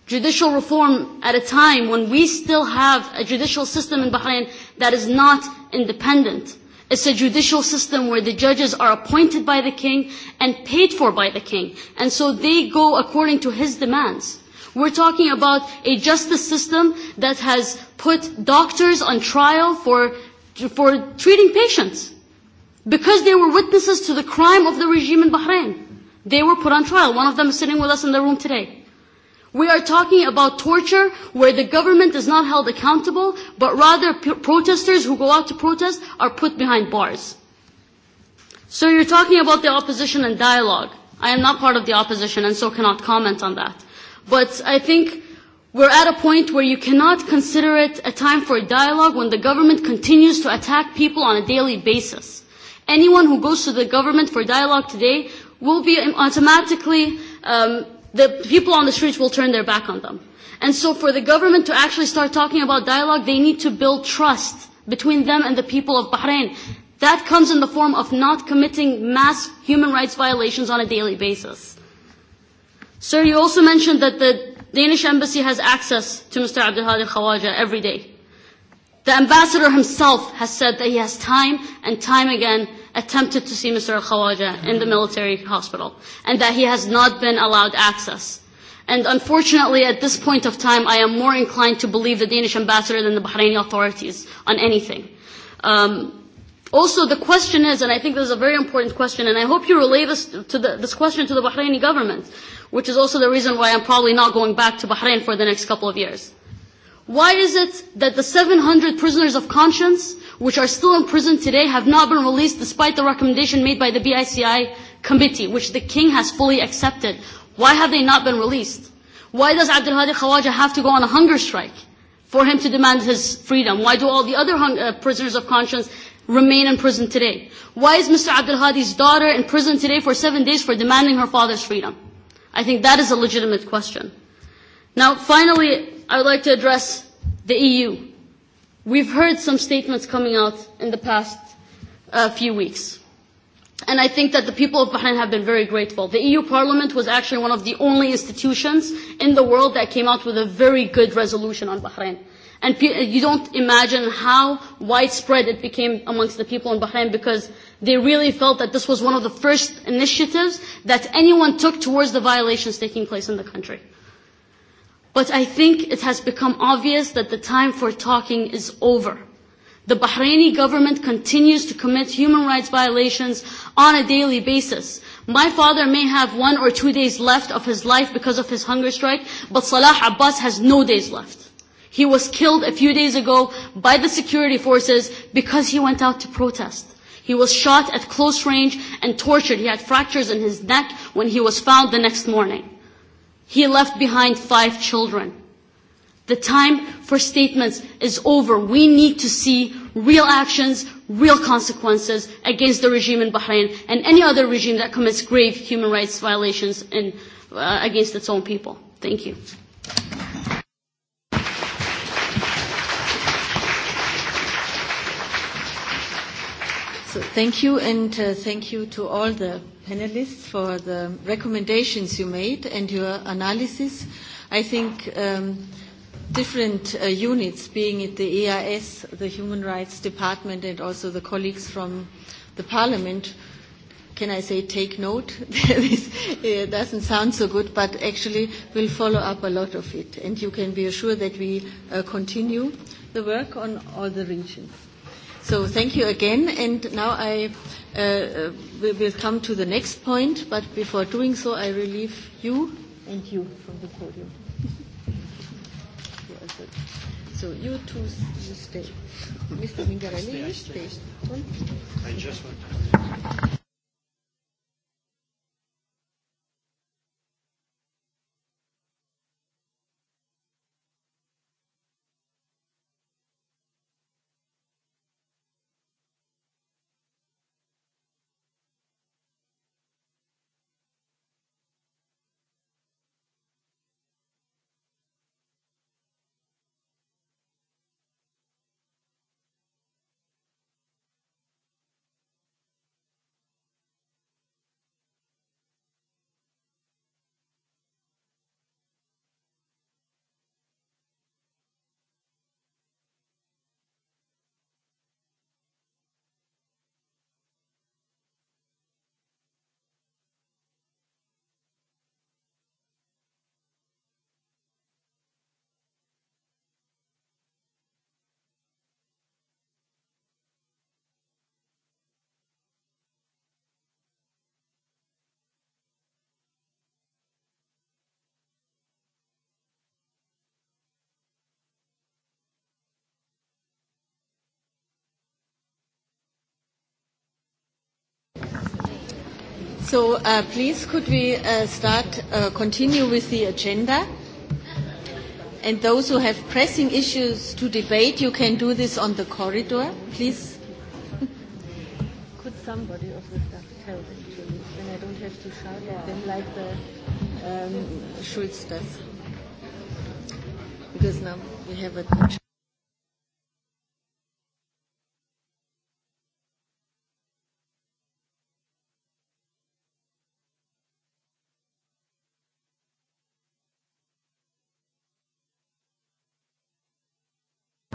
judicial reform at a time when we still have a judicial system in Bahrain that is not independent. It's a judicial system where the judges are appointed by the king and paid for by the king. And so they go according to his demands. We're talking about a justice system that has put doctors on trial for, for treating patients because they were witnesses to the crime of the regime in Bahrain. They were put on trial. One of them is sitting with us in the room today. We are talking about torture where the government is not held accountable, but rather protesters who go out to protest are put behind bars. So you're talking about the opposition and dialogue. I am not part of the opposition and so cannot comment on that. But I think we're at a point where you cannot consider it a time for dialogue when the government continues to attack people on a daily basis. Anyone who goes to the government for dialogue today will be automatically um, the people on the streets will turn their back on them. And so for the government to actually start talking about dialogue, they need to build trust between them and the people of Bahrain. That comes in the form of not committing mass human rights violations on a daily basis. Sir, you also mentioned that the Danish embassy has access to Mr. Abdulhadi Khawaja every day. The ambassador himself has said that he has time and time again attempted to see Mr. Al-Khawaja in the military hospital and that he has not been allowed access. And unfortunately, at this point of time, I am more inclined to believe the Danish ambassador than the Bahraini authorities on anything. Um, also, the question is, and I think this is a very important question, and I hope you relay this, to the, this question to the Bahraini government, which is also the reason why I'm probably not going back to Bahrain for the next couple of years. Why is it that the 700 prisoners of conscience which are still in prison today have not been released despite the recommendation made by the BICI committee, which the king has fully accepted. Why have they not been released? Why does Abdul Hadi Khawaja have to go on a hunger strike for him to demand his freedom? Why do all the other hung- uh, prisoners of conscience remain in prison today? Why is Mr. Abdul Hadi's daughter in prison today for seven days for demanding her father's freedom? I think that is a legitimate question. Now, finally, I would like to address the EU. We've heard some statements coming out in the past uh, few weeks. And I think that the people of Bahrain have been very grateful. The EU Parliament was actually one of the only institutions in the world that came out with a very good resolution on Bahrain. And you don't imagine how widespread it became amongst the people in Bahrain because they really felt that this was one of the first initiatives that anyone took towards the violations taking place in the country. But I think it has become obvious that the time for talking is over. The Bahraini government continues to commit human rights violations on a daily basis. My father may have one or two days left of his life because of his hunger strike, but Salah Abbas has no days left. He was killed a few days ago by the security forces because he went out to protest. He was shot at close range and tortured. He had fractures in his neck when he was found the next morning. He left behind five children. The time for statements is over. We need to see real actions, real consequences against the regime in Bahrain and any other regime that commits grave human rights violations in, uh, against its own people. Thank you. So thank you, and uh, thank you to all the panelists for the recommendations you made and your analysis. I think um, different uh, units, being it the EIS, the Human Rights Department, and also the colleagues from the Parliament, can I say take note? this doesn't sound so good, but actually we'll follow up a lot of it, and you can be assured that we uh, continue the work on all the regions. So thank you again. And now I uh, uh will we'll come to the next point. But before doing so, I relieve you and you from the podium. so you two you stay. Mr. Mingarelli, you stay. I just want to. So uh, please could we uh, start, uh, continue with the agenda? And those who have pressing issues to debate, you can do this on the corridor, please. could somebody of the staff tell actually, then I don't have to shout at them like the um, Schulz does? Because now we have a...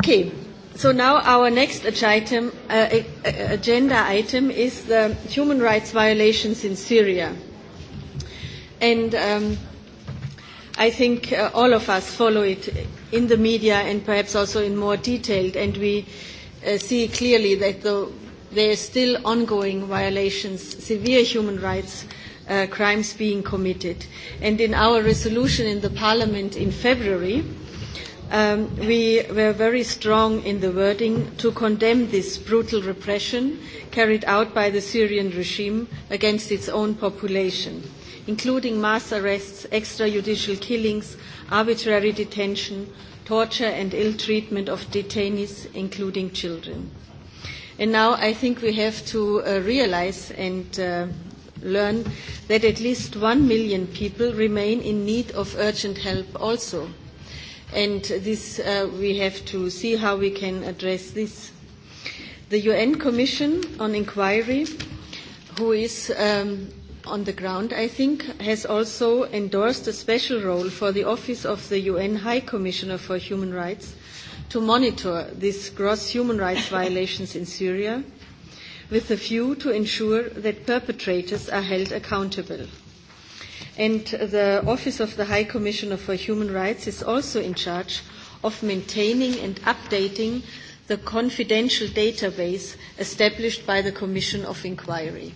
Okay, so now our next item, uh, agenda item is the human rights violations in Syria. And um, I think uh, all of us follow it in the media and perhaps also in more detail, and we uh, see clearly that the, there are still ongoing violations, severe human rights uh, crimes being committed. And in our resolution in the parliament in February, Um, we were very strong in the wording to condemn this brutal repression carried out by the Syrian regime against its own population, including mass arrests, extrajudicial killings, arbitrary detention, torture and ill treatment of detainees, including children. And now I think we have to uh, realize and uh, learn that at least one million people remain in need of urgent help also And this, uh, we have to see how we can address this. The UN Commission on Inquiry, who is um, on the ground, I think, has also endorsed a special role for the Office of the UN High Commissioner for Human Rights to monitor these gross human rights violations in Syria with a view to ensure that perpetrators are held accountable. And the Office of the High Commissioner for Human Rights is also in charge of maintaining and updating the confidential database established by the Commission of Inquiry.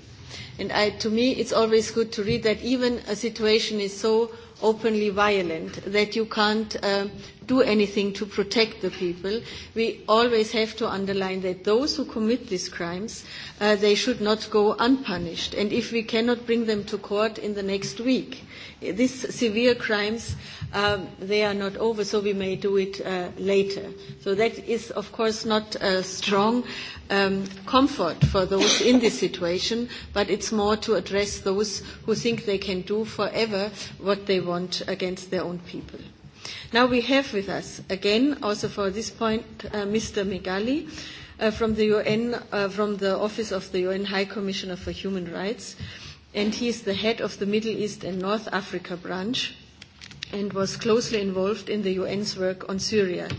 And I, to me, it's always good to read that even a situation is so openly violent that you can't uh, do anything to protect the people. We always have to underline that those who commit these crimes, uh, they should not go unpunished. And if we cannot bring them to court in the next week, these severe crimes, um, they are not over, so we may do it uh, later. So that is, of course, not a strong um, comfort for those in this situation, but it's more to address those who think they can do forever what they want against their own people. Now we have with us, again, also for this point, uh, Mr. Megali uh, from the UN, uh, from the Office of the UN High Commissioner for Human Rights, and he is the head of the Middle East and North Africa branch and was closely involved in the UN's work on Syria.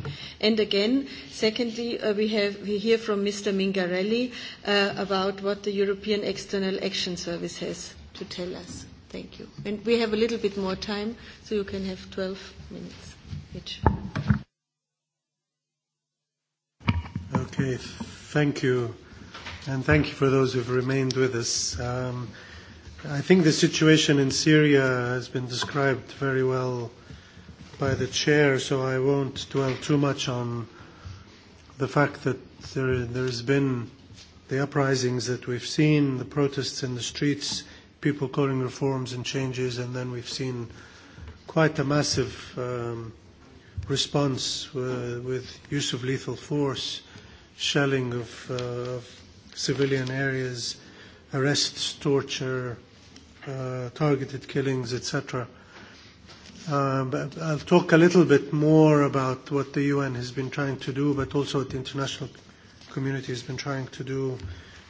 And again, secondly, uh, we, have, we hear from Mr. Mingarelli uh, about what the European External Action Service has to tell us. Thank you. And we have a little bit more time, so you can have 12 minutes each. Okay, thank you. And thank you for those who've remained with us. Um, I think the situation in Syria has been described very well by the chair, so I won't dwell too much on the fact that there, there's been the uprisings that we've seen, the protests in the streets, people calling reforms and changes, and then we've seen quite a massive um, response uh, with use of lethal force, shelling of, uh, of civilian areas, arrests, torture, uh, targeted killings, etc. Uh, um, but I'll talk a little bit more about what the UN has been trying to do, but also what the international community has been trying to do,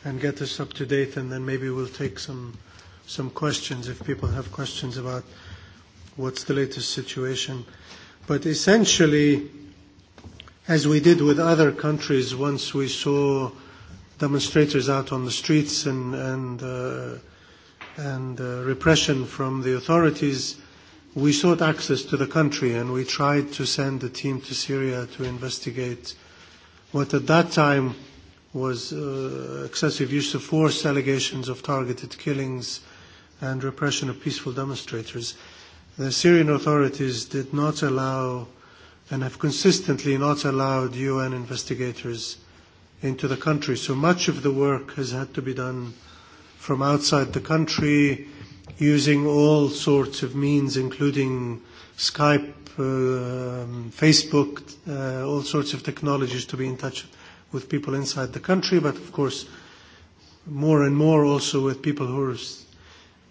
and get us up to date, and then maybe we'll take some some questions if people have questions about what's the latest situation. But essentially, as we did with other countries, once we saw demonstrators out on the streets and, and, uh, and uh, repression from the authorities, we sought access to the country and we tried to send a team to Syria to investigate what at that time was uh, excessive use of force, allegations of targeted killings, and repression of peaceful demonstrators. The Syrian authorities did not allow and have consistently not allowed UN investigators into the country. So much of the work has had to be done from outside the country using all sorts of means, including Skype, uh, um, Facebook, uh, all sorts of technologies to be in touch with people inside the country, but of course, more and more also with people who are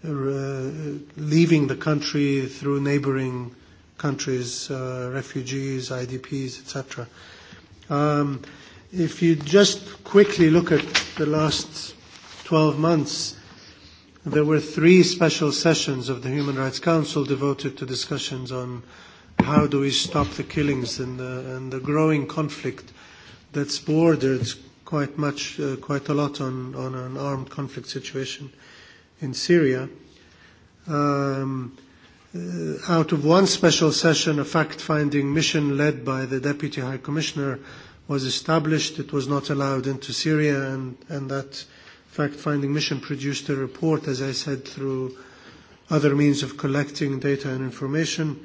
Uh, leaving the country through neighboring countries, uh, refugees, IDPs, etc. Um, if you just quickly look at the last 12 months, there were three special sessions of the Human Rights Council devoted to discussions on how do we stop the killings and the, and the growing conflict that's bordered quite much, uh, quite a lot on, on an armed conflict situation. Uh, in Syria. Um, uh, out of one special session, a fact-finding mission led by the Deputy High Commissioner was established. It was not allowed into Syria, and, and that fact-finding mission produced a report, as I said, through other means of collecting data and information.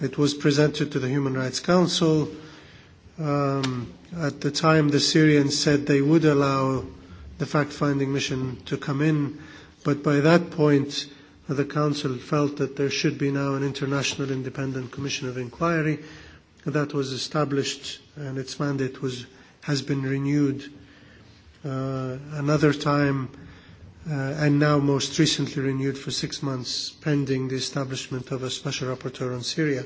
It was presented to the Human Rights Council. Um, at the time, the Syrians said they would allow the fact-finding mission to come in. But by that point, the Council felt that there should be now an international independent commission of inquiry that was established and its mandate was, has been renewed uh, another time uh, and now most recently renewed for six months pending the establishment of a special rapporteur on Syria.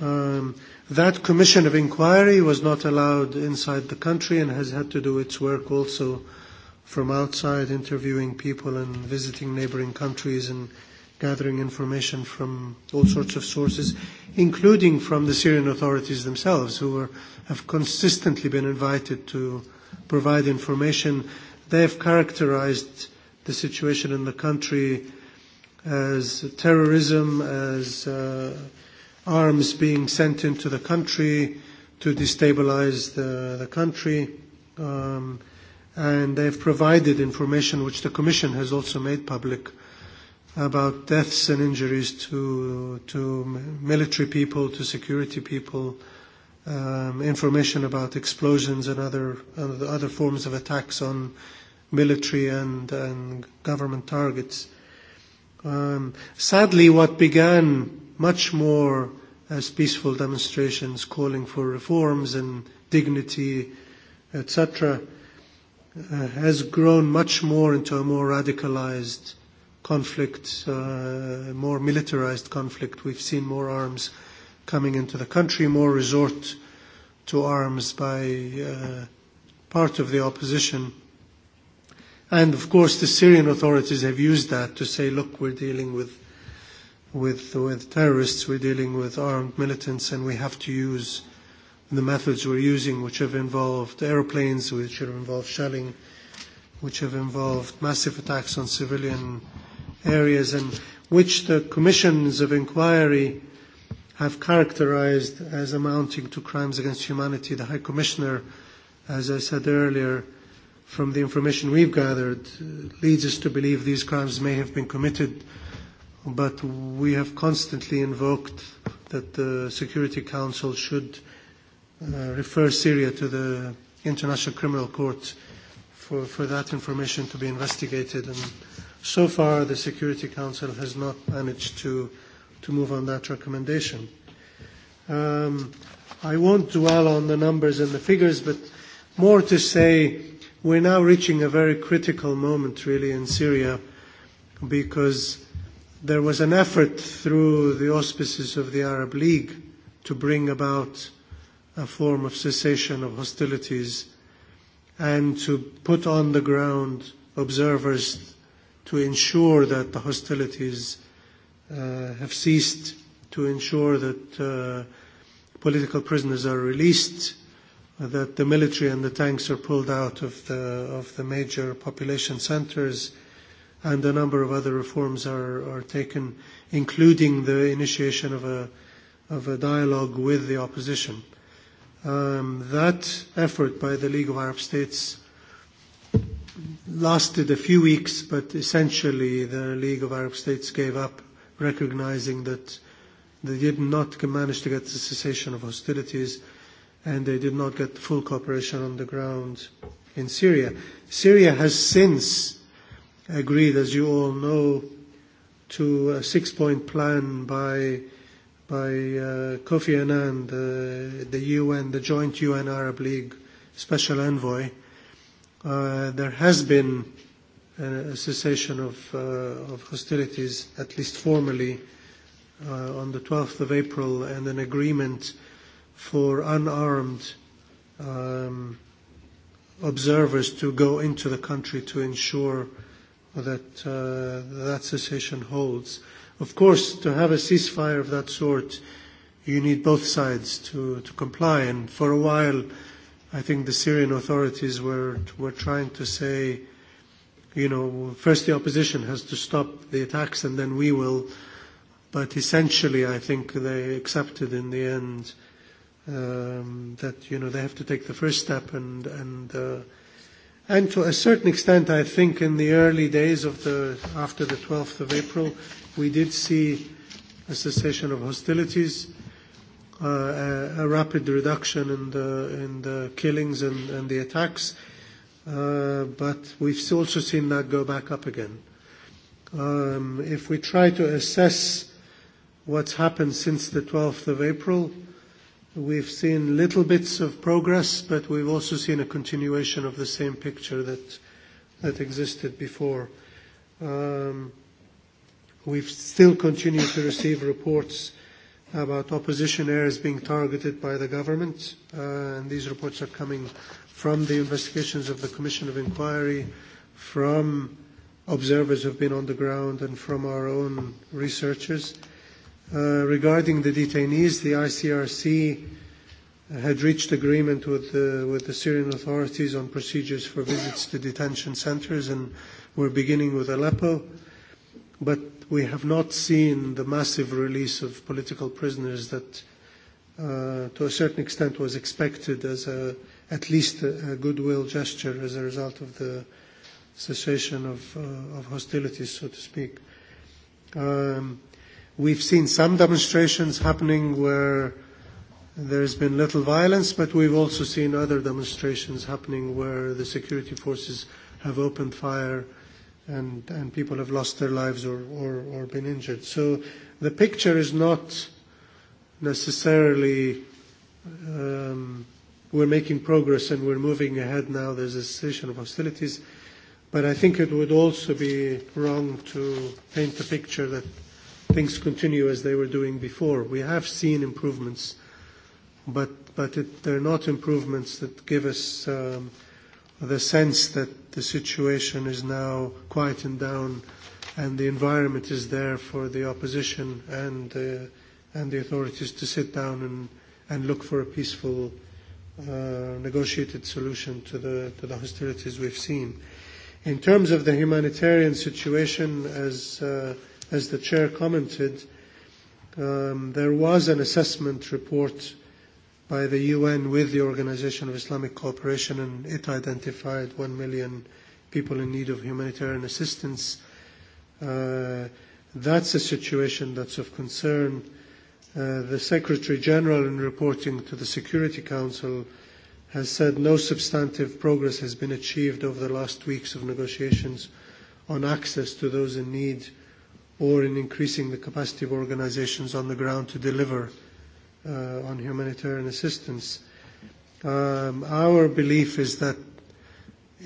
Um, that commission of inquiry was not allowed inside the country and has had to do its work also from outside, interviewing people and visiting neighboring countries and gathering information from all sorts of sources, including from the Syrian authorities themselves, who are, have consistently been invited to provide information. They have characterized the situation in the country as terrorism, as uh, arms being sent into the country to destabilize the, the country. Um, and they've provided information which the Commission has also made public about deaths and injuries to, to military people, to security people, um, information about explosions and other, uh, other forms of attacks on military and, and government targets. Um, sadly, what began much more as peaceful demonstrations calling for reforms and dignity, etc., uh, has grown much more into a more radicalized conflict, uh, more militarized conflict. We've seen more arms coming into the country, more resort to arms by uh, part of the opposition. And of course, the Syrian authorities have used that to say, look, we're dealing with, with, with terrorists, we're dealing with armed militants, and we have to use the methods we're using, which have involved aeroplanes, which have involved shelling, which have involved massive attacks on civilian areas, and which the commissions of inquiry have characterized as amounting to crimes against humanity. The High Commissioner, as I said earlier, from the information we've gathered, leads us to believe these crimes may have been committed, but we have constantly invoked that the Security Council should – Uh, refer Syria to the International Criminal Court for, for that information to be investigated. And so far, the Security Council has not managed to, to move on that recommendation. Um, I won't dwell on the numbers and the figures, but more to say we're now reaching a very critical moment, really, in Syria because there was an effort through the auspices of the Arab League to bring about a form of cessation of hostilities and to put on the ground observers to ensure that the hostilities uh, have ceased, to ensure that uh, political prisoners are released, uh, that the military and the tanks are pulled out of the, of the major population centers, and a number of other reforms are, are taken, including the initiation of a, of a dialogue with the opposition. Um, that effort by the League of Arab States lasted a few weeks, but essentially the League of Arab States gave up, recognizing that they did not manage to get the cessation of hostilities and they did not get full cooperation on the ground in Syria. Syria has since agreed, as you all know, to a six-point plan by by uh, Kofi Annan, the, the UN, the joint UN Arab League special envoy, uh, there has been a, a cessation of, uh, of hostilities, at least formally, uh, on the 12th of April, and an agreement for unarmed um, observers to go into the country to ensure that uh, that cessation holds. Of course, to have a ceasefire of that sort, you need both sides to, to comply. And for a while, I think the Syrian authorities were, were trying to say, you know, first the opposition has to stop the attacks and then we will. But essentially, I think they accepted in the end um, that, you know, they have to take the first step and, and, uh, and to a certain extent, I think in the early days of the, after the 12th of April, we did see a cessation of hostilities, uh, a, a rapid reduction in the, in the killings and, and the attacks, uh, but we've also seen that go back up again. Um, if we try to assess what's happened since the 12th of April, we've seen little bits of progress, but we've also seen a continuation of the same picture that, that existed before. Um, We still continue to receive reports about opposition areas being targeted by the government, uh, and these reports are coming from the investigations of the Commission of Inquiry, from observers who have been on the ground, and from our own researchers. Uh, regarding the detainees, the ICRC had reached agreement with the, with the Syrian authorities on procedures for visits to detention centers, and we're beginning with Aleppo. But we have not seen the massive release of political prisoners that, uh, to a certain extent, was expected as a, at least a, a goodwill gesture as a result of the cessation of, uh, of hostilities, so to speak. Um, we've seen some demonstrations happening where there's been little violence, but we've also seen other demonstrations happening where the security forces have opened fire and, and people have lost their lives or, or, or been injured. So the picture is not necessarily um, we're making progress and we're moving ahead now, there's a cessation of hostilities. But I think it would also be wrong to paint the picture that things continue as they were doing before. We have seen improvements, but, but it, they're not improvements that give us um, – the sense that the situation is now quietened down and the environment is there for the opposition and, uh, and the authorities to sit down and, and look for a peaceful uh, negotiated solution to the, to the hostilities we've seen. In terms of the humanitarian situation, as, uh, as the chair commented, um, there was an assessment report by the UN with the Organization of Islamic Cooperation, and it identified one million people in need of humanitarian assistance. Uh, that's a situation that's of concern. Uh, the Secretary General, in reporting to the Security Council, has said no substantive progress has been achieved over the last weeks of negotiations on access to those in need or in increasing the capacity of organizations on the ground to deliver uh, on humanitarian assistance. Um, our belief is that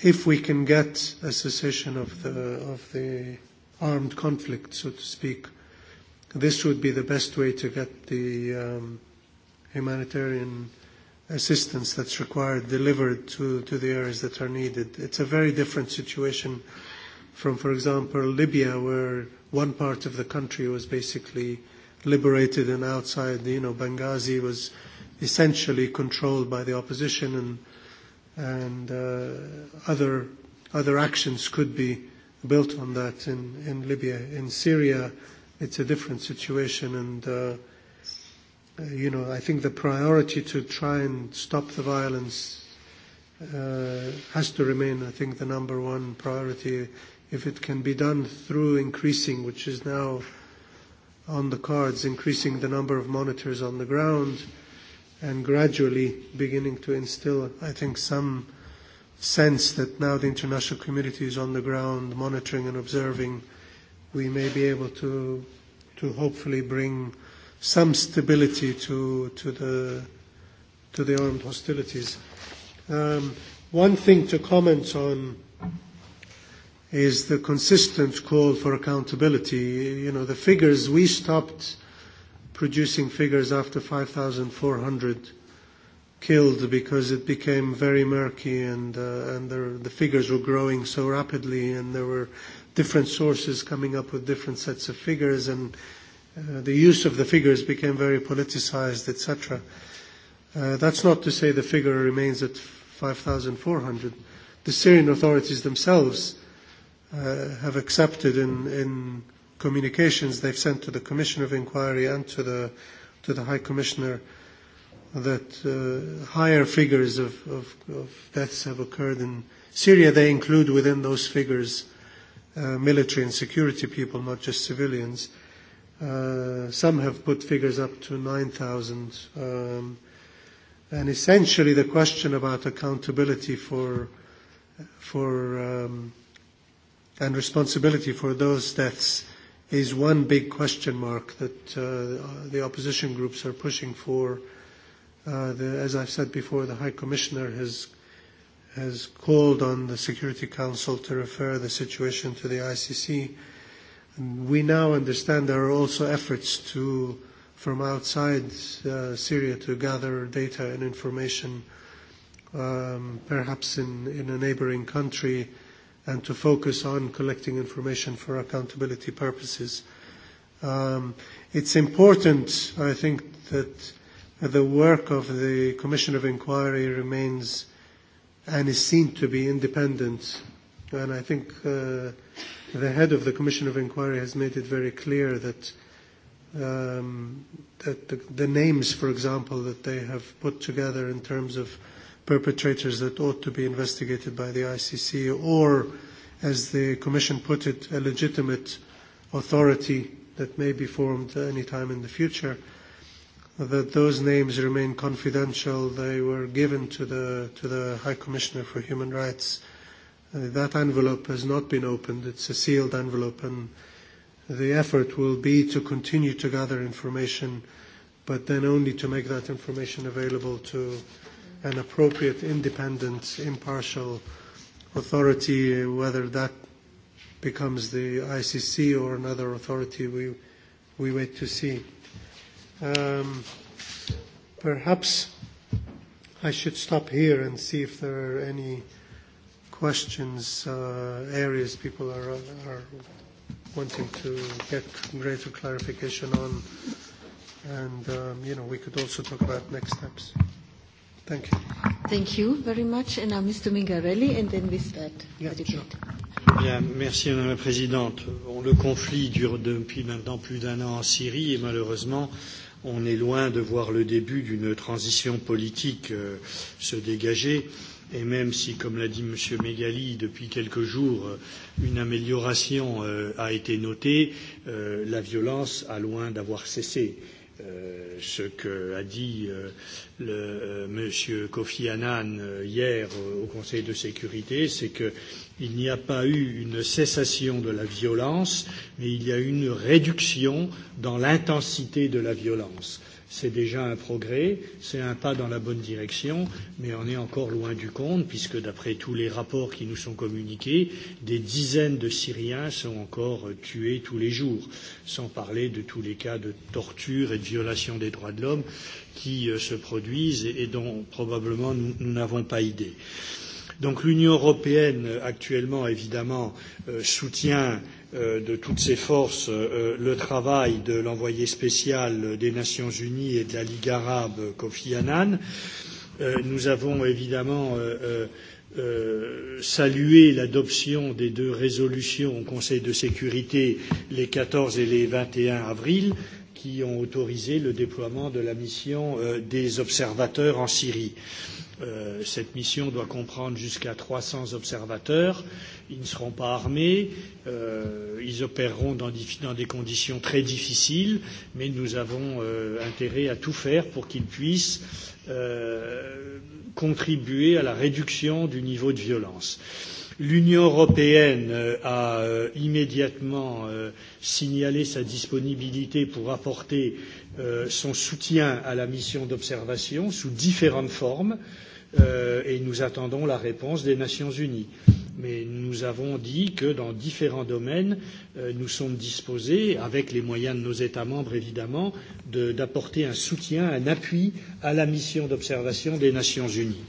if we can get a cessation of the, of the armed conflict, so to speak, this would be the best way to get the um, humanitarian assistance that's required delivered to, to the areas that are needed. It's a very different situation from, for example, Libya, where one part of the country was basically liberated and outside, you know, Benghazi was essentially controlled by the opposition and and uh, other other actions could be built on that in, in Libya. In Syria, it's a different situation and uh, uh, you know, I think the priority to try and stop the violence uh, has to remain, I think, the number one priority if it can be done through increasing, which is now on the cards, increasing the number of monitors on the ground, and gradually beginning to instill, I think, some sense that now the international community is on the ground monitoring and observing, we may be able to, to hopefully bring some stability to, to, the, to the armed hostilities. Um, one thing to comment on is the consistent call for accountability. You know, the figures, we stopped producing figures after 5,400 killed because it became very murky and, uh, and the, the figures were growing so rapidly and there were different sources coming up with different sets of figures and uh, the use of the figures became very politicized, etc. Uh, that's not to say the figure remains at 5,400. The Syrian authorities themselves Uh, have accepted in, in communications they've sent to the Commission of Inquiry and to the, to the High Commissioner that uh, higher figures of, of, of deaths have occurred in Syria. They include within those figures uh, military and security people, not just civilians. Uh, some have put figures up to 9,000. Um, and essentially the question about accountability for, for um, and responsibility for those deaths is one big question mark that uh, the opposition groups are pushing for. Uh, the, as I've said before, the High Commissioner has has called on the Security Council to refer the situation to the ICC. And we now understand there are also efforts to, from outside uh, Syria, to gather data and information, um, perhaps in, in a neighboring country and to focus on collecting information for accountability purposes. Um, it's important, I think, that the work of the Commission of Inquiry remains and is seen to be independent. And I think uh, the head of the Commission of Inquiry has made it very clear that, um, that the, the names, for example, that they have put together in terms of perpetrators that ought to be investigated by the ICC or, as the Commission put it, a legitimate authority that may be formed any time in the future, that those names remain confidential. They were given to the, to the High Commissioner for Human Rights. Uh, that envelope has not been opened. It's a sealed envelope, and the effort will be to continue to gather information, but then only to make that information available to an appropriate, independent, impartial authority, whether that becomes the ICC or another authority, we, we wait to see. Um, perhaps I should stop here and see if there are any questions, uh, areas people are, are wanting to get greater clarification on. And, um, you know, we could also talk about next steps. Thank you. Thank you very much. And now Mr. Mingarelli, and then we start. Yeah, sure. Bien, merci Madame la Présidente. Bon, le conflit dure depuis maintenant plus d'un an en Syrie et malheureusement, on est loin de voir le début d'une transition politique euh, se dégager. Et même si, comme l'a dit M. Megali, depuis quelques jours, euh, une amélioration euh, a été notée, euh, la violence a loin d'avoir cessé. Euh, Euh, ce que a dit euh, le, euh, Monsieur Kofi Annan euh, hier euh, au Conseil de sécurité, c'est qu'il n'y a pas eu une cessation de la violence, mais il y a eu une réduction dans l'intensité de la violence. Euh, C'est déjà un progrès, c'est un pas dans la bonne direction, mais on est encore loin du compte, puisque d'après tous les rapports qui nous sont communiqués, des dizaines de Syriens sont encore tués tous les jours, sans parler de tous les cas de torture et de violation des droits de l'homme qui euh, se produisent et dont probablement nous n'avons pas idée. Donc l'Union européenne actuellement évidemment euh, soutient euh, Euh, de toutes ses forces euh, euh, le travail de l'envoyé spécial des Nations Unies et de la Ligue arabe Kofi Annan. Nous avons évidemment salué l'adoption des deux résolutions au Conseil de sécurité les 14 et les 21 avril qui ont autorisé le déploiement de la mission euh, des observateurs en Syrie. Euh, cette mission doit comprendre jusqu'à 300 observateurs. Ils ne seront pas armés. Euh, ils opéreront dans, dans des conditions très difficiles, mais nous avons euh, intérêt à tout faire pour qu'ils puissent euh, contribuer à la réduction du niveau de violence. Euh, L'Union européenne euh, a euh, immédiatement euh, signalé sa disponibilité pour apporter son soutien à la mission d'observation sous différentes formes et nous attendons la réponse des Nations unies. Mais nous avons dit que dans différents domaines, nous sommes disposés, avec les moyens de nos États membres évidemment, d'apporter un soutien, un appui à la mission d'observation des Nations unies.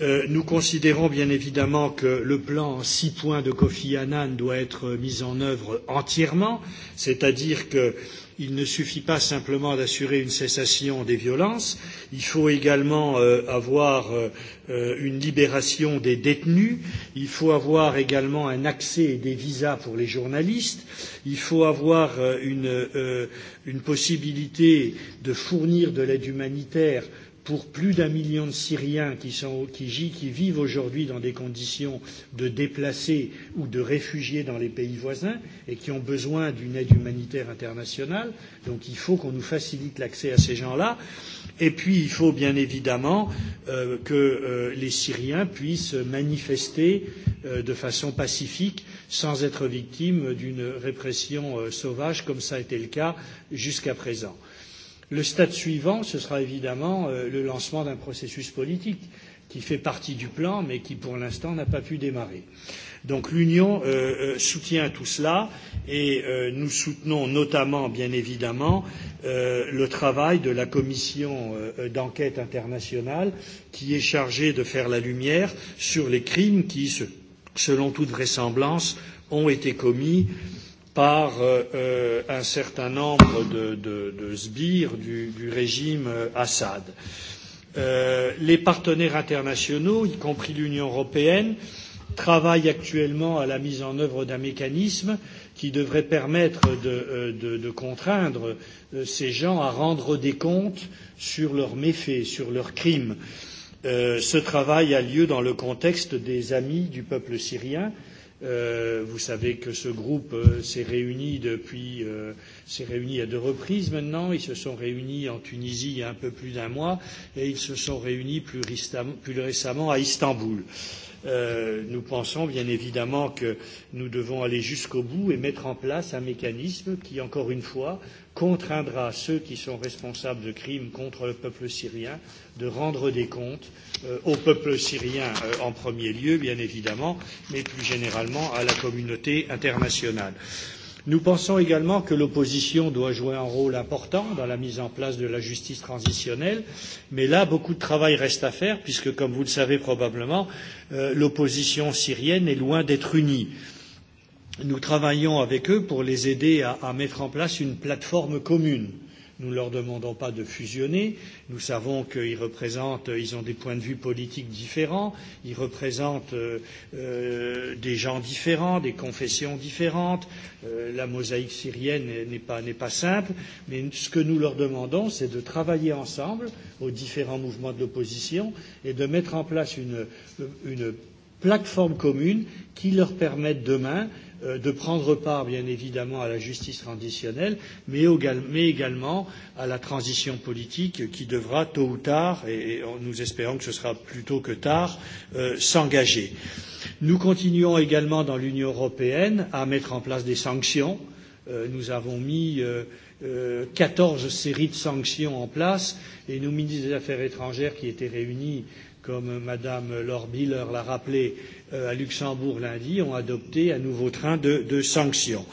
Euh, nous considérons bien évidemment que le plan en six points de Kofi Annan doit être mis en œuvre entièrement, c'est-à-dire qu'il ne suffit pas simplement d'assurer une cessation des violences, il faut également euh, avoir euh, euh une libération des détenus, il faut avoir également un accès et des visas pour les journalistes, il faut avoir euh, une, euh, une possibilité de fournir de l'aide humanitaire euh, pour plus d'un million de Syriens qui, sont, qui, qui vivent aujourd'hui dans des conditions de déplacés ou de réfugiés dans les pays voisins et qui ont besoin d'une aide humanitaire internationale. Donc il faut qu'on nous facilite l'accès à ces gens-là. Et puis il faut bien évidemment euh, que euh, les Syriens puissent manifester euh, de façon pacifique sans être victimes d'une répression euh, sauvage comme ça a été le cas jusqu'à présent. Le stade suivant, ce sera évidemment euh, le lancement d'un processus politique qui fait partie du plan, mais qui pour l'instant n'a pas pu démarrer. Donc l'Union euh, euh, soutient tout cela et euh, nous soutenons notamment, bien évidemment, euh, le travail de la commission euh, d'enquête internationale qui est chargée de faire la lumière sur les crimes qui, selon toute vraisemblance, ont été commis euh, par euh, euh, un certain nombre de, de, de sbires du, du régime euh, Assad. Euh, les partenaires internationaux, y compris l'Union européenne, travaillent actuellement à la mise en œuvre d'un mécanisme qui devrait permettre de, euh, de, de contraindre ces gens à rendre des comptes sur leurs méfaits, sur leurs crimes. Euh, ce travail a lieu dans le contexte des amis du peuple syrien euh, Euh, vous savez que ce groupe euh, s'est réuni depuis euh, s'est réuni à deux reprises maintenant. Ils se sont réunis en Tunisie il y a un peu plus d'un mois et ils se sont réunis plus, plus récemment à Istanbul. Euh, Euh, nous pensons bien évidemment que nous devons aller jusqu'au bout et mettre en place un mécanisme qui, encore une fois, contraindra ceux qui sont responsables de crimes contre le peuple syrien de rendre des comptes euh, au peuple syrien euh, en premier lieu, bien évidemment, mais plus généralement à la communauté internationale. Euh, Nous pensons également que l'opposition doit jouer un rôle important dans la mise en place de la justice transitionnelle, mais là, beaucoup de travail reste à faire, puisque, comme vous le savez probablement, euh, l'opposition syrienne est loin d'être unie. Nous travaillons avec eux pour les aider à, à mettre en place une plateforme commune euh, Nous ne leur demandons pas de fusionner. Nous savons qu'ils représentent, ils ont des points de vue politiques différents, ils représentent euh, euh, des gens différents, des confessions différentes. Euh, la mosaïque syrienne n'est pas, pas simple, mais ce que nous leur demandons, c'est de travailler ensemble aux différents mouvements de l'opposition et de mettre en place une, une plateforme commune qui leur permette demain Euh, de prendre part, bien évidemment, à la justice transitionnelle, mais, également à la transition politique qui devra, tôt ou tard, et nous espérons que ce sera plus tôt que tard, euh, s'engager. Nous continuons également dans l'Union européenne à mettre en place des sanctions. Euh, nous avons mis 14 séries de sanctions en place et nos ministres des Affaires étrangères qui étaient réunis comme Madame Lorbiller l'a rappelé euh, à Luxembourg lundi, ont adopté un nouveau train de, de sanctions.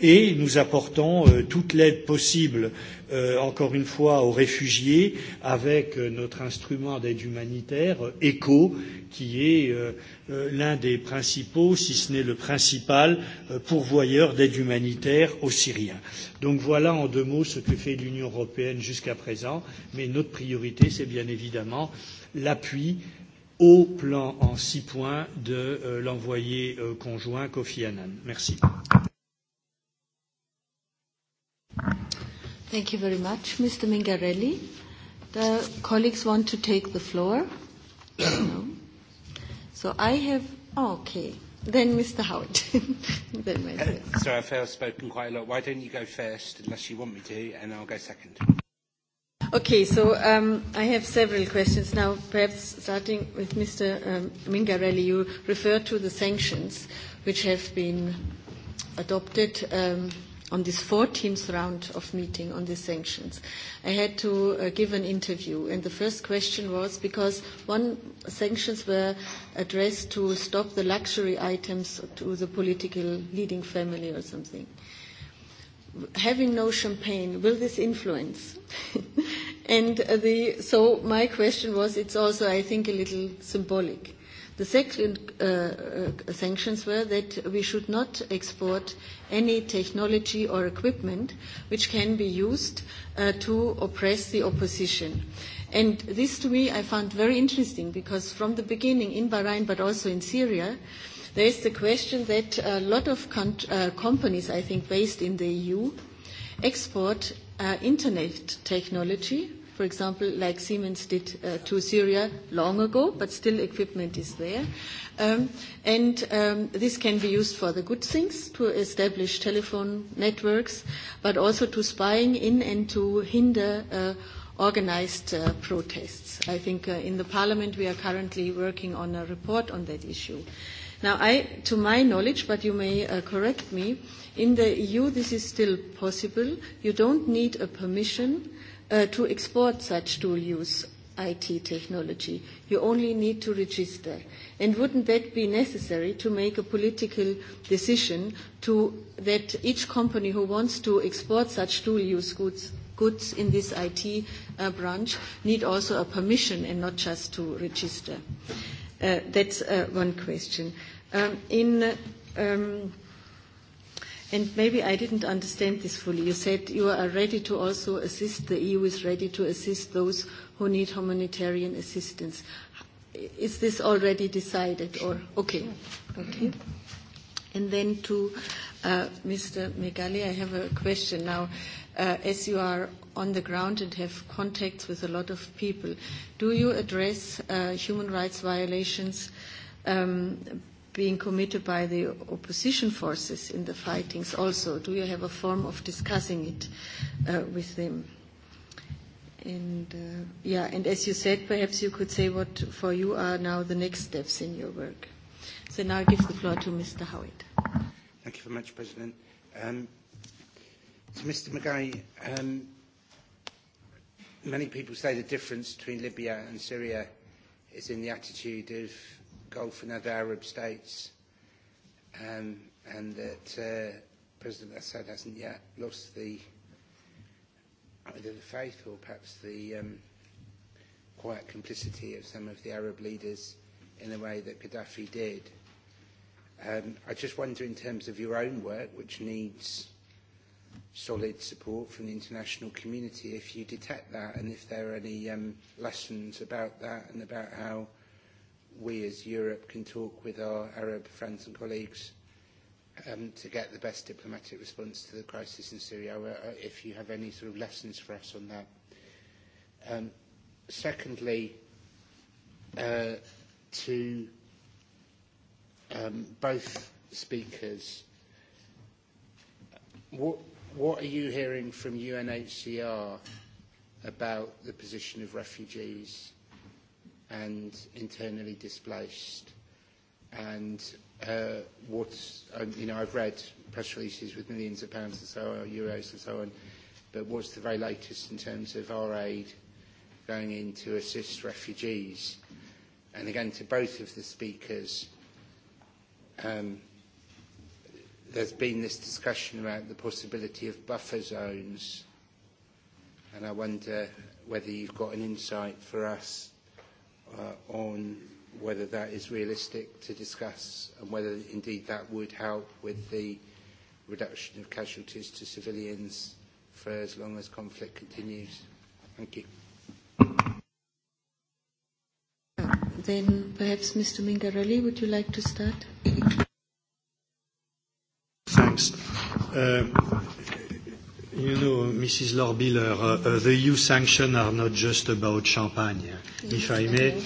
Et nous apportons euh, toute l'aide possible, euh, encore une fois, aux réfugiés avec euh, notre instrument d'aide humanitaire, euh, ECHO, qui est euh, euh, l'un des principaux, si ce n'est le principal, euh, pourvoyeur d'aide humanitaire aux Syriens. Donc voilà en deux mots ce que fait l'Union européenne jusqu'à présent, mais notre priorité, c'est bien évidemment l'appui au plan en six points de euh, l'envoyé euh, conjoint Kofi Annan. Merci. Thank you very much, Mr. Mingarelli. The colleagues want to take the floor. no. So I have. Oh, okay. Then Mr. Howard. then Uh, sorry, I've spoken quite a lot. Why don't you go first, unless you want me to, and I'll go second. Okay, so um, I have several questions now, perhaps starting with Mr. Um, Mingarelli. You referred to the sanctions which have been adopted um, on this 14th round of meeting on the sanctions. I had to uh, give an interview, and the first question was because one sanctions were addressed to stop the luxury items to the political leading family or something. Having no champagne, will this influence? And the, so my question was, it's also, I think, a little symbolic. The second uh, uh, sanctions were that we should not export any technology or equipment which can be used uh, to oppress the opposition. And this to me I found very interesting because from the beginning in Bahrain but also in Syria, there is the question that a lot of com uh, companies, I think, based in the EU, export uh, internet technology, for example, like Siemens did uh, to Syria long ago, but still equipment is there. Um, and um, this can be used for the good things, to establish telephone networks, but also to spying in and to hinder uh, organized uh, protests. I think uh, in the Parliament we are currently working on a report on that issue. Now, I, to my knowledge, but you may uh, correct me, in the EU this is still possible. You don't need a permission uh, to export such dual-use IT technology. You only need to register. And wouldn't that be necessary to make a political decision to, that each company who wants to export such dual-use goods goods in this IT uh, branch need also a permission and not just to register. Uh, that's uh, one question um, in um, and maybe I didn't understand this fully. You said you are ready to also assist, the EU is ready to assist those who need humanitarian assistance. Is this already decided or? Okay. Okay. And then to uh, Mr. Megali, I have a question now. Uh, as you are on the ground and have contacts with a lot of people, do you address uh, human rights violations um, being committed by the opposition forces in the fightings also? Do you have a form of discussing it uh, with them? And uh, yeah, and as you said, perhaps you could say what for you are now the next steps in your work. So now I give the floor to Mr. Howitt. Thank you very much, President. Um, to Mr. McGarry, um, many people say the difference between Libya and Syria is in the attitude of Gulf and other Arab states, um, and that uh, President Assad hasn't yet lost the either the faith or perhaps the um, quiet complicity of some of the Arab leaders in the way that Gaddafi did. Um, I just wonder, in terms of your own work, which needs solid support from the international community if you detect that and if there are any um, lessons about that and about how we as Europe can talk with our Arab friends and colleagues um, to get the best diplomatic response to the crisis in Syria, uh, uh, if you have any sort of lessons for us on that. Um, secondly, uh, to um, both speakers, what, what are you hearing from UNHCR about the position of refugees and internally displaced. And uh, what, um, you know, I've read press releases with millions of pounds and so on, or euros and so on, but what's the very latest in terms of our aid going in to assist refugees? And again, to both of the speakers, um, there's been this discussion about the possibility of buffer zones, and I wonder whether you've got an insight for us uh, on whether that is realistic to discuss and whether indeed that would help with the reduction of casualties to civilians for as long as conflict continues. Thank you. Uh, then perhaps Mr. Mingarelli, would you like to start? Thanks. Um, You know, Mrs. Lorbiller, uh, uh, the EU sanctions are not just about champagne. If I may,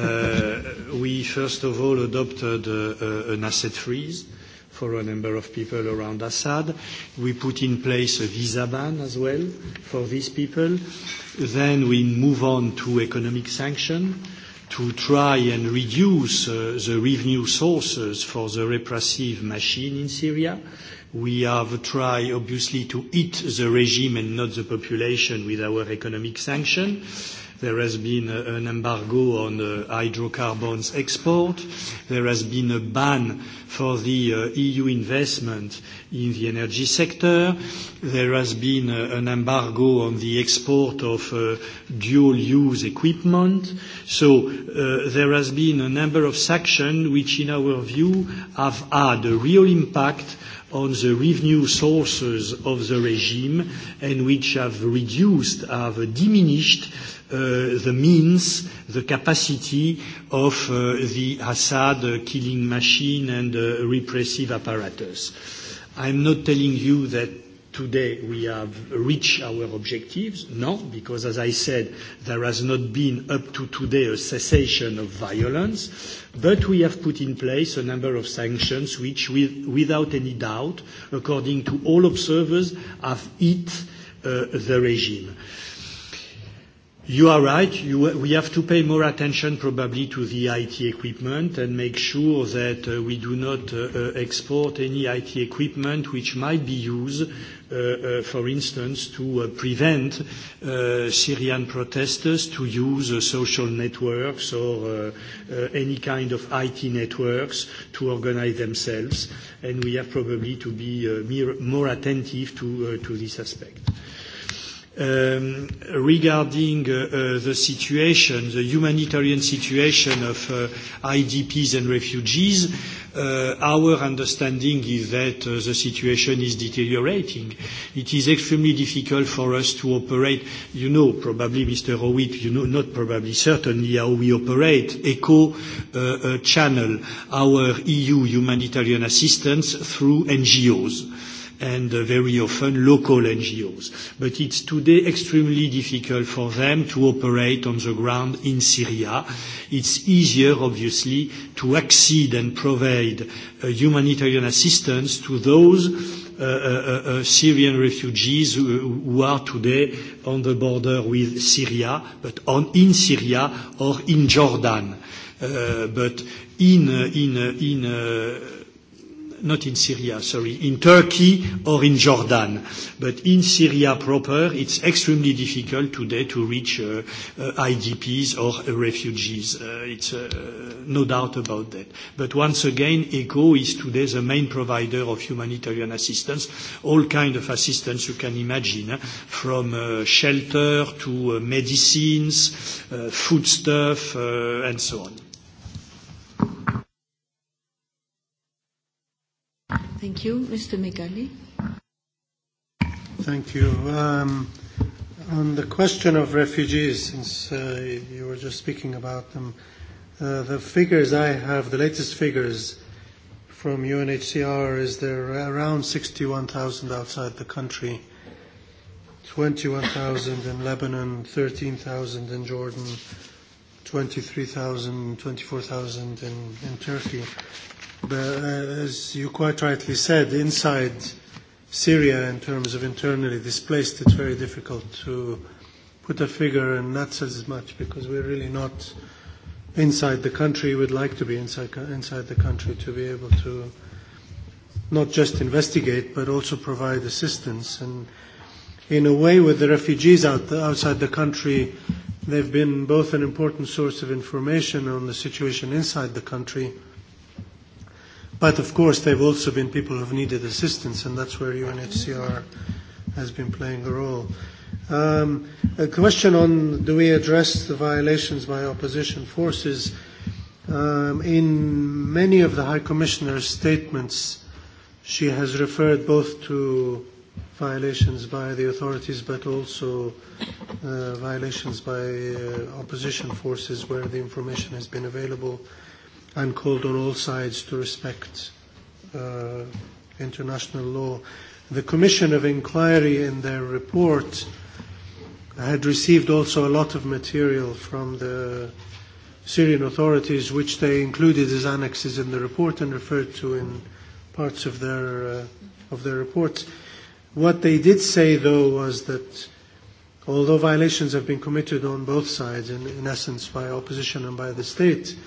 uh, we first of all adopted uh, uh, an asset freeze for a number of people around Assad. We put in place a visa ban as well for these people. Then we move on to economic sanctions to try and reduce uh, the revenue sources for the repressive machine in Syria. We have tried, obviously, to hit the regime and not the population with our economic sanctions. There has been an embargo on uh, hydrocarbons export. There has been a ban for the uh, EU investment in the energy sector. There has been uh, an embargo on the export of dual-use equipment. So there has been a number of sanctions which, in our view, have had a real impact on the revenue sources of the regime and which have reduced, have diminished Uh, the means, the capacity of uh, the Assad killing machine and uh, repressive apparatus. I'm not telling you that today we have reached our objectives. No, because as I said, there has not been up to today a cessation of violence, but we have put in place a number of sanctions which, with, without any doubt, according to all observers, have hit uh, the regime. Uh, You are right. You, we have to pay more attention probably to the IT equipment and make sure that uh, we do not uh, uh export any IT equipment which might be used, uh, uh for instance, to uh, prevent Syrian protesters to use social networks or any kind of IT networks to organize themselves. And we have probably to be more attentive to, to this aspect. Um, regarding uh, uh, the situation, the humanitarian situation of uh, IDPs and refugees, uh, our understanding is that uh, the situation is deteriorating. It is extremely difficult for us to operate. You know, probably, Mr. Howitt, you know, not probably, certainly how we operate. ECHO uh, uh, channel our EU humanitarian assistance through NGOs and uh, very often local NGOs. But it's today extremely difficult for them to operate on the ground in Syria. It's easier, obviously, to accede and provide uh, humanitarian assistance to those Uh, uh, uh, uh Syrian refugees who, who are today on the border with Syria, but on, in Syria or in Jordan. Uh, but in, uh, in, uh, in uh, not in Syria, sorry, in Turkey or in Jordan. But in Syria proper, it's extremely difficult today to reach uh, uh, IDPs or uh, refugees. Uh, it's uh, no doubt about that. But once again, ECHO is today the main provider of humanitarian assistance, all kind of assistance you can imagine, uh, from uh, shelter to uh, medicines, uh, foodstuff, uh, and so on. Thank you. Mr. Megali. Thank you. Um, on the question of refugees, since uh, you were just speaking about them, uh, the figures I have, the latest figures from UNHCR is there are around 61,000 outside the country, 21,000 in Lebanon, 13,000 in Jordan, 23,000, 24,000 in Turkey. But uh, as you quite rightly said, inside Syria, in terms of internally displaced, it's very difficult to put a figure, and not as much because we're really not inside the country. We'd like to be inside, inside the country to be able to not just investigate, but also provide assistance. And in a way, with the refugees out the, outside the country, they've been both an important source of information on the situation inside the country But of course, there have also been people who have needed assistance, and that's where UNHCR has been playing a role. Um, a question on do we address the violations by opposition forces? Um, in many of the High Commissioner's statements, she has referred both to violations by the authorities but also uh, violations by uh, opposition forces where the information has been available. Uh, and called on all sides to respect uh, international law. The Commission of Inquiry in their report had received also a lot of material from the Syrian authorities, which they included as annexes in the report and referred to in parts of their, uh, of their reports. What they did say, though, was that although violations have been committed on both sides, in, in essence by opposition and by the state, uh,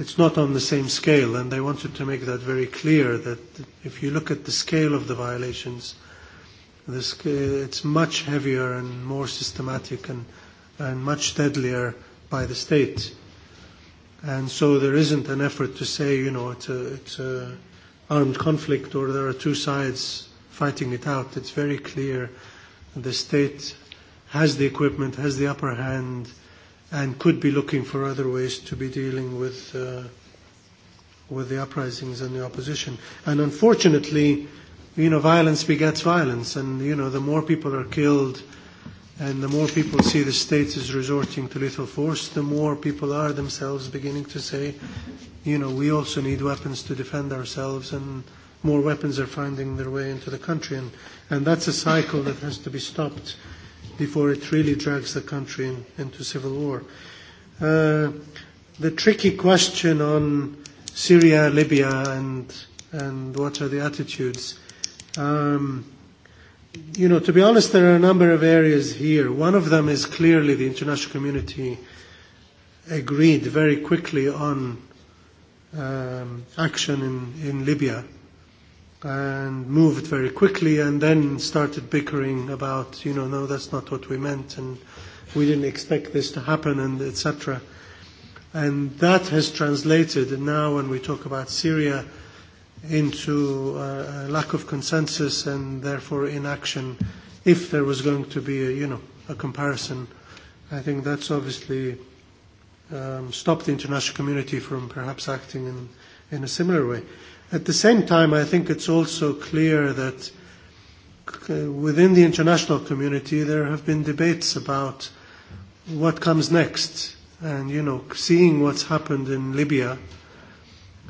it's not on the same scale, and I wanted to make that very clear that if you look at the scale of the violations, the scale, it's much heavier and more systematic and, and much deadlier by the state. And so there isn't an effort to say, you know, it's a, it's a armed conflict or there are two sides fighting it out. It's very clear the state has the equipment, has the upper hand, and could be looking for other ways to be dealing with uh, with the uprisings and the opposition. And unfortunately, you know, violence begets violence, and you know, the more people are killed, and the more people see the state is resorting to lethal force, the more people are themselves beginning to say, you know, we also need weapons to defend ourselves, and more weapons are finding their way into the country, and, and that's a cycle that has to be stopped before it really drags the country in, into civil war. Uh, the tricky question on Syria, Libya, and and what are the attitudes? Um, you know, to be honest, there are a number of areas here. One of them is clearly the international community agreed very quickly on um, action in, in Libya and moved very quickly and then started bickering about, you know, no, that's not what we meant and we didn't expect this to happen and etc. And that has translated, and now when we talk about Syria, into uh, a lack of consensus and therefore inaction if there was going to be a, you know, a comparison. I think that's obviously um, stopped the international community from perhaps acting in, in a similar way. At the same time, I think it's also clear that uh, within the international community, there have been debates about what comes next. And, you know, seeing what's happened in Libya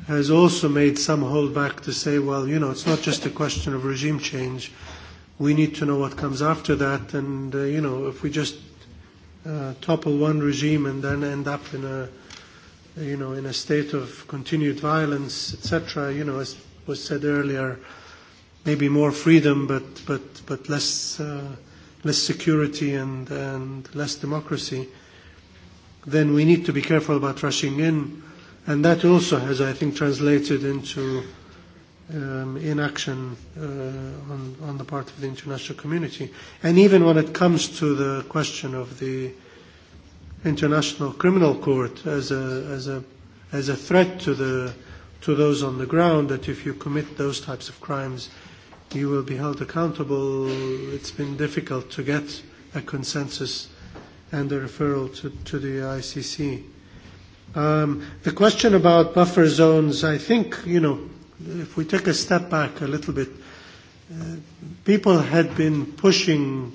has also made some hold back to say, well, you know, it's not just a question of regime change. We need to know what comes after that. And, uh, you know, if we just uh, topple one regime and then end up in a you know, in a state of continued violence, etc. You know, as was said earlier, maybe more freedom, but but but less uh, less security and and less democracy. Then we need to be careful about rushing in, and that also has, I think, translated into um, inaction uh, on on the part of the international community. And even when it comes to the question of the International Criminal Court as a, as a, as a threat to, the, to those on the ground that if you commit those types of crimes, you will be held accountable. It's been difficult to get a consensus and a referral to, to the ICC. Um, the question about buffer zones, I think, you know, if we take a step back a little bit, uh, people had been pushing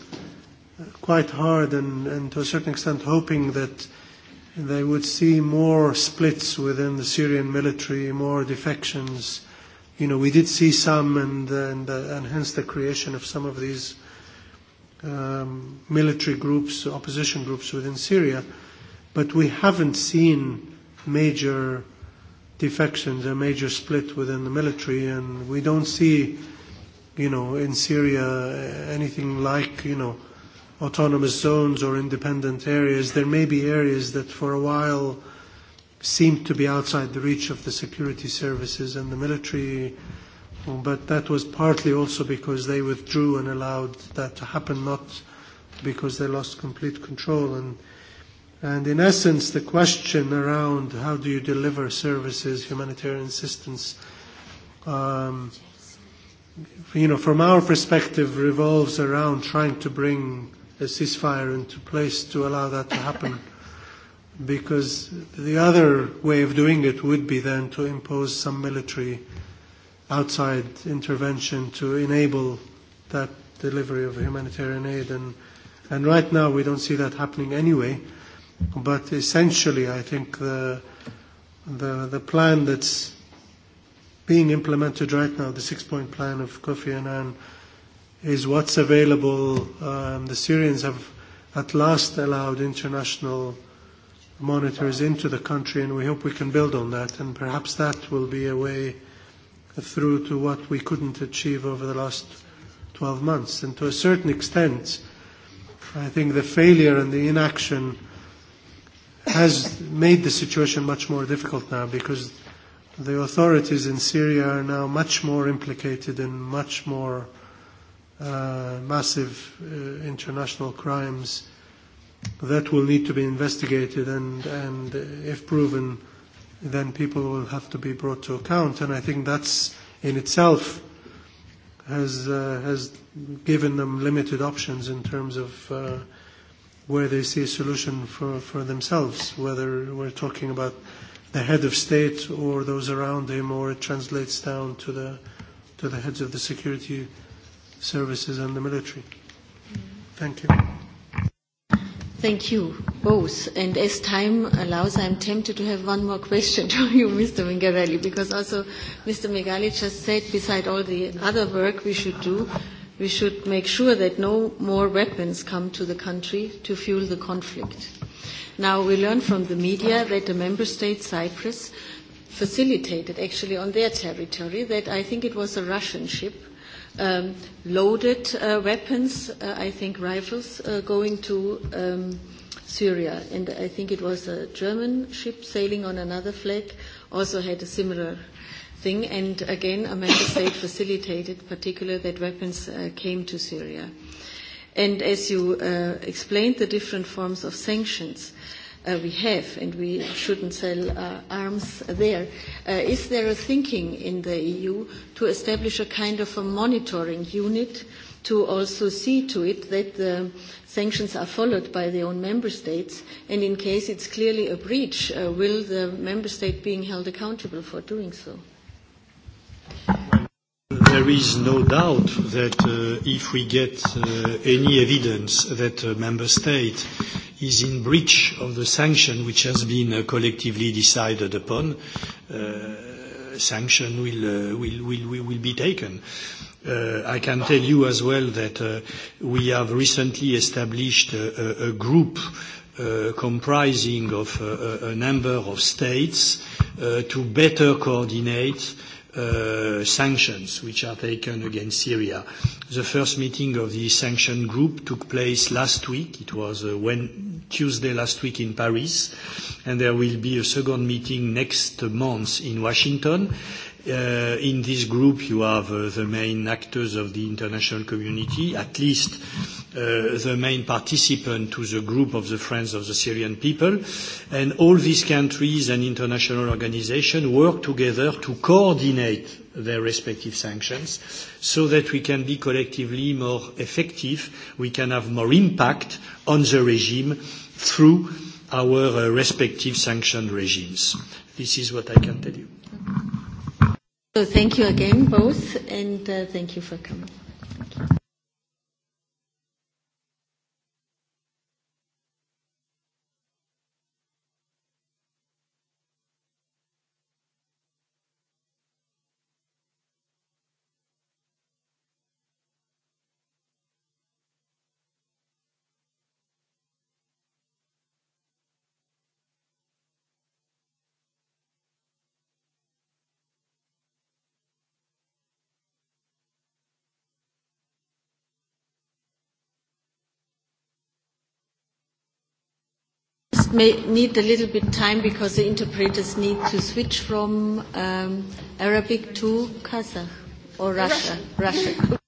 quite hard and, and to a certain extent hoping that they would see more splits within the Syrian military, more defections. You know, we did see some, and, and, uh, and hence the creation of some of these um, military groups, opposition groups within Syria. But we haven't seen major defections, a major split within the military, and we don't see, you know, in Syria anything like, you know, autonomous zones or independent areas, there may be areas that for a while seemed to be outside the reach of the security services and the military, but that was partly also because they withdrew and allowed that to happen, not because they lost complete control. And, and in essence, the question around how do you deliver services, humanitarian assistance, um, you know, from our perspective, revolves around trying to bring a ceasefire into place to allow that to happen. Because the other way of doing it would be then to impose some military outside intervention to enable that delivery of humanitarian aid. And, and right now we don't see that happening anyway. But essentially, I think the, the, the plan that's being implemented right now, the six-point plan of Kofi Annan, is what's available. Um, the Syrians have at last allowed international monitors into the country, and we hope we can build on that. And perhaps that will be a way through to what we couldn't achieve over the last 12 months. And to a certain extent, I think the failure and the inaction has made the situation much more difficult now because the authorities in Syria are now much more implicated and much more Uh, massive uh, international crimes that will need to be investigated and, and if proven, then people will have to be brought to account. And I think that's in itself has, uh, has given them limited options in terms of uh, where they see a solution for, for themselves, whether we're talking about the head of state or those around him, or it translates down to the, to the heads of the security services and the military. Thank you. Thank you both. And as time allows, I'm tempted to have one more question to you, Mr. Mingarelli, because also Mr. Megali just said, beside all the other work we should do, we should make sure that no more weapons come to the country to fuel the conflict. Now, we learn from the media that the member state, Cyprus, facilitated actually on their territory that I think it was a Russian ship um, loaded uh, weapons, uh, I think rifles, uh, going to um, Syria. And I think it was a German ship sailing on another flag also had a similar thing. And again, a member state facilitated, particular that weapons uh, came to Syria. And as you uh, explained, the different forms of sanctions. Uh, uh, we have, and we shouldn't sell uh, arms there. Uh, is there a thinking in the EU to establish a kind of a monitoring unit to also see to it that the sanctions are followed by their own member states, and in case it's clearly a breach, uh, will the member state being held accountable for doing so? there is no doubt that uh, if we get uh, any evidence that a member state is in breach of the sanction which has been uh, collectively decided upon, uh, sanction will, uh, will, will, will be taken. Uh, I can tell you as well that uh, we have recently established a, uh, a, a group Uh, comprising of uh, a number of states uh, to better coordinate Uh, sanctions which are taken against Syria. The first meeting of the sanction group took place last week. It was uh, when, Tuesday last week in Paris, and there will be a second meeting next month in Washington. Uh, in this group, you have uh, the main actors of the international community, at least uh, the main participant to the group of the Friends of the Syrian People. And all these countries and international organizations work together to coordinate their respective sanctions so that we can be collectively more effective, we can have more impact on the regime through our uh, respective sanctioned regimes. This is what I can tell you. So thank you again both and uh, thank you for coming. may need a little bit time because the interpreters need to switch from um, Arabic to Kazakh or Russia. Russia. Russia.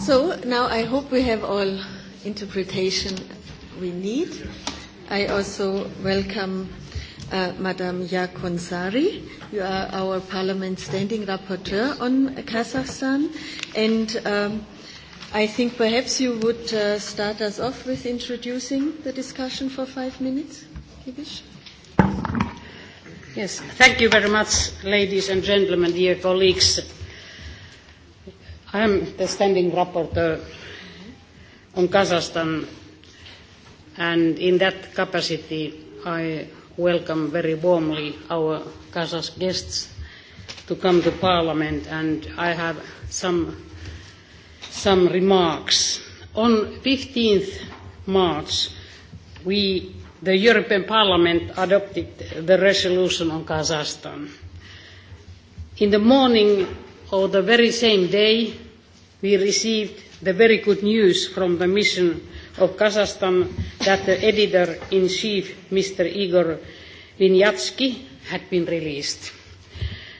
So now I hope we have all interpretation we need. I also welcome uh, Madame Yakonsari. You are our Parliament Standing Rapporteur on Kazakhstan. And um, I think perhaps you would uh, start us off with introducing the discussion for five minutes. Kibish. Yes, thank you very much, ladies and gentlemen, dear colleagues. I am the standing rapporteur on Kazakhstan, and in that capacity, I welcome very warmly our Kazakh guests to come to Parliament, and I have some, some remarks. On 15th March, we, the European Parliament adopted the resolution on Kazakhstan. In the morning, or the very same day, we received the very good news from the mission of Kazakhstan that the editor-in-chief, Mr. Igor Vinyatsky, had been released.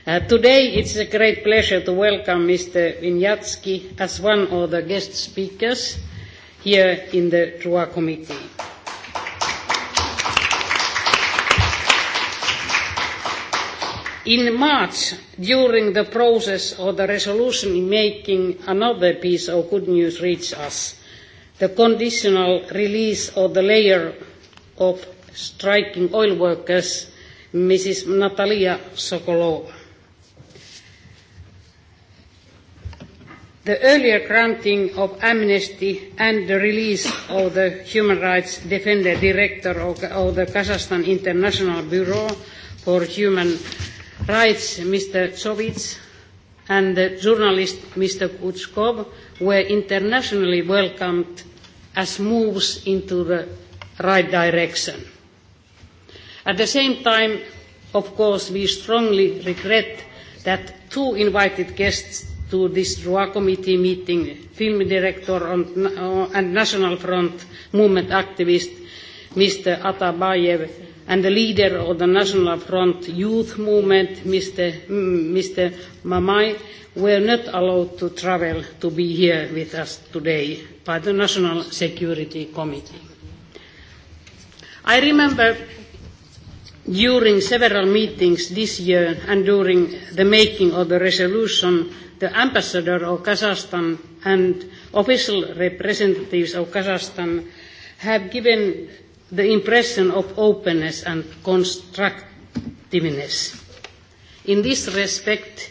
Uh, today, it's a great pleasure to welcome Mr. Vinyatsky as one of the guest speakers here in the Trua Committee. in March, during the process of the resolution making, another piece of good news reached us the conditional release of the layer of striking oil workers, Mrs. Natalia Sokolova. The earlier granting of amnesty and the release of the human rights defender director of, of the Kazakhstan International Bureau for Human rights Mr. Tsovich and the journalist Mr. Kuchkov were internationally welcomed as moves into the right direction. At the same time, of course, we strongly regret that two invited guests to this DROA committee meeting, film director uh, and National Front movement activist Mr. Atabayev and the leader of the National Front youth movement, Mr. Mm, Mr. Mamai, were not allowed to travel to be here with us today by the National Security Committee. I remember during several meetings this year and during the making of the resolution, the ambassador of Kazakhstan and official representatives of Kazakhstan have given the impression of openness and constructiveness. In this respect,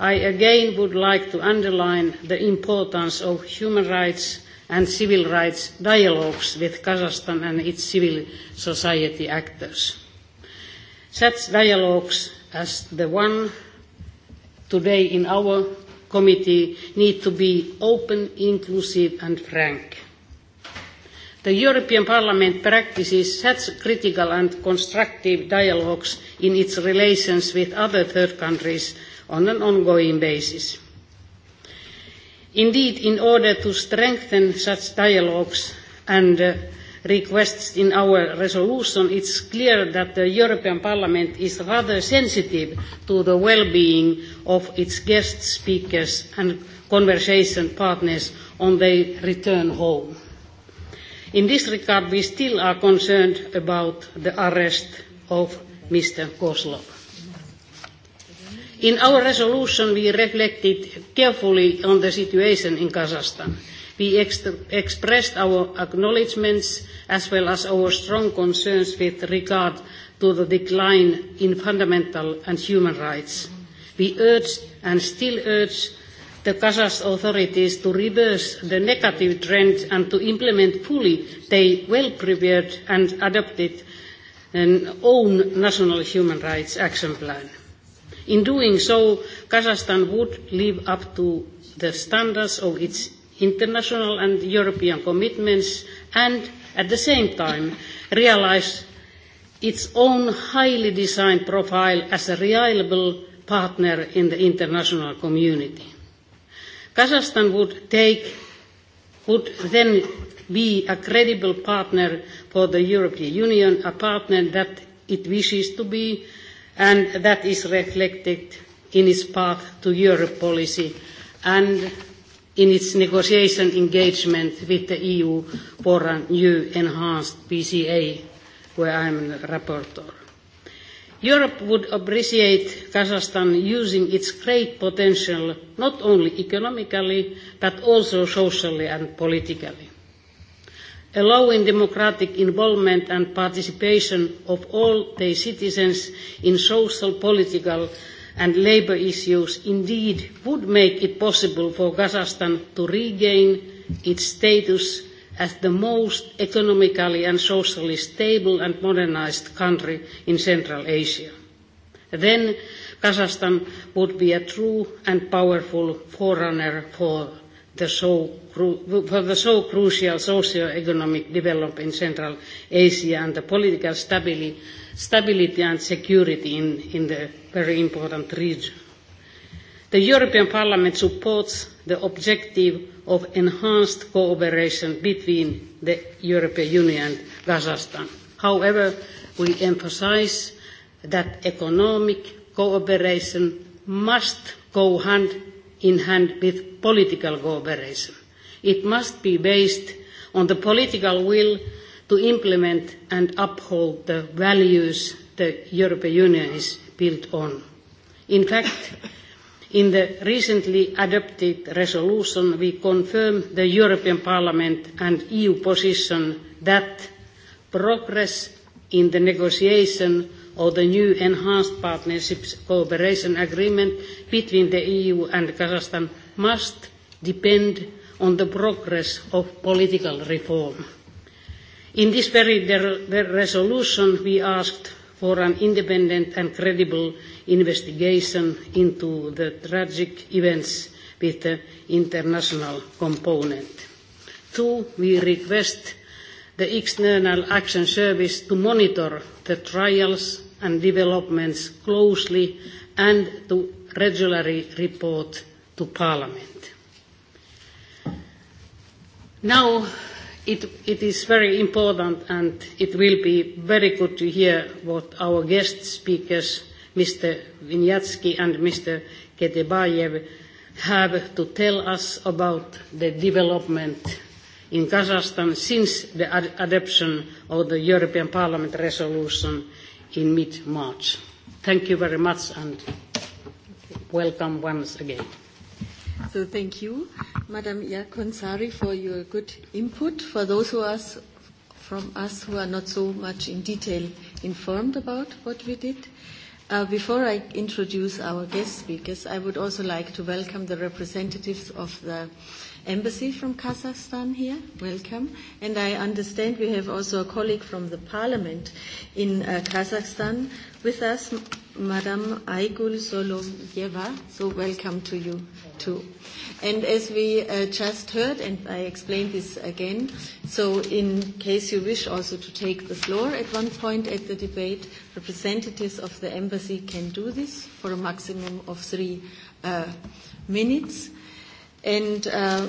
I again would like to underline the importance of human rights and civil rights dialogues with Kazakhstan and its civil society actors. Such dialogues as the one today in our committee need to be open, inclusive and frank. The European Parliament practices such critical and constructive dialogues in its relations with other third countries on an ongoing basis. Indeed, in order to strengthen such dialogues and uh, requests in our resolution, it's clear that the European Parliament is rather sensitive to the well-being of its guest speakers and conversation partners on their return home. In this regard, we still are concerned about the arrest of Mr. Kozlov. In our resolution, we reflected carefully on the situation in Kazakhstan. We ex expressed our acknowledgements as well as our strong concerns with regard to the decline in fundamental and human rights. We urged and still urge the Kazakh authorities to reverse the negative trend and to implement fully their well-prepared and adopted an own national human rights action plan. In doing so, Kazakhstan would live up to the standards of its international and European commitments and at the same time realise its own highly designed profile as a reliable partner in the international community. Kazakhstan would take, would then be a credible partner for the European Union, a partner that it wishes to be, and that is reflected in its path to Europe policy and in its negotiation engagement with the EU for a new enhanced PCA, where I am a rapporteur. Europe would appreciate Kazakhstan using its great potential not only economically but also socially and politically. Allowing democratic involvement and participation of all the citizens in social, political and labour issues indeed would make it possible for Kazakhstan to regain its status as the most economically and socially stable and modernized country in Central Asia. Then Kazakhstan would be a true and powerful forerunner for the so, for the so crucial socio-economic development in Central Asia and the political stability, stability and security in, in the very important region. The European Parliament supports the objective of enhanced cooperation between the European Union and Kazakhstan. However, we emphasise that economic cooperation must go hand in hand with political cooperation. It must be based on the political will to implement and uphold the values the European Union is built on. In fact, In the recently adopted resolution, we confirm the European Parliament and EU position that progress in the negotiation of the new enhanced partnerships cooperation agreement between the EU and Kazakhstan must depend on the progress of political reform. In this very resolution, we asked for an independent and credible investigation into the tragic events with the international component. Two, we request the External Action Service to monitor the trials and developments closely and to regularly report to Parliament. Now, It, it is very important, and it will be very good to hear what our guest speakers, Mr. Vinyatsky and Mr. Ketebayev, have to tell us about the development in Kazakhstan since the ad adoption of the European Parliament resolution in mid-March. Thank you very much, and welcome once again. So thank you, Madam Yakonsari, for your good input. For those who are from us who are not so much in detail informed about what we did, uh, before I introduce our guest speakers, I would also like to welcome the representatives of the embassy from Kazakhstan here. Welcome. And I understand we have also a colleague from the parliament in uh, Kazakhstan with us, Madam Aigul Solomyeva. So welcome to you too. And as we uh, just heard, and I explained this again, so in case you wish also to take the floor at one point at the debate, representatives of the embassy can do this for a maximum of three uh, minutes. And uh,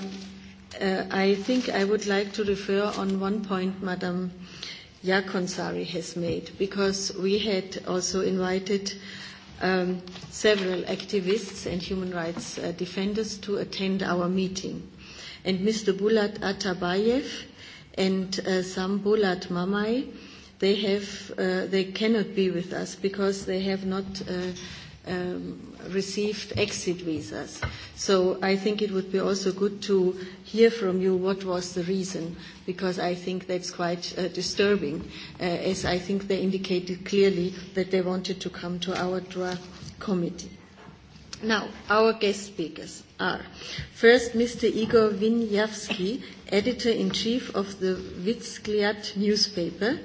uh, I think I would like to refer on one point, Madam Yakonsari has made, because we had also invited uh, um, several activists and human rights uh, defenders to attend our meeting. And Mr. Bulat Atabayev and uh, some Bulat Mamai, they, have, uh, they cannot be with us because they have not uh, um, received exit visas. So I think it would be also good to hear from you what was the reason, because I think that's quite uh, disturbing, uh, as I think they indicated clearly that they wanted to come to our DRA committee. Now, our guest speakers are first Mr. Igor Vinyavsky, editor in chief of the Vitskliat newspaper,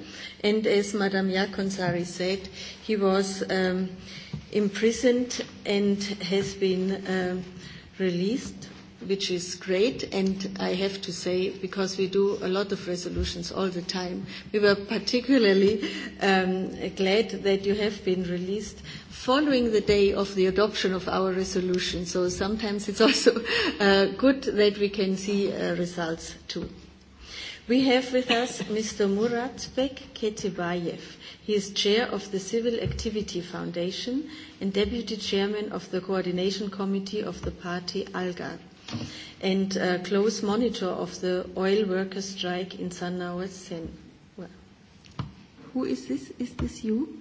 and as Madame Yakonsari said, he was um, imprisoned and has been um, released, which is great. And I have to say, because we do a lot of resolutions all the time, we were particularly um, glad that you have been released following the day of the adoption of our resolution. So sometimes it's also uh, good that we can see uh, results too. We have with us Mr. Muratbek Ketibayev. He is chair of the Civil Activity Foundation and deputy chairman of the coordination committee of the party ALGA and a close monitor of the oil workers strike in Sanawasen. Well, who is this? Is this you?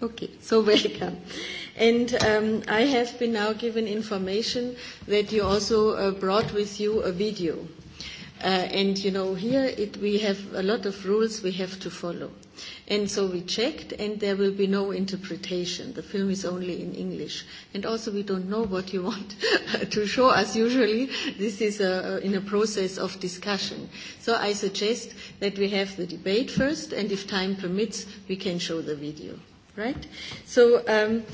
Okay, so welcome. And um, I have been now given information that you also uh, brought with you a video Uh, and you know, here it, we have a lot of rules we have to follow. And so we checked, and there will be no interpretation. The film is only in English. And also, we don't know what you want to show us. Usually, this is a, in a process of discussion. So I suggest that we have the debate first, and if time permits, we can show the video. Right? So. Um,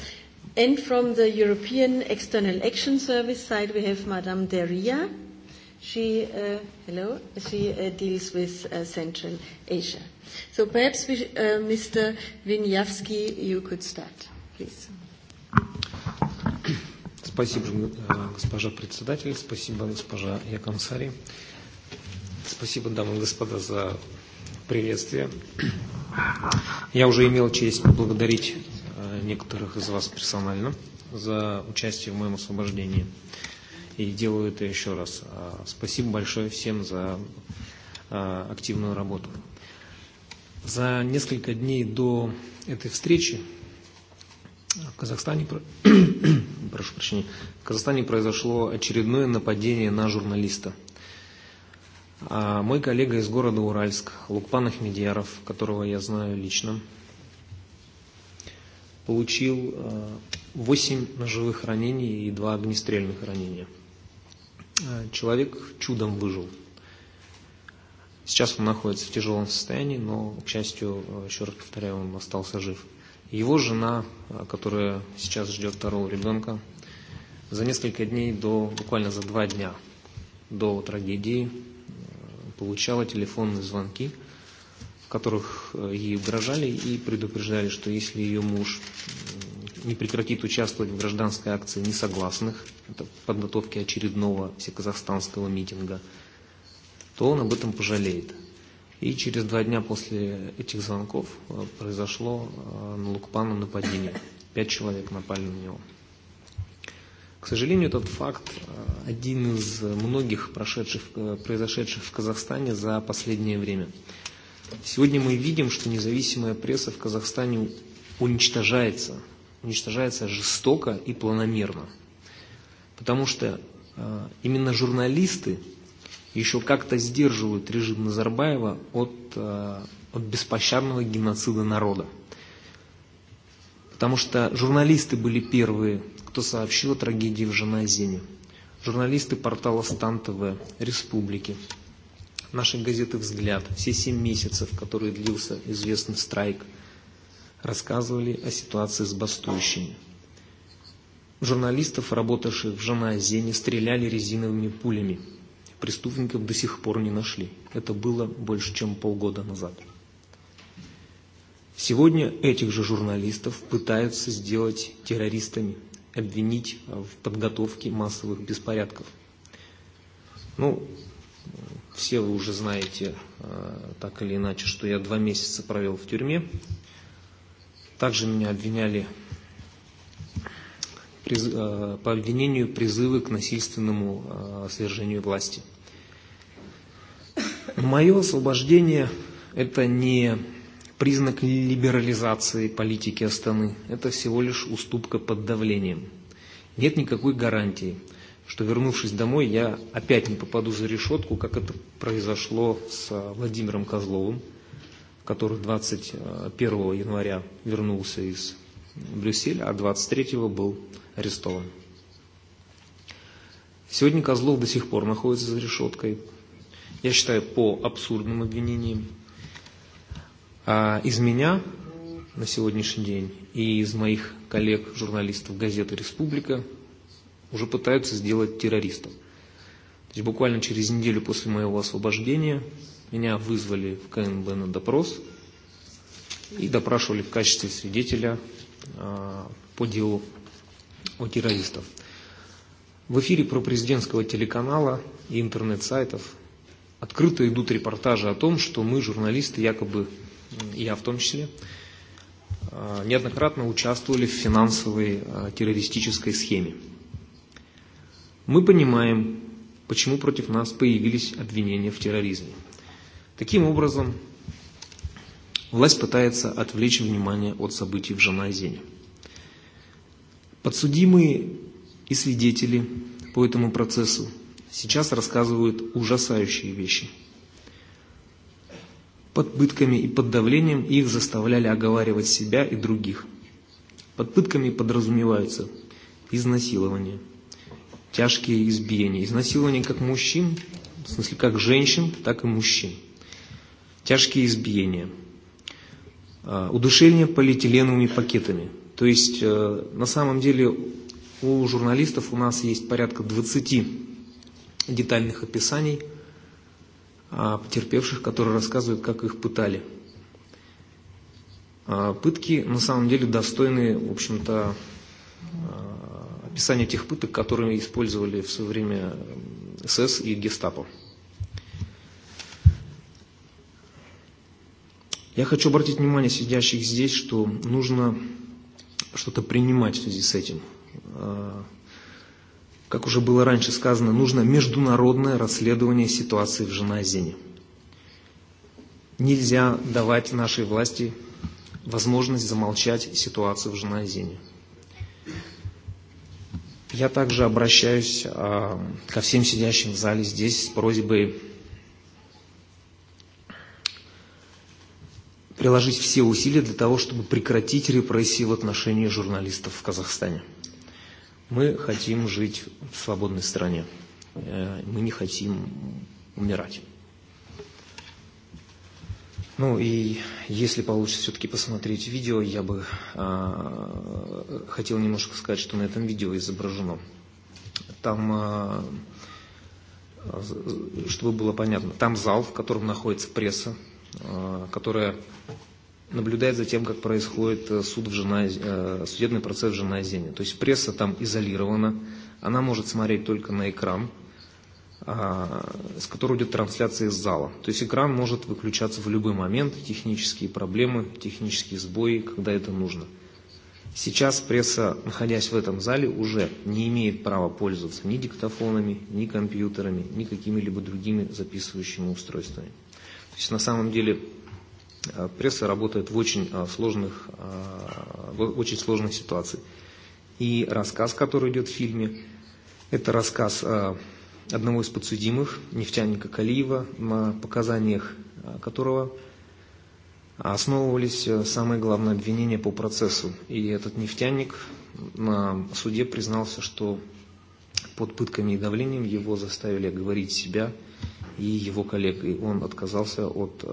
and from the European External Action Service side, we have Madame Deria she, uh, hello, she uh, deals with uh, Central Asia. So perhaps, we, uh, Mr. vinyavsky you could start, please. Спасибо, госпожа председатель, спасибо, госпожа якомсари Спасибо, дамы и господа, за приветствие. Я уже имел честь поблагодарить некоторых из вас персонально за участие в моем освобождении. Uh, и делаю это еще раз. Спасибо большое всем за активную работу. За несколько дней до этой встречи в Казахстане, прошу прощения, в Казахстане произошло очередное нападение на журналиста. А мой коллега из города Уральск, Лукпан Ахмедьяров, которого я знаю лично, получил 8 ножевых ранений и 2 огнестрельных ранения – человек чудом выжил. Сейчас он находится в тяжелом состоянии, но, к счастью, еще раз повторяю, он остался жив. Его жена, которая сейчас ждет второго ребенка, за несколько дней до, буквально за два дня до трагедии, получала телефонные звонки, в которых ей угрожали и предупреждали, что если ее муж не прекратит участвовать в гражданской акции несогласных, это подготовке очередного всеказахстанского митинга, то он об этом пожалеет. И через два дня после этих звонков произошло на Лукпана нападение. Пять человек напали на него. К сожалению, этот факт один из многих прошедших, произошедших в Казахстане за последнее время. Сегодня мы видим, что независимая пресса в Казахстане уничтожается уничтожается жестоко и планомерно. Потому что именно журналисты еще как-то сдерживают режим Назарбаева от, от беспощадного геноцида народа. Потому что журналисты были первые, кто сообщил о трагедии в Женазине. Журналисты портала Стан ТВ, Республики, нашей газеты «Взгляд», все семь месяцев, которые длился известный страйк – рассказывали о ситуации с бастующими. Журналистов, работавших в Жаназене, стреляли резиновыми пулями. Преступников до сих пор не нашли. Это было больше, чем полгода назад. Сегодня этих же журналистов пытаются сделать террористами, обвинить в подготовке массовых беспорядков. Ну, все вы уже знаете, так или иначе, что я два месяца провел в тюрьме. Также меня обвиняли по обвинению призывы к насильственному свержению власти. Мое освобождение – это не признак либерализации политики Астаны, это всего лишь уступка под давлением. Нет никакой гарантии, что вернувшись домой, я опять не попаду за решетку, как это произошло с Владимиром Козловым – который 21 января вернулся из Брюсселя, а 23 был арестован. Сегодня Козлов до сих пор находится за решеткой. Я считаю, по абсурдным обвинениям. А из меня на сегодняшний день и из моих коллег-журналистов газеты «Республика» уже пытаются сделать террористов. То есть буквально через неделю после моего освобождения Меня вызвали в КНБ на допрос и допрашивали в качестве свидетеля по делу о террористов. В эфире про президентского телеканала и интернет-сайтов открыто идут репортажи о том, что мы, журналисты, якобы, я в том числе, неоднократно участвовали в финансовой террористической схеме. Мы понимаем, почему против нас появились обвинения в терроризме. Таким образом, власть пытается отвлечь внимание от событий в Жаназине. Подсудимые и свидетели по этому процессу сейчас рассказывают ужасающие вещи. Под пытками и под давлением их заставляли оговаривать себя и других. Под пытками подразумеваются изнасилование, тяжкие избиения. Изнасилование как мужчин, в смысле как женщин, так и мужчин – тяжкие избиения, удушение полиэтиленовыми пакетами. То есть на самом деле у журналистов у нас есть порядка 20 детальных описаний потерпевших, которые рассказывают, как их пытали. Пытки на самом деле достойны, в общем-то, описания тех пыток, которые использовали в свое время СС и Гестапо. Я хочу обратить внимание сидящих здесь, что нужно что-то принимать в связи с этим. Как уже было раньше сказано, нужно международное расследование ситуации в Женазине. Нельзя давать нашей власти возможность замолчать ситуацию в Женазине. Я также обращаюсь ко всем сидящим в зале здесь с просьбой приложить все усилия для того, чтобы прекратить репрессии в отношении журналистов в Казахстане. Мы хотим жить в свободной стране. Мы не хотим умирать. Ну и если получится все-таки посмотреть видео, я бы э, хотел немножко сказать, что на этом видео изображено. Там, э, чтобы было понятно, там зал, в котором находится пресса, которая наблюдает за тем, как происходит суд в жена, судебный процесс в Женайзене. То есть пресса там изолирована, она может смотреть только на экран, с которого идет трансляция из зала. То есть экран может выключаться в любой момент, технические проблемы, технические сбои, когда это нужно. Сейчас пресса, находясь в этом зале, уже не имеет права пользоваться ни диктофонами, ни компьютерами, ни какими-либо другими записывающими устройствами. То есть на самом деле пресса работает в очень сложных, в очень сложных ситуациях. И рассказ, который идет в фильме, это рассказ одного из подсудимых, нефтяника Калиева, на показаниях которого основывались самые главные обвинения по процессу. И этот нефтяник на суде признался, что под пытками и давлением его заставили говорить себя – и его коллег, и он отказался от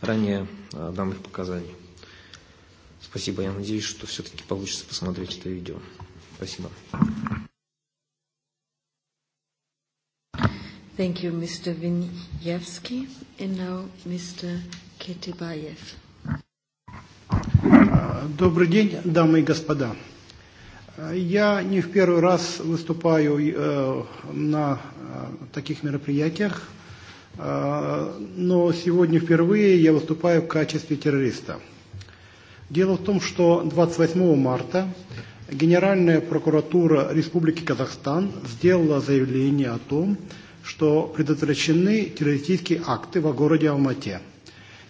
ранее данных показаний. Спасибо, я надеюсь, что все-таки получится посмотреть это видео. Спасибо. Thank you, Mr. Vinyevsky. And now Mr. Ketibayev. Добрый день, дамы и господа. Я не в первый раз выступаю на таких мероприятиях, но сегодня впервые я выступаю в качестве террориста. Дело в том, что 28 марта Генеральная прокуратура Республики Казахстан сделала заявление о том, что предотвращены террористические акты во городе Алмате.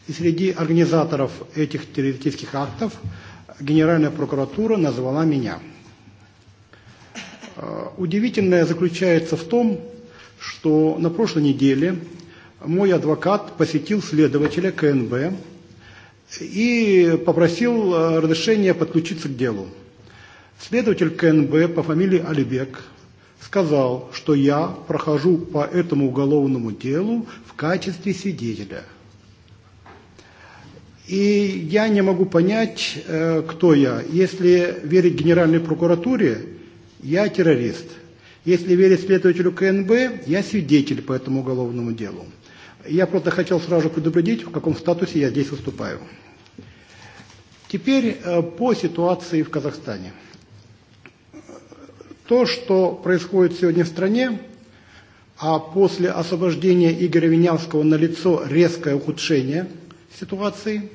И среди организаторов этих террористических актов Генеральная прокуратура назвала меня – Удивительное заключается в том, что на прошлой неделе мой адвокат посетил следователя КНБ и попросил разрешения подключиться к делу. Следователь КНБ по фамилии Алибек сказал, что я прохожу по этому уголовному делу в качестве свидетеля. И я не могу понять, кто я. Если верить Генеральной прокуратуре, я террорист. Если верить следователю КНБ, я свидетель по этому уголовному делу. Я просто хотел сразу предупредить, в каком статусе я здесь выступаю. Теперь по ситуации в Казахстане. То, что происходит сегодня в стране, а после освобождения Игоря Винявского налицо резкое ухудшение ситуации,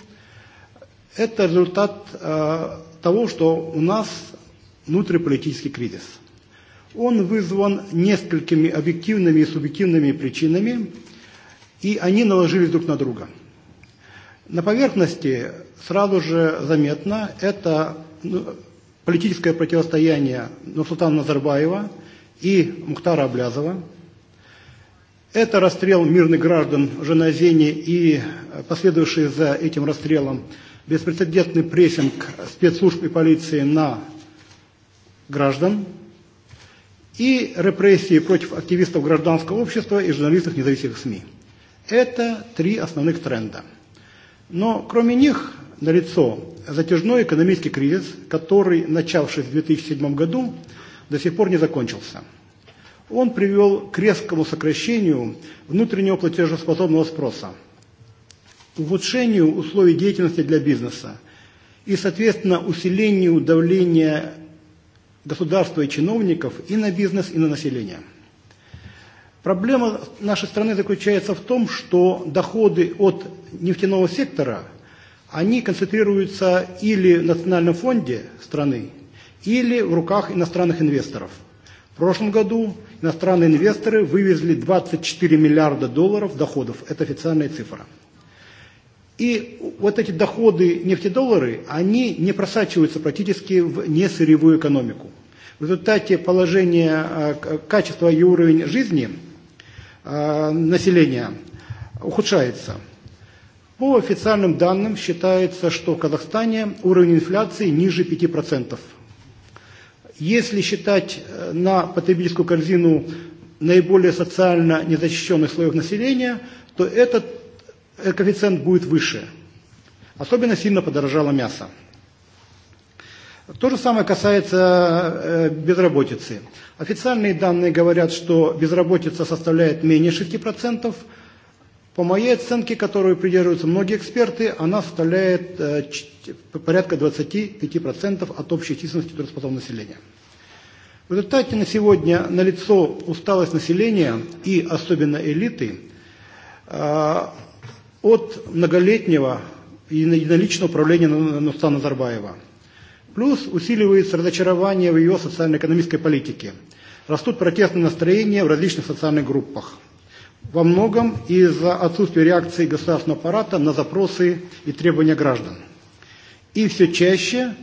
это результат того, что у нас внутриполитической кризис. Он вызван несколькими объективными и субъективными причинами, и они наложились друг на друга. На поверхности сразу же заметно это политическое противостояние Нурсултана Назарбаева и Мухтара Аблязова. Это расстрел мирных граждан в и последовавший за этим расстрелом беспрецедентный прессинг спецслужб и полиции на граждан и репрессии против активистов гражданского общества и журналистов независимых СМИ. Это три основных тренда. Но кроме них налицо затяжной экономический кризис, который, начавшись в 2007 году, до сих пор не закончился. Он привел к резкому сокращению внутреннего платежеспособного спроса, ухудшению условий деятельности для бизнеса и, соответственно, усилению давления государства и чиновников и на бизнес, и на население. Проблема нашей страны заключается в том, что доходы от нефтяного сектора, они концентрируются или в национальном фонде страны, или в руках иностранных инвесторов. В прошлом году иностранные инвесторы вывезли 24 миллиарда долларов доходов. Это официальная цифра. И вот эти доходы нефтедоллары, они не просачиваются практически в несырьевую экономику. В результате положение качества и уровень жизни населения ухудшается. По официальным данным считается, что в Казахстане уровень инфляции ниже 5%. Если считать на потребительскую корзину наиболее социально незащищенных слоев населения, то этот коэффициент будет выше. Особенно сильно подорожало мясо. То же самое касается безработицы. Официальные данные говорят, что безработица составляет менее 6%. По моей оценке, которую придерживаются многие эксперты, она составляет порядка 25% от общей численности трудоспособного населения. В результате на сегодня налицо усталость населения и особенно элиты, от многолетнего и единоличного управления Нурсана Назарбаева. Плюс усиливается разочарование в ее социально-экономической политике. Растут протестные настроения в различных социальных группах. Во многом из-за отсутствия реакции государственного аппарата на запросы и требования граждан. И все чаще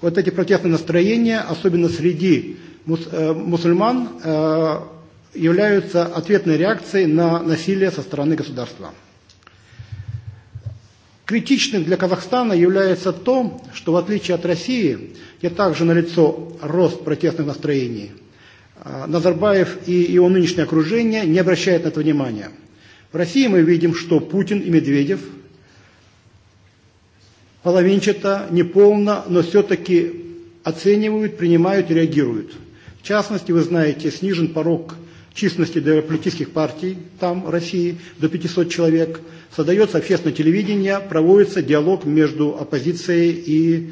вот эти протестные настроения, особенно среди мусульман, являются ответной реакцией на насилие со стороны государства. Критичным для Казахстана является то, что в отличие от России, где также налицо рост протестных настроений, Назарбаев и его нынешнее окружение не обращают на это внимания. В России мы видим, что Путин и Медведев половинчато, неполно, но все-таки оценивают, принимают и реагируют. В частности, вы знаете, снижен порог численности для политических партий там в России до 500 человек, создается общественное телевидение, проводится диалог между оппозицией и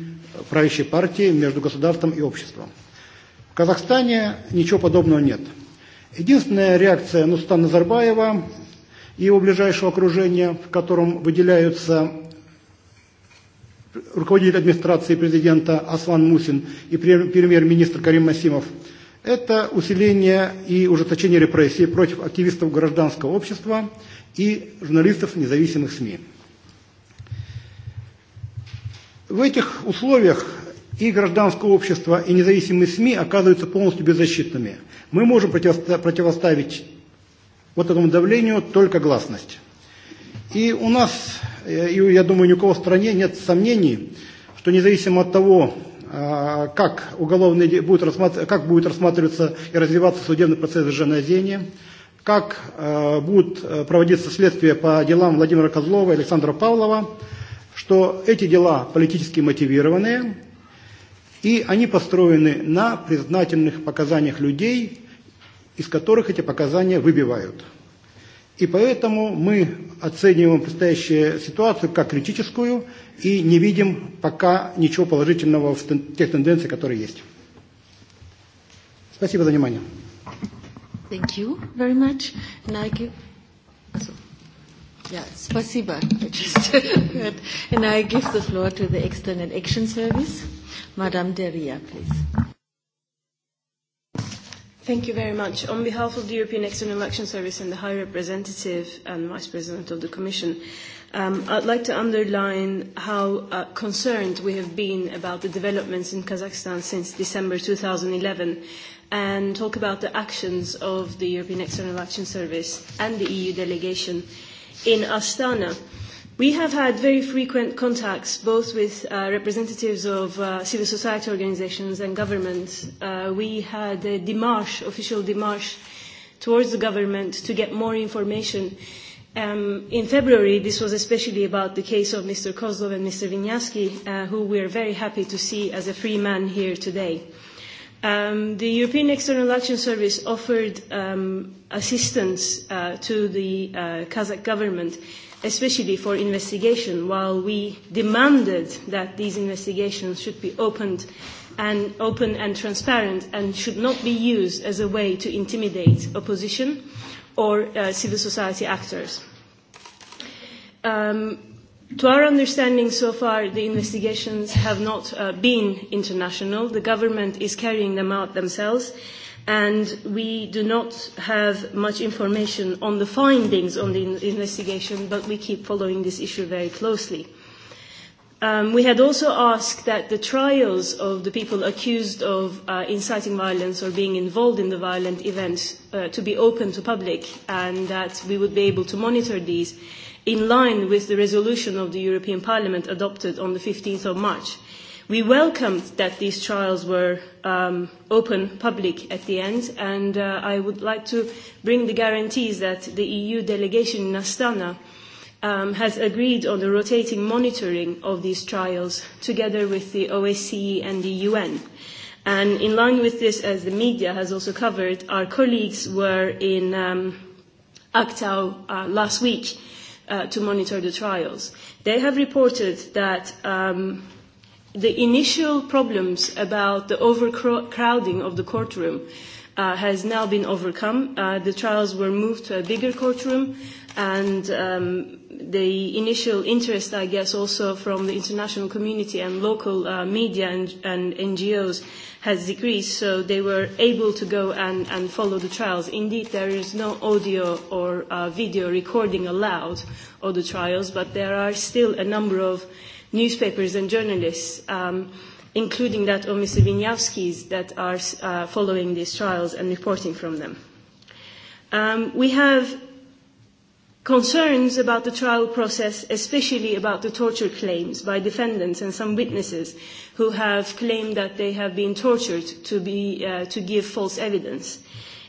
правящей партией, между государством и обществом. В Казахстане ничего подобного нет. Единственная реакция Нустана Назарбаева и его ближайшего окружения, в котором выделяются руководитель администрации президента Аслан Мусин и премьер-министр Карим Масимов – Это усиление и ужесточение репрессий против активистов гражданского общества и журналистов независимых СМИ. В этих условиях и гражданское общество, и независимые СМИ оказываются полностью беззащитными. Мы можем противоставить вот этому давлению только гласность. И у нас, и я думаю, ни у кого в стране нет сомнений, что независимо от того, как, уголовный, будет рассматр, как будет рассматриваться и развиваться судебный процесс женозения, как э, будут проводиться следствия по делам Владимира Козлова и Александра Павлова, что эти дела политически мотивированные, и они построены на признательных показаниях людей, из которых эти показания выбивают. И поэтому мы оцениваем предстоящую ситуацию как критическую и не видим пока ничего положительного в тех тенденциях, которые есть. Спасибо за внимание. Thank you very much. And I give... Yeah, спасибо. I just heard. And I give the floor to the External Action Service. Madame Deria, please. Thank you very much. On behalf of the European External Action Service and the High Representative and Vice President of the Commission, uh, Um, I'd like to underline how uh, concerned we have been about the developments in Kazakhstan since December 2011 and talk about the actions of the European External Action Service and the EU delegation in Astana. We have had very frequent contacts both with uh, representatives of uh, civil society organizations and governments. Uh, we had a démarche, official démarche, towards the government to get more information Um, in February, this was especially about the case of Mr. Kozlov and Mr. Vinyasky, uh, who we are very happy to see as a free man here today. Um, the European External Action Service offered um, assistance uh, to the uh, Kazakh government, especially for investigation, while we demanded that these investigations should be opened and open and transparent and should not be used as a way to intimidate opposition or uh, civil society actors. Um, to our understanding so far, the investigations have not uh, been international. The government is carrying them out themselves, and we do not have much information on the findings on the in investigation, but we keep following this issue very closely. Um, we had also asked that the trials of the people accused of uh, inciting violence or being involved in the violent events uh, to be open to public and that we would be able to monitor these in line with the resolution of the European Parliament adopted on the 15th of March. We welcomed that these trials were um, open public at the end, and uh, I would like to bring the guarantees that the EU delegation in Astana um, has agreed on the rotating monitoring of these trials together with the OSCE and the UN. And in line with this, as the media has also covered, our colleagues were in um, Aktau uh, last week uh, to monitor the trials. They have reported that um, the initial problems about the overcrowding of the courtroom uh, has now been overcome. Uh, the trials were moved to a bigger courtroom, and um, the initial interest, I guess, also from the international community and local uh, media and, and NGOs has decreased, so they were able to go and, and follow the trials. Indeed, there is no audio or uh, video recording allowed of the trials, but there are still a number of newspapers and journalists. Um, including that of Mr. Winiawski's, that are uh, following these trials and reporting from them. Um, we have concerns about the trial process, especially about the torture claims by defendants and some witnesses who have claimed that they have been tortured to, be, uh, to give false evidence.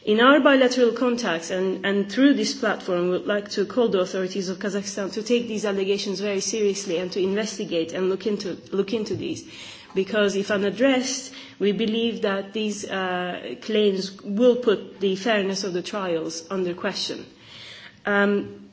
In our bilateral contacts and, and through this platform, we would like to call the authorities of Kazakhstan to take these allegations very seriously and to investigate and look into, look into these because if unaddressed, we believe that these uh, claims will put the fairness of the trials under question. Um,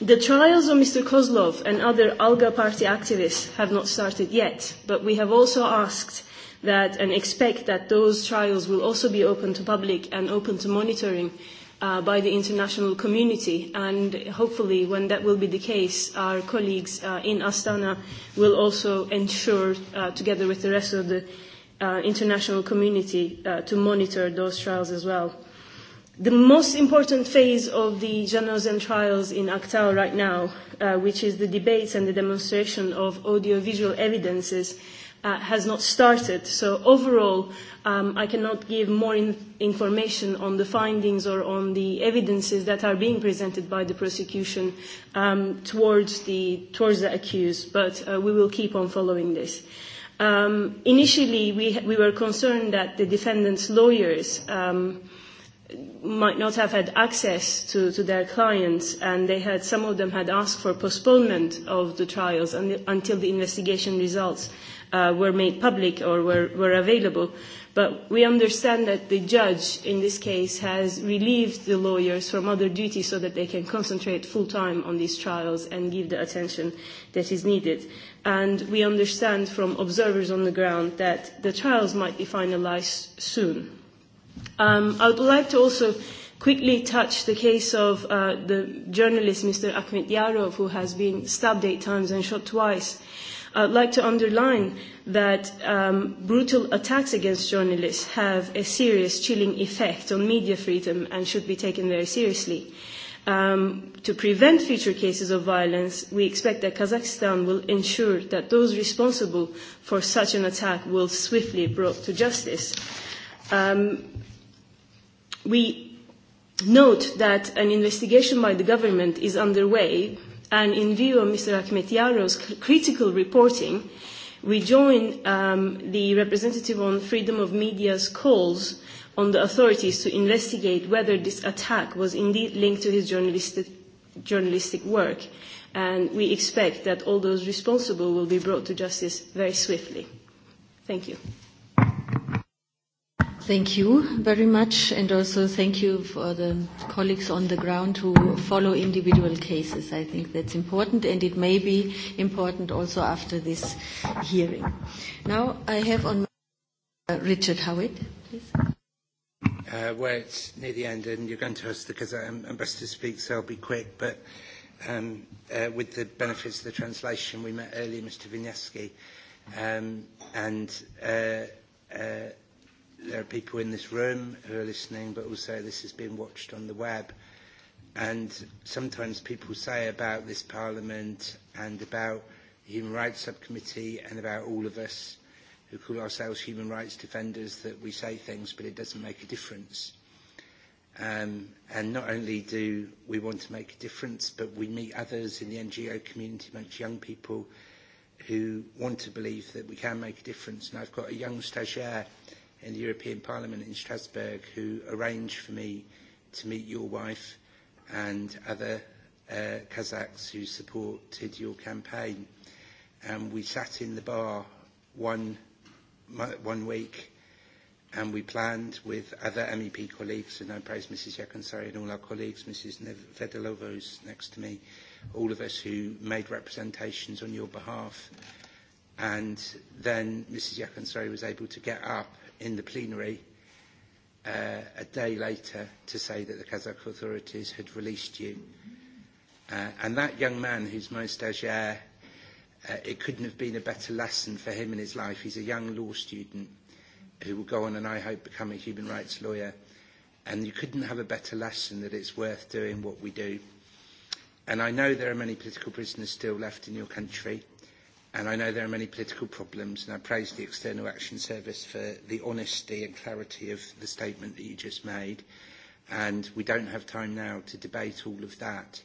the trials of Mr. Kozlov and other Alga Party activists have not started yet, but we have also asked that and expect that those trials will also be open to public and open to monitoring uh, uh, by the international community. And hopefully, when that will be the case, our colleagues uh, in Astana will also ensure, uh, together with the rest of the uh, international community, uh, to monitor those trials as well. The most important phase of the journalism trials in Aktau right now, uh, which is the debates and the demonstration of audiovisual evidences, uh, has not started. So overall, um, I cannot give more in information on the findings or on the evidences that are being presented by the prosecution um, towards, the, towards the accused, but uh, we will keep on following this. Um, initially, we, we were concerned that the defendant's lawyers um, might not have had access to, to their clients, and they had, some of them had asked for postponement of the trials until the investigation results uh, were made public or were, were available. But we understand that the judge in this case has relieved the lawyers from other duties so that they can concentrate full time on these trials and give the attention that is needed. And we understand from observers on the ground that the trials might be finalized soon. Um, I would like to also quickly touch the case of uh, the journalist Mr. Ahmed Yarov, who has been stabbed eight times and shot twice I'd like to underline that um, brutal attacks against journalists have a serious chilling effect on media freedom and should be taken very seriously. Um, to prevent future cases of violence, we expect that Kazakhstan will ensure that those responsible for such an attack will swiftly be brought to justice. Um, we note that an investigation by the government is underway and in view of Mr. Akhmetiarov's critical reporting, we join um, the representative on freedom of media's calls on the authorities to investigate whether this attack was indeed linked to his journalistic, journalistic work. And we expect that all those responsible will be brought to justice very swiftly. Thank you. Thank you very much, and also thank you for the colleagues on the ground who follow individual cases. I think that's important, and it may be important also after this hearing. Now I have on uh, Richard Howitt, please. Uh, well, it's near the end, and you're going to us because I'm best to speak, so I'll be quick. But um, uh, with the benefits of the translation, we met earlier, Mr. Vinyasky, um, and. Uh, uh, there are people in this room who are listening, but also this has been watched on the web. And sometimes people say about this Parliament and about the Human Rights Subcommittee and about all of us who call ourselves human rights defenders that we say things, but it doesn't make a difference. Um, and not only do we want to make a difference, but we meet others in the NGO community, amongst young people who want to believe that we can make a difference. And I've got a young stagiaire in the European Parliament in Strasbourg who arranged for me to meet your wife and other uh, Kazakhs who supported your campaign. And we sat in the bar one, one week and we planned with other MEP colleagues, and I praise Mrs. Yakonsari and all our colleagues, Mrs. Fedelova who's next to me, all of us who made representations on your behalf. And then Mrs. Yakonsari was able to get up in the plenary uh, a day later to say that the Kazakh authorities had released you. Uh, and that young man who's most agere, uh, it couldn't have been a better lesson for him in his life. He's a young law student who will go on and I hope become a human rights lawyer. And you couldn't have a better lesson that it's worth doing what we do. And I know there are many political prisoners still left in your country and I know there are many political problems, and I praise the External Action Service for the honesty and clarity of the statement that you just made. And we don't have time now to debate all of that.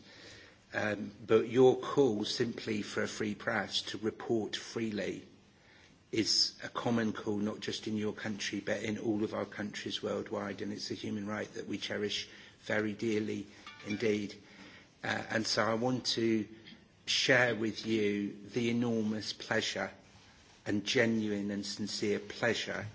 Um, but your call simply for a free press to report freely is a common call, not just in your country, but in all of our countries worldwide. And it's a human right that we cherish very dearly indeed. Uh, and so I want to share with you the enormous pleasure and genuine and sincere pleasure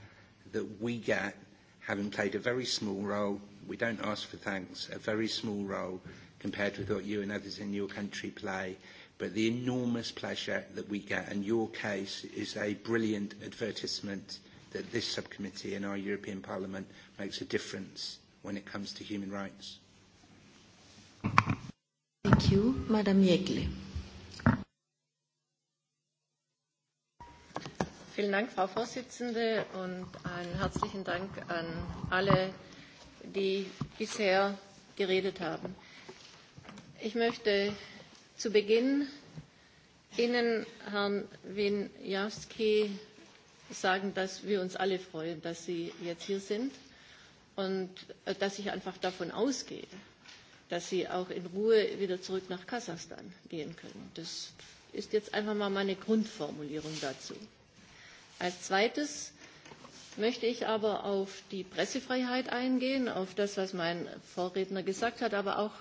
that we get having played a very small role. We don't ask for thanks, a very small role compared with what you and others in your country play. But the enormous pleasure that we get, and your case is a brilliant advertisement that this subcommittee and our European Parliament makes a difference when it comes to human rights. Thank you, Madam Yegley. Vielen Dank, Frau Vorsitzende, und einen herzlichen Dank an alle, die bisher geredet haben. Ich möchte zu Beginn Ihnen, Herrn Winjawski, sagen, dass wir uns alle freuen, dass Sie jetzt hier sind und äh, dass ich einfach davon ausgehe, dass Sie auch in Ruhe wieder zurück nach Kasachstan gehen können. Das ist jetzt einfach mal meine Grundformulierung dazu. Als zweites möchte ich aber auf die Pressefreiheit eingehen, auf das, was mein Vorredner gesagt hat, aber auch,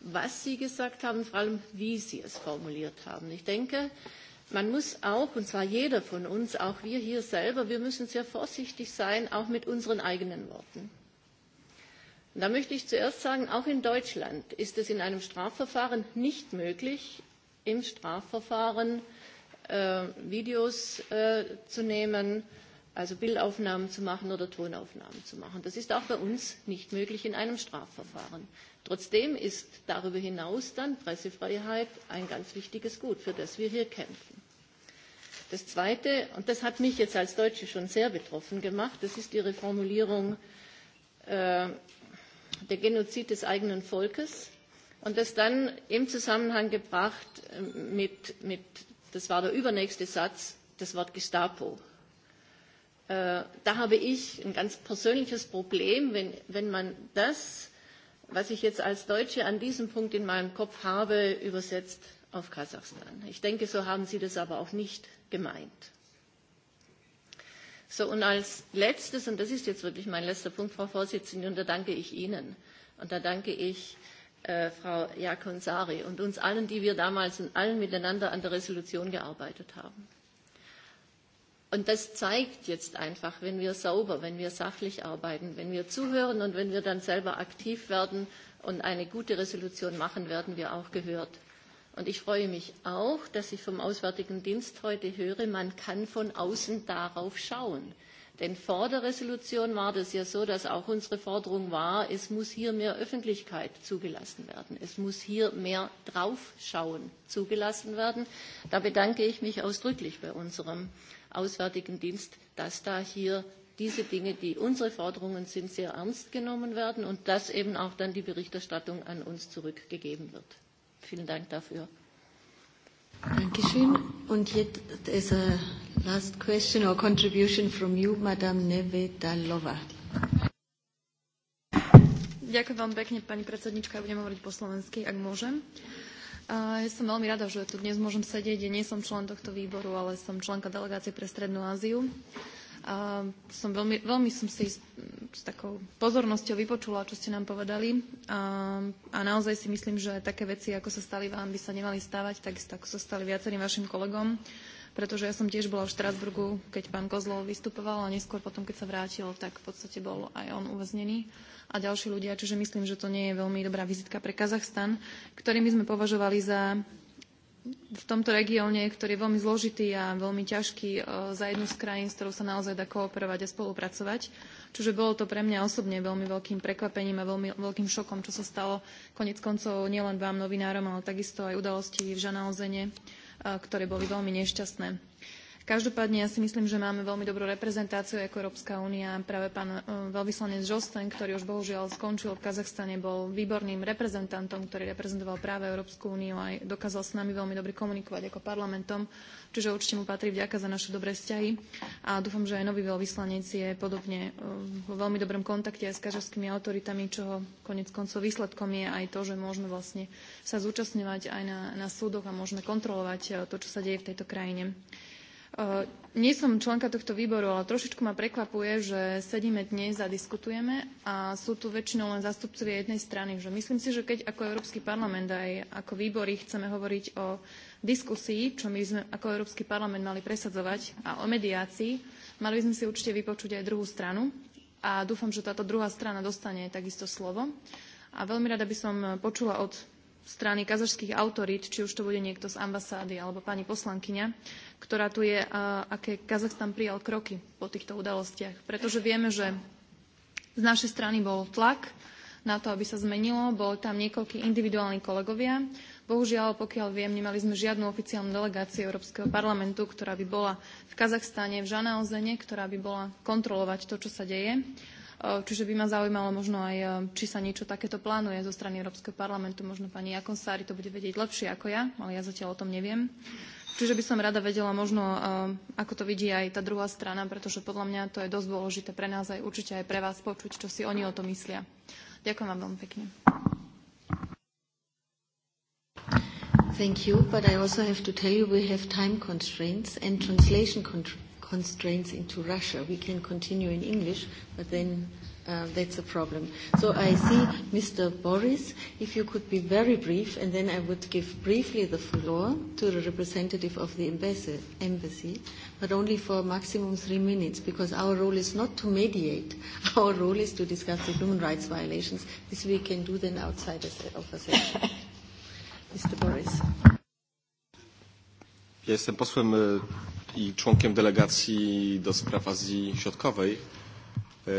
was Sie gesagt haben, vor allem, wie Sie es formuliert haben. Ich denke, man muss auch, und zwar jeder von uns, auch wir hier selber, wir müssen sehr vorsichtig sein, auch mit unseren eigenen Worten. Und da möchte ich zuerst sagen, auch in Deutschland ist es in einem Strafverfahren nicht möglich, im Strafverfahren Äh, Videos äh, zu nehmen, also Bildaufnahmen zu machen oder Tonaufnahmen zu machen. Das ist auch bei uns nicht möglich in einem Strafverfahren. Trotzdem ist darüber hinaus dann Pressefreiheit ein ganz wichtiges Gut, für das wir hier kämpfen. Das Zweite, und das hat mich jetzt als Deutsche schon sehr betroffen gemacht, das ist Ihre Formulierung äh, der Genozid des eigenen Volkes und das dann im Zusammenhang gebracht äh, mit, mit das war der übernächste Satz, das Wort Gestapo. Äh, da habe ich ein ganz persönliches Problem, wenn, wenn man das, was ich jetzt als Deutsche an diesem Punkt in meinem Kopf habe, übersetzt auf Kasachstan. Ich denke, so haben Sie das aber auch nicht gemeint. So, und als letztes, und das ist jetzt wirklich mein letzter Punkt, Frau Vorsitzende, und da danke ich Ihnen. Und da danke ich Äh, Frau Jakonsari und uns allen, die wir damals und allen miteinander an der Resolution gearbeitet haben. Und das zeigt jetzt einfach, wenn wir sauber, wenn wir sachlich arbeiten, wenn wir zuhören und wenn wir dann selber aktiv werden und eine gute Resolution machen, werden wir auch gehört. Und ich freue mich auch, dass ich vom Auswärtigen Dienst heute höre, man kann von außen darauf schauen. Denn vor der Resolution war das ja so, dass auch unsere Forderung war, es muss hier mehr Öffentlichkeit zugelassen werden. Es muss hier mehr Draufschauen zugelassen werden. Da bedanke ich mich ausdrücklich bei unserem Auswärtigen Dienst, dass da hier diese Dinge, die unsere Forderungen sind, sehr ernst genommen werden und dass eben auch dann die Berichterstattung an uns zurückgegeben wird. Vielen Dank dafür. Dankeschön. Und jetzt ist er Last question or contribution from you, Madame Neve Dalova. Ďakujem veľmi pekne, pani predsednička. Ja budem hovoriť po slovensky, ak môžem. Ja som veľmi rada, že tu dnes môžem sedieť. Ja nie som člen tohto výboru, ale som členka delegácie pre Strednú Áziu. A som veľmi, veľmi som si s, s takou pozornosťou vypočula, čo ste nám povedali. A, a naozaj si myslím, že také veci, ako sa stali vám, by sa nemali stávať, takisto ako sa stali viacerým vašim kolegom pretože ja som tiež bola v Štrasburgu, keď pán Kozlov vystupoval a neskôr potom, keď sa vrátil, tak v podstate bol aj on uväznený a ďalší ľudia. Čiže myslím, že to nie je veľmi dobrá vizitka pre Kazachstan, ktorý my sme považovali za v tomto regióne, ktorý je veľmi zložitý a veľmi ťažký za jednu z krajín, s ktorou sa naozaj dá kooperovať a spolupracovať. Čiže bolo to pre mňa osobne veľmi veľkým prekvapením a veľmi veľkým šokom, čo sa stalo konec koncov nielen vám novinárom, ale takisto aj udalosti v Žanaozene, ktoré boli veľmi nešťastné. Každopádne ja si myslím, že máme veľmi dobrú reprezentáciu ako Európska únia. Práve pán veľvyslanec Žosten, ktorý už bohužiaľ skončil v Kazachstane, bol výborným reprezentantom, ktorý reprezentoval práve Európsku úniu a dokázal s nami veľmi dobre komunikovať ako parlamentom. Čiže určite mu patrí vďaka za naše dobré vzťahy a dúfam, že aj nový veľvyslanec je podobne vo veľmi dobrom kontakte aj s kazašskými autoritami, čoho konec koncov výsledkom je aj to, že môžeme vlastne sa zúčastňovať aj na, na súdoch a môžeme kontrolovať to, čo sa deje v tejto krajine. Eh, nie som členka tohto výboru, ale trošičku ma prekvapuje, že sedíme dnes a diskutujeme a sú tu väčšinou len zastupcovia jednej strany. Že myslím si, že keď ako Európsky parlament aj ako výbory chceme hovoriť o diskusii, čo my sme ako Európsky parlament mali presadzovať a o mediácii, mali by sme si určite vypočuť aj druhú stranu a dúfam, že táto druhá strana dostane takisto slovo. A veľmi rada by som počula od strany kazašských autorít, či už to bude niekto z ambasády alebo pani poslankyňa, ktorá tu je, aké Kazachstan prijal kroky po týchto udalostiach. Pretože vieme, že z našej strany bol tlak na to, aby sa zmenilo. Bol tam niekoľkí individuálni kolegovia. Bohužiaľ, pokiaľ viem, nemali sme žiadnu oficiálnu delegáciu Európskeho parlamentu, ktorá by bola v Kazachstane, v Žanaozene, ktorá by bola kontrolovať to, čo sa deje. Čiže by ma zaujímalo možno aj, či sa niečo takéto plánuje zo strany Európskeho parlamentu. Možno pani Jakonsári to bude vedieť lepšie ako ja, ale ja zatiaľ o tom neviem. Čiže by som rada vedela možno, ako to vidí aj tá druhá strana, pretože podľa mňa to je dosť dôležité pre nás aj určite aj pre vás počuť, čo si oni o to myslia. Ďakujem vám veľmi pekne. Thank you, but I also have to tell you we have time constraints and translation constraints constraints into Russia. We can continue in English, but then uh, that's a problem. So I see Mr. Boris, if you could be very brief, and then I would give briefly the floor to the representative of the embassy, but only for maximum three minutes, because our role is not to mediate. Our role is to discuss the human rights violations. This we can do then outside of a session. Mr. Boris. Ja jestem posłem i członkiem delegacji do spraw Azji Środkowej.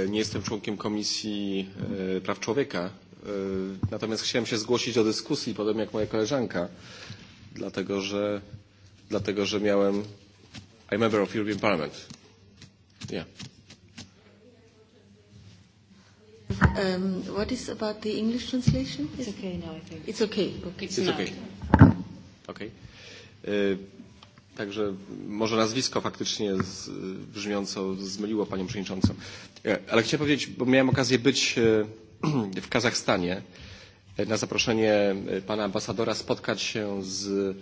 Nie jestem członkiem Komisji Praw Człowieka, natomiast chciałem się zgłosić do dyskusji, podobnie jak moja koleżanka, dlatego że, dlatego, że miałem I'm member of European Parliament. Yeah. Um, what is about the English translation? It's okay now, I think. It's okay. okay. It's, it's okay. Okay. Uh, Także może nazwisko faktycznie z, brzmiąco zmyliło Panią Przewodniczącą. Ale chciałem powiedzieć, bo miałem okazję być w Kazachstanie na zaproszenie Pana Ambasadora spotkać się z,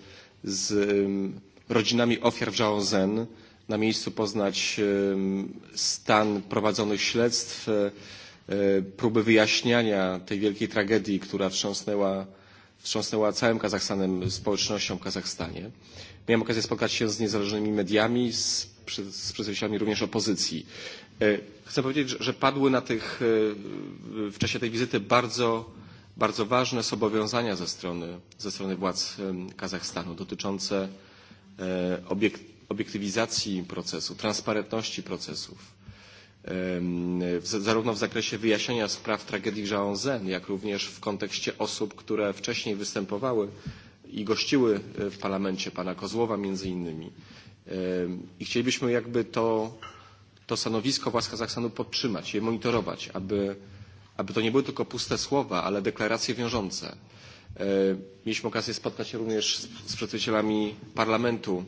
z rodzinami ofiar w Zen, na miejscu poznać stan prowadzonych śledztw, próby wyjaśniania tej wielkiej tragedii, która wstrząsnęła wstrząsnęła całym Kazachstanem, społecznością w Kazachstanie. Miałem okazję spotkać się z niezależnymi mediami, z, z przedstawicielami również opozycji. Chcę powiedzieć, że padły na tych, w czasie tej wizyty bardzo, bardzo ważne zobowiązania ze strony, ze strony władz Kazachstanu dotyczące obiektywizacji procesu, transparentności procesów zarówno w zakresie wyjaśnienia spraw tragedii Żałązen, jak również w kontekście osób, które wcześniej występowały i gościły w parlamencie pana Kozłowa między innymi. I chcielibyśmy jakby to, to stanowisko władz Kazachstanu podtrzymać, je monitorować, aby, aby to nie były tylko puste słowa, ale deklaracje wiążące. Mieliśmy okazję spotkać się również z, z przedstawicielami parlamentu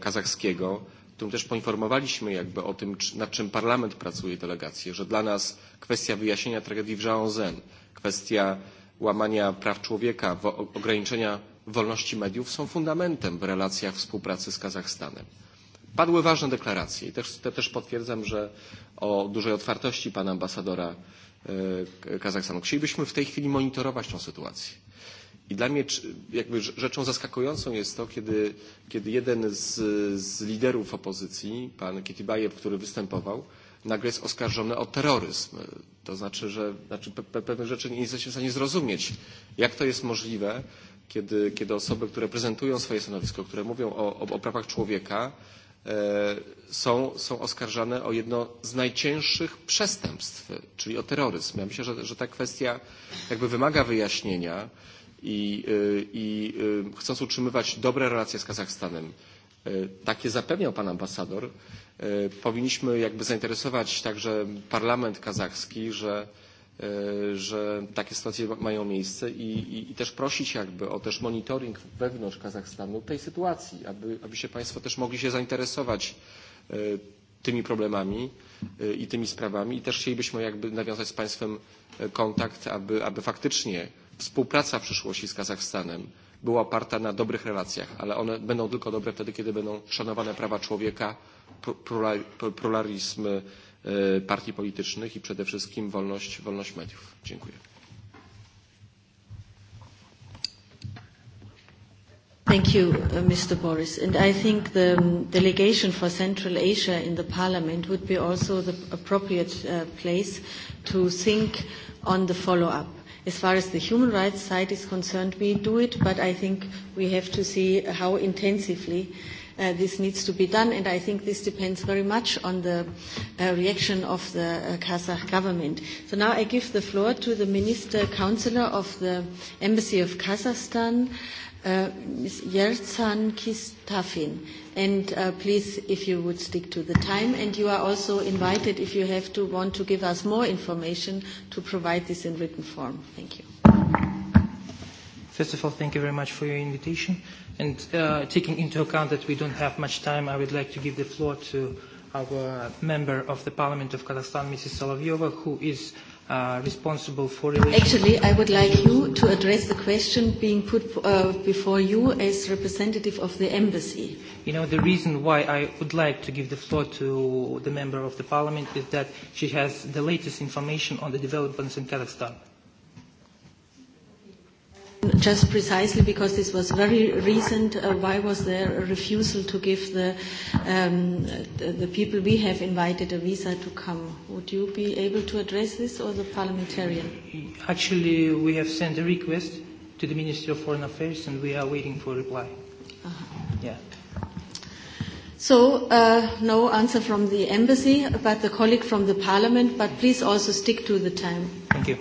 kazachskiego, którym też poinformowaliśmy jakby o tym, nad czym Parlament pracuje delegacje, że dla nas kwestia wyjaśnienia tragedii w Jaonzen, kwestia łamania praw człowieka, ograniczenia wolności mediów są fundamentem w relacjach współpracy z Kazachstanem. Padły ważne deklaracje i też, te też potwierdzam, że o dużej otwartości pana ambasadora Kazachstanu. Chcielibyśmy w tej chwili monitorować tą sytuację I dla mnie jakby rzeczą zaskakującą jest to, kiedy, kiedy jeden z, z liderów opozycji, pan Kitibajew, który występował, nagle jest oskarżony o terroryzm. To znaczy, że znaczy pe, pe, pewne rzeczy nie jesteśmy w stanie zrozumieć, jak to jest możliwe, kiedy, kiedy osoby, które prezentują swoje stanowisko, które mówią o, o, o prawach człowieka, e, są, są oskarżane o jedno z najcięższych przestępstw, czyli o terroryzm. Ja myślę, że, że ta kwestia jakby wymaga wyjaśnienia i, i chcąc utrzymywać dobre relacje z Kazachstanem, takie zapewniał pan ambasador, powinniśmy jakby zainteresować także parlament kazachski, że że takie sytuacje mają miejsce i, i, i też prosić jakby o też monitoring wewnątrz Kazachstanu tej sytuacji, aby, aby się Państwo też mogli się zainteresować tymi problemami i tymi sprawami i też chcielibyśmy jakby nawiązać z Państwem kontakt, aby, aby faktycznie współpraca w przyszłości z Kazachstanem była oparta na dobrych relacjach, ale one będą tylko dobre wtedy, kiedy będą szanowane prawa człowieka, pluralizm partii politycznych i przede wszystkim wolność, wolność mediów. Dziękuję. Thank you, uh, Mr. Boris. And I think the um, delegation for Central Asia in the Parliament would be also the appropriate uh, place to think on the follow-up As far as the human rights side is concerned, we do it, but I think we have to see how intensively uh, this needs to be done, and I think this depends very much on the uh, reaction of the uh, Kazakh government. So now I give the floor to the Minister Councillor of the Embassy of Kazakhstan, Uh, Ms. Kistafin. And uh, please, if you would stick to the time. And you are also invited, if you have to, want to give us more information, to provide this in written form. Thank you. First of all, thank you very much for your invitation. And uh, taking into account that we don't have much time, I would like to give the floor to our member of the Parliament of Kazakhstan, Mrs. Solovyova, who is uh, Uh, responsible for relations. Actually, I would like you to address the question being put uh, before you as representative of the embassy. You know, the reason why I would like to give the floor to the member of the parliament is that she has the latest information on the developments in Kazakhstan. Just precisely because this was very recent, uh, why was there a refusal to give the, um, the, the people we have invited a visa to come? Would you be able to address this or the parliamentarian? Actually, we have sent a request to the Ministry of Foreign Affairs and we are waiting for a reply. Uh -huh. Yeah. So, uh, no answer from the embassy, but the colleague from the parliament, but please also stick to the time. Thank you.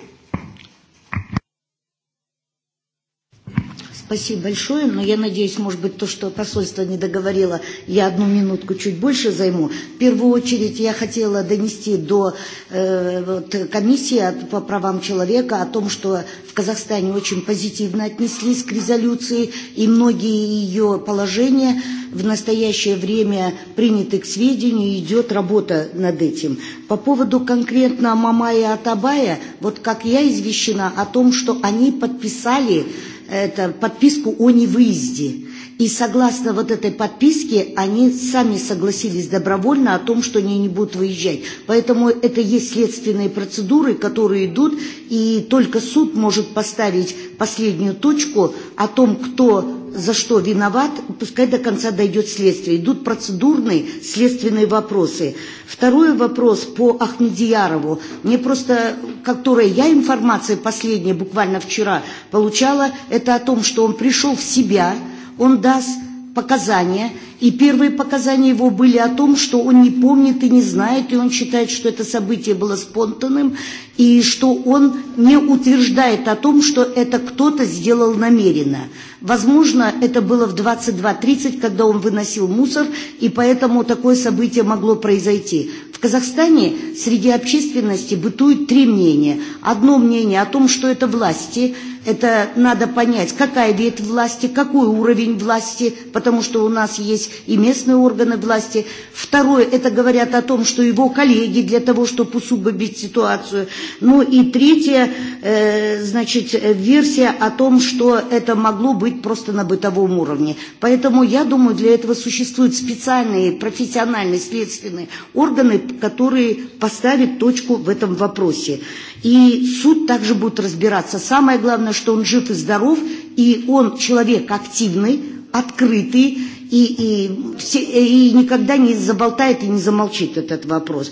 спасибо большое, но я надеюсь, может быть, то, что посольство не договорило, я одну минутку чуть больше займу. В первую очередь я хотела донести до э, вот, комиссии по правам человека о том, что в Казахстане очень позитивно отнеслись к резолюции, и многие ее положения в настоящее время приняты к сведению, и идет работа над этим. По поводу конкретно Мамая Атабая, вот как я извещена о том, что они подписали это, подписку о невыезде. И согласно вот этой подписке они сами согласились добровольно о том, что они не будут выезжать. Поэтому это есть следственные процедуры, которые идут, и только суд может поставить последнюю точку о том, кто за что виноват, пускай до конца дойдет следствие. Идут процедурные следственные вопросы. Второй вопрос по Ахмедиярову. Мне просто, которая я информация последняя буквально вчера получала, это о том, что он пришел в себя, он даст показания, и первые показания его были о том, что он не помнит и не знает, и он считает, что это событие было спонтанным, и что он не утверждает о том, что это кто-то сделал намеренно. Возможно, это было в 22.30, когда он выносил мусор, и поэтому такое событие могло произойти. В Казахстане среди общественности бытует три мнения. Одно мнение о том, что это власти – это надо понять, какая ветвь власти, какой уровень власти, потому что у нас есть и местные органы власти. Второе, это говорят о том, что его коллеги для того, чтобы усугубить ситуацию. Ну и третья, э, значит, версия о том, что это могло быть просто на бытовом уровне. Поэтому я думаю, для этого существуют специальные профессиональные следственные органы, которые поставят точку в этом вопросе. И суд также будет разбираться. Самое главное, понятно, что он жив и здоров, и он человек активный, открытый, и, и, и никогда не заболтает и не замолчит этот вопрос.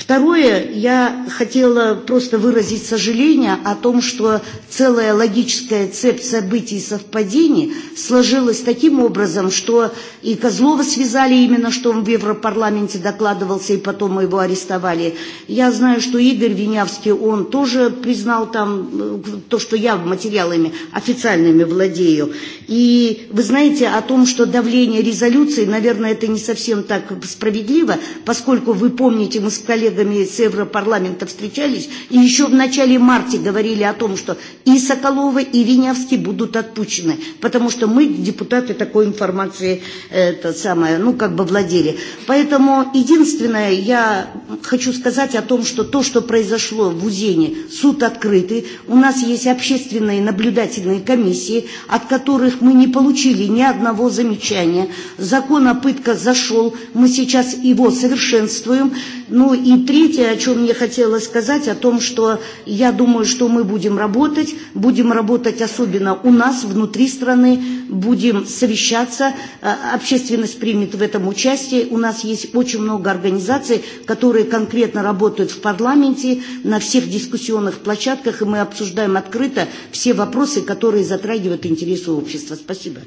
Второе, я хотела просто выразить сожаление о том, что целая логическая цепь событий и совпадений сложилась таким образом, что и Козлова связали именно, что он в Европарламенте докладывался, и потом его арестовали. Я знаю, что Игорь Винявский, он тоже признал там то, что я материалами официальными владею. И вы знаете о том, что давление резолюции, наверное, это не совсем так справедливо, поскольку вы помните, мы с коллегами коллегами с Европарламента встречались и еще в начале марта говорили о том, что и Соколова, и Винявский будут отпущены, потому что мы, депутаты, такой информации это самое, ну, как бы владели. Поэтому единственное, я хочу сказать о том, что то, что произошло в Узене, суд открытый, у нас есть общественные наблюдательные комиссии, от которых мы не получили ни одного замечания. Закон о пытках зашел, мы сейчас его совершенствуем, ну и третье, о чем я хотела сказать, о том, что я думаю, что мы будем работать, будем работать особенно у нас, внутри страны, будем совещаться, общественность примет в этом участие. У нас есть очень много организаций, которые конкретно работают в парламенте, на всех дискуссионных площадках, и мы обсуждаем открыто все вопросы, которые затрагивают интересы общества. Спасибо.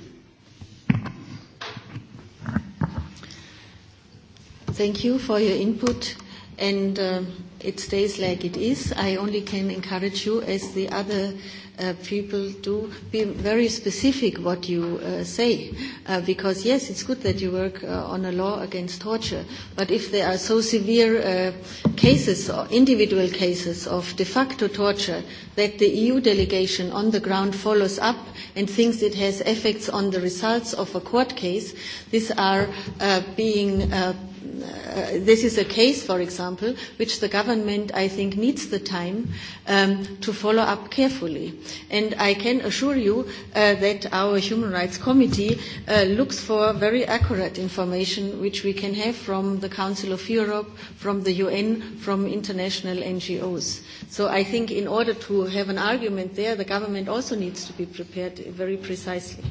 Thank you for your input and uh, it stays like it is. I only can encourage you, as the other uh, people do, be very specific what you uh, say, uh, because yes, it's good that you work uh, on a law against torture, but if there are so severe uh, cases or individual cases of de facto torture that the EU delegation on the ground follows up and thinks it has effects on the results of a court case, these are uh, being uh, Uh, this is a case, for example, which the government, I think, needs the time um, to follow up carefully. And I can assure you uh, that our Human Rights Committee uh, looks for very accurate information which we can have from the Council of Europe, from the UN, from international NGOs. So I think in order to have an argument there, the government also needs to be prepared very precisely.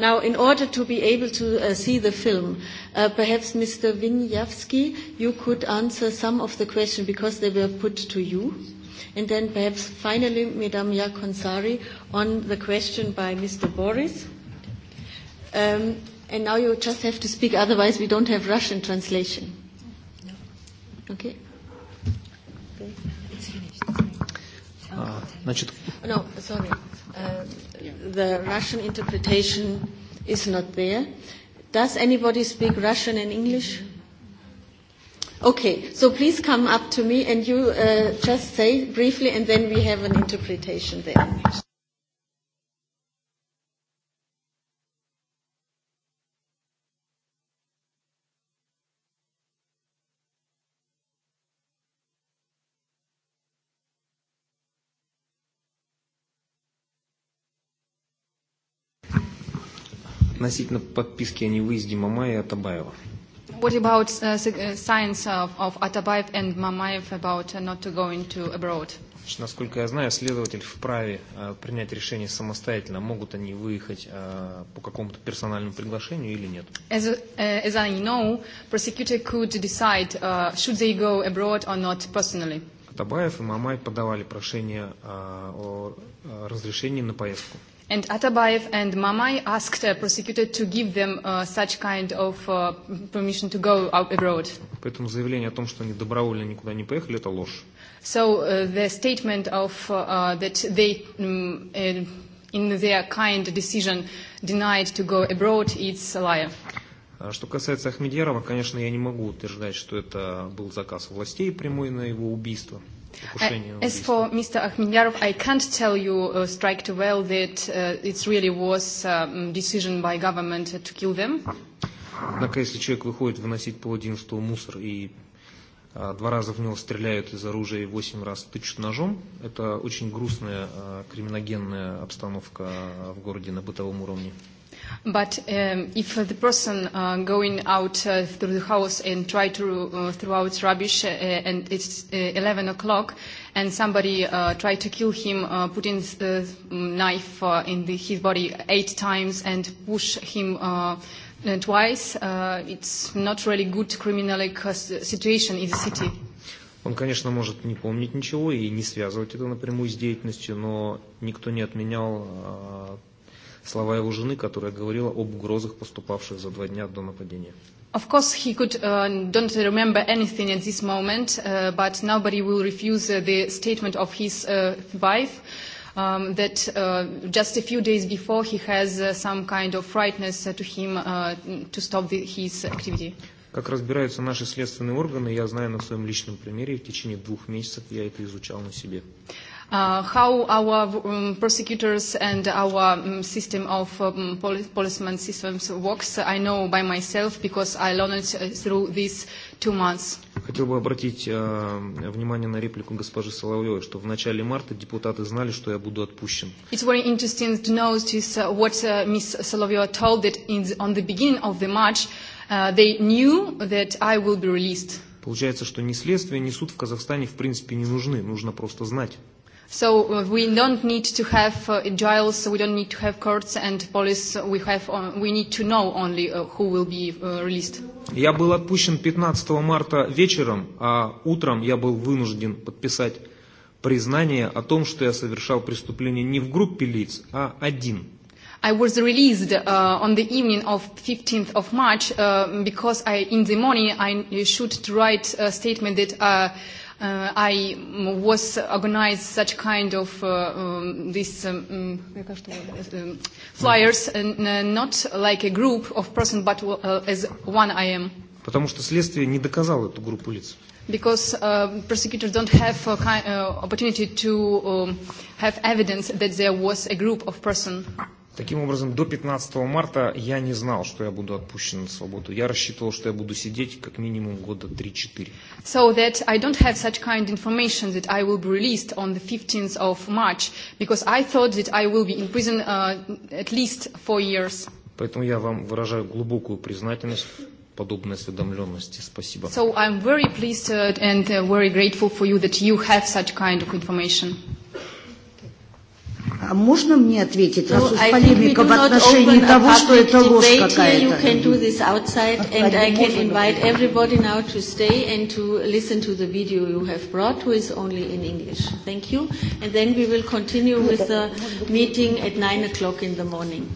Now, in order to be able to uh, see the film, uh, perhaps Mr. Winjavski, you could answer some of the questions because they were put to you. And then perhaps finally, Madame Yakonsari, on the question by Mr. Boris. Um, and now you just have to speak, otherwise we don't have Russian translation. Okay? okay. Uh, No, sorry the Russian interpretation is not there. Does anybody speak Russian and English? Okay, so please come up to me and you uh, just say briefly, and then we have an interpretation there. относительно подписки о невыезде Мамая и Атабаева. What about uh, science of, of Atabayev and Mamayev about uh, not to go into abroad? Насколько я знаю, следователь вправе э, принять решение самостоятельно, могут они выехать э, по какому-то персональному приглашению или нет. As, uh, as I know, prosecutor could decide uh, should they go abroad or not personally. Атабаев и Мамай подавали прошение э, о разрешении на поездку. And Atabayev and Mamai asked a prosecutor to give them uh, such kind of uh, permission to go abroad. Поэтому заявление о том, что они добровольно никуда не поехали, это ложь. So uh, the statement of uh, uh that they um, uh, in their kind decision denied to go abroad, it's a lie. Что касается Ахмедьярова, конечно, я не могу утверждать, что это был заказ властей прямой на его убийство. As for Mr. Akhmedyarov, I can't tell you uh, strike to well that uh, it really was um, decision by government to kill them. Однако, если человек выходит выносить по один, что мусор, и а, два раза в него стреляют из оружия и восемь раз тычут ножом, это очень грустная а, криминогенная обстановка в городе на бытовом уровне. But um, if the person uh, going out uh, through the house and try to uh, throw out rubbish uh, and it's uh, 11 o'clock and somebody uh, try to kill him, uh, putting the uh, knife uh, in the, his body eight times and push him uh, uh twice, uh, it's not really good criminal uh, situation in the city. Он, конечно, может не помнить ничего и не связывать это напрямую с деятельностью, но никто не отменял слова его жены, которая говорила об угрозах, поступавших за два дня до нападения. Of course, he could uh, don't remember anything at this moment, uh, but nobody will refuse uh, the statement of his uh, wife. Um, that uh, just a few days before he has uh, some kind of frightness uh, to him uh, to stop the, his activity. Как разбираются наши следственные органы, я знаю на своем личном примере, в течение двух месяцев я это изучал на себе. Uh, uh, how our um, prosecutors and our um, system of um, poli policeman systems works. I know by myself because I learned through these two months. Хотел бы обратить э, внимание на реплику госпожи Соловьевой, что в начале марта депутаты знали, что я буду отпущен. It's very interesting to notice uh, what uh, Ms. Solovyova told that in the, on the beginning of the March uh, they knew that I will be released. Получается, что ни следствие, ни суд в Казахстане в принципе не нужны, нужно просто знать. So uh, we don't need to have uh, jails, we don't need to have courts and police, uh, we, have, uh, we need to know only uh, who will be uh, released. Я был отпущен 15 марта вечером, а утром я был вынужден подписать признание о том, что я совершал преступление не в группе лиц, а один. I was released uh, on the evening of 15th of March uh, because I, in the morning I should write a statement that uh, uh, I was organized such kind of uh, um, these um, mm, um, flyers, and, uh, not like a group of person, but uh, as one I am. Потому что следствие не доказало эту группу лиц. Because uh, prosecutors don't have a kind, uh, opportunity to um, have evidence that there was a group of persons. Таким образом, до 15 марта я не знал, что я буду отпущен на свободу. Я рассчитывал, что я буду сидеть как минимум года 3-4. So that I don't have such kind of information that I will be released on the 15th of March, because I thought that I will be in prison uh, at least four years. Поэтому я вам выражаю глубокую признательность подобной осведомленности. Спасибо. So I'm very pleased uh, and uh, very grateful for you that you have such kind of information. А можно мне ответить, раз уж полемика в отношении того, что это ложь какая-то? Thank you. And then we will continue with the meeting at 9 o'clock in the morning.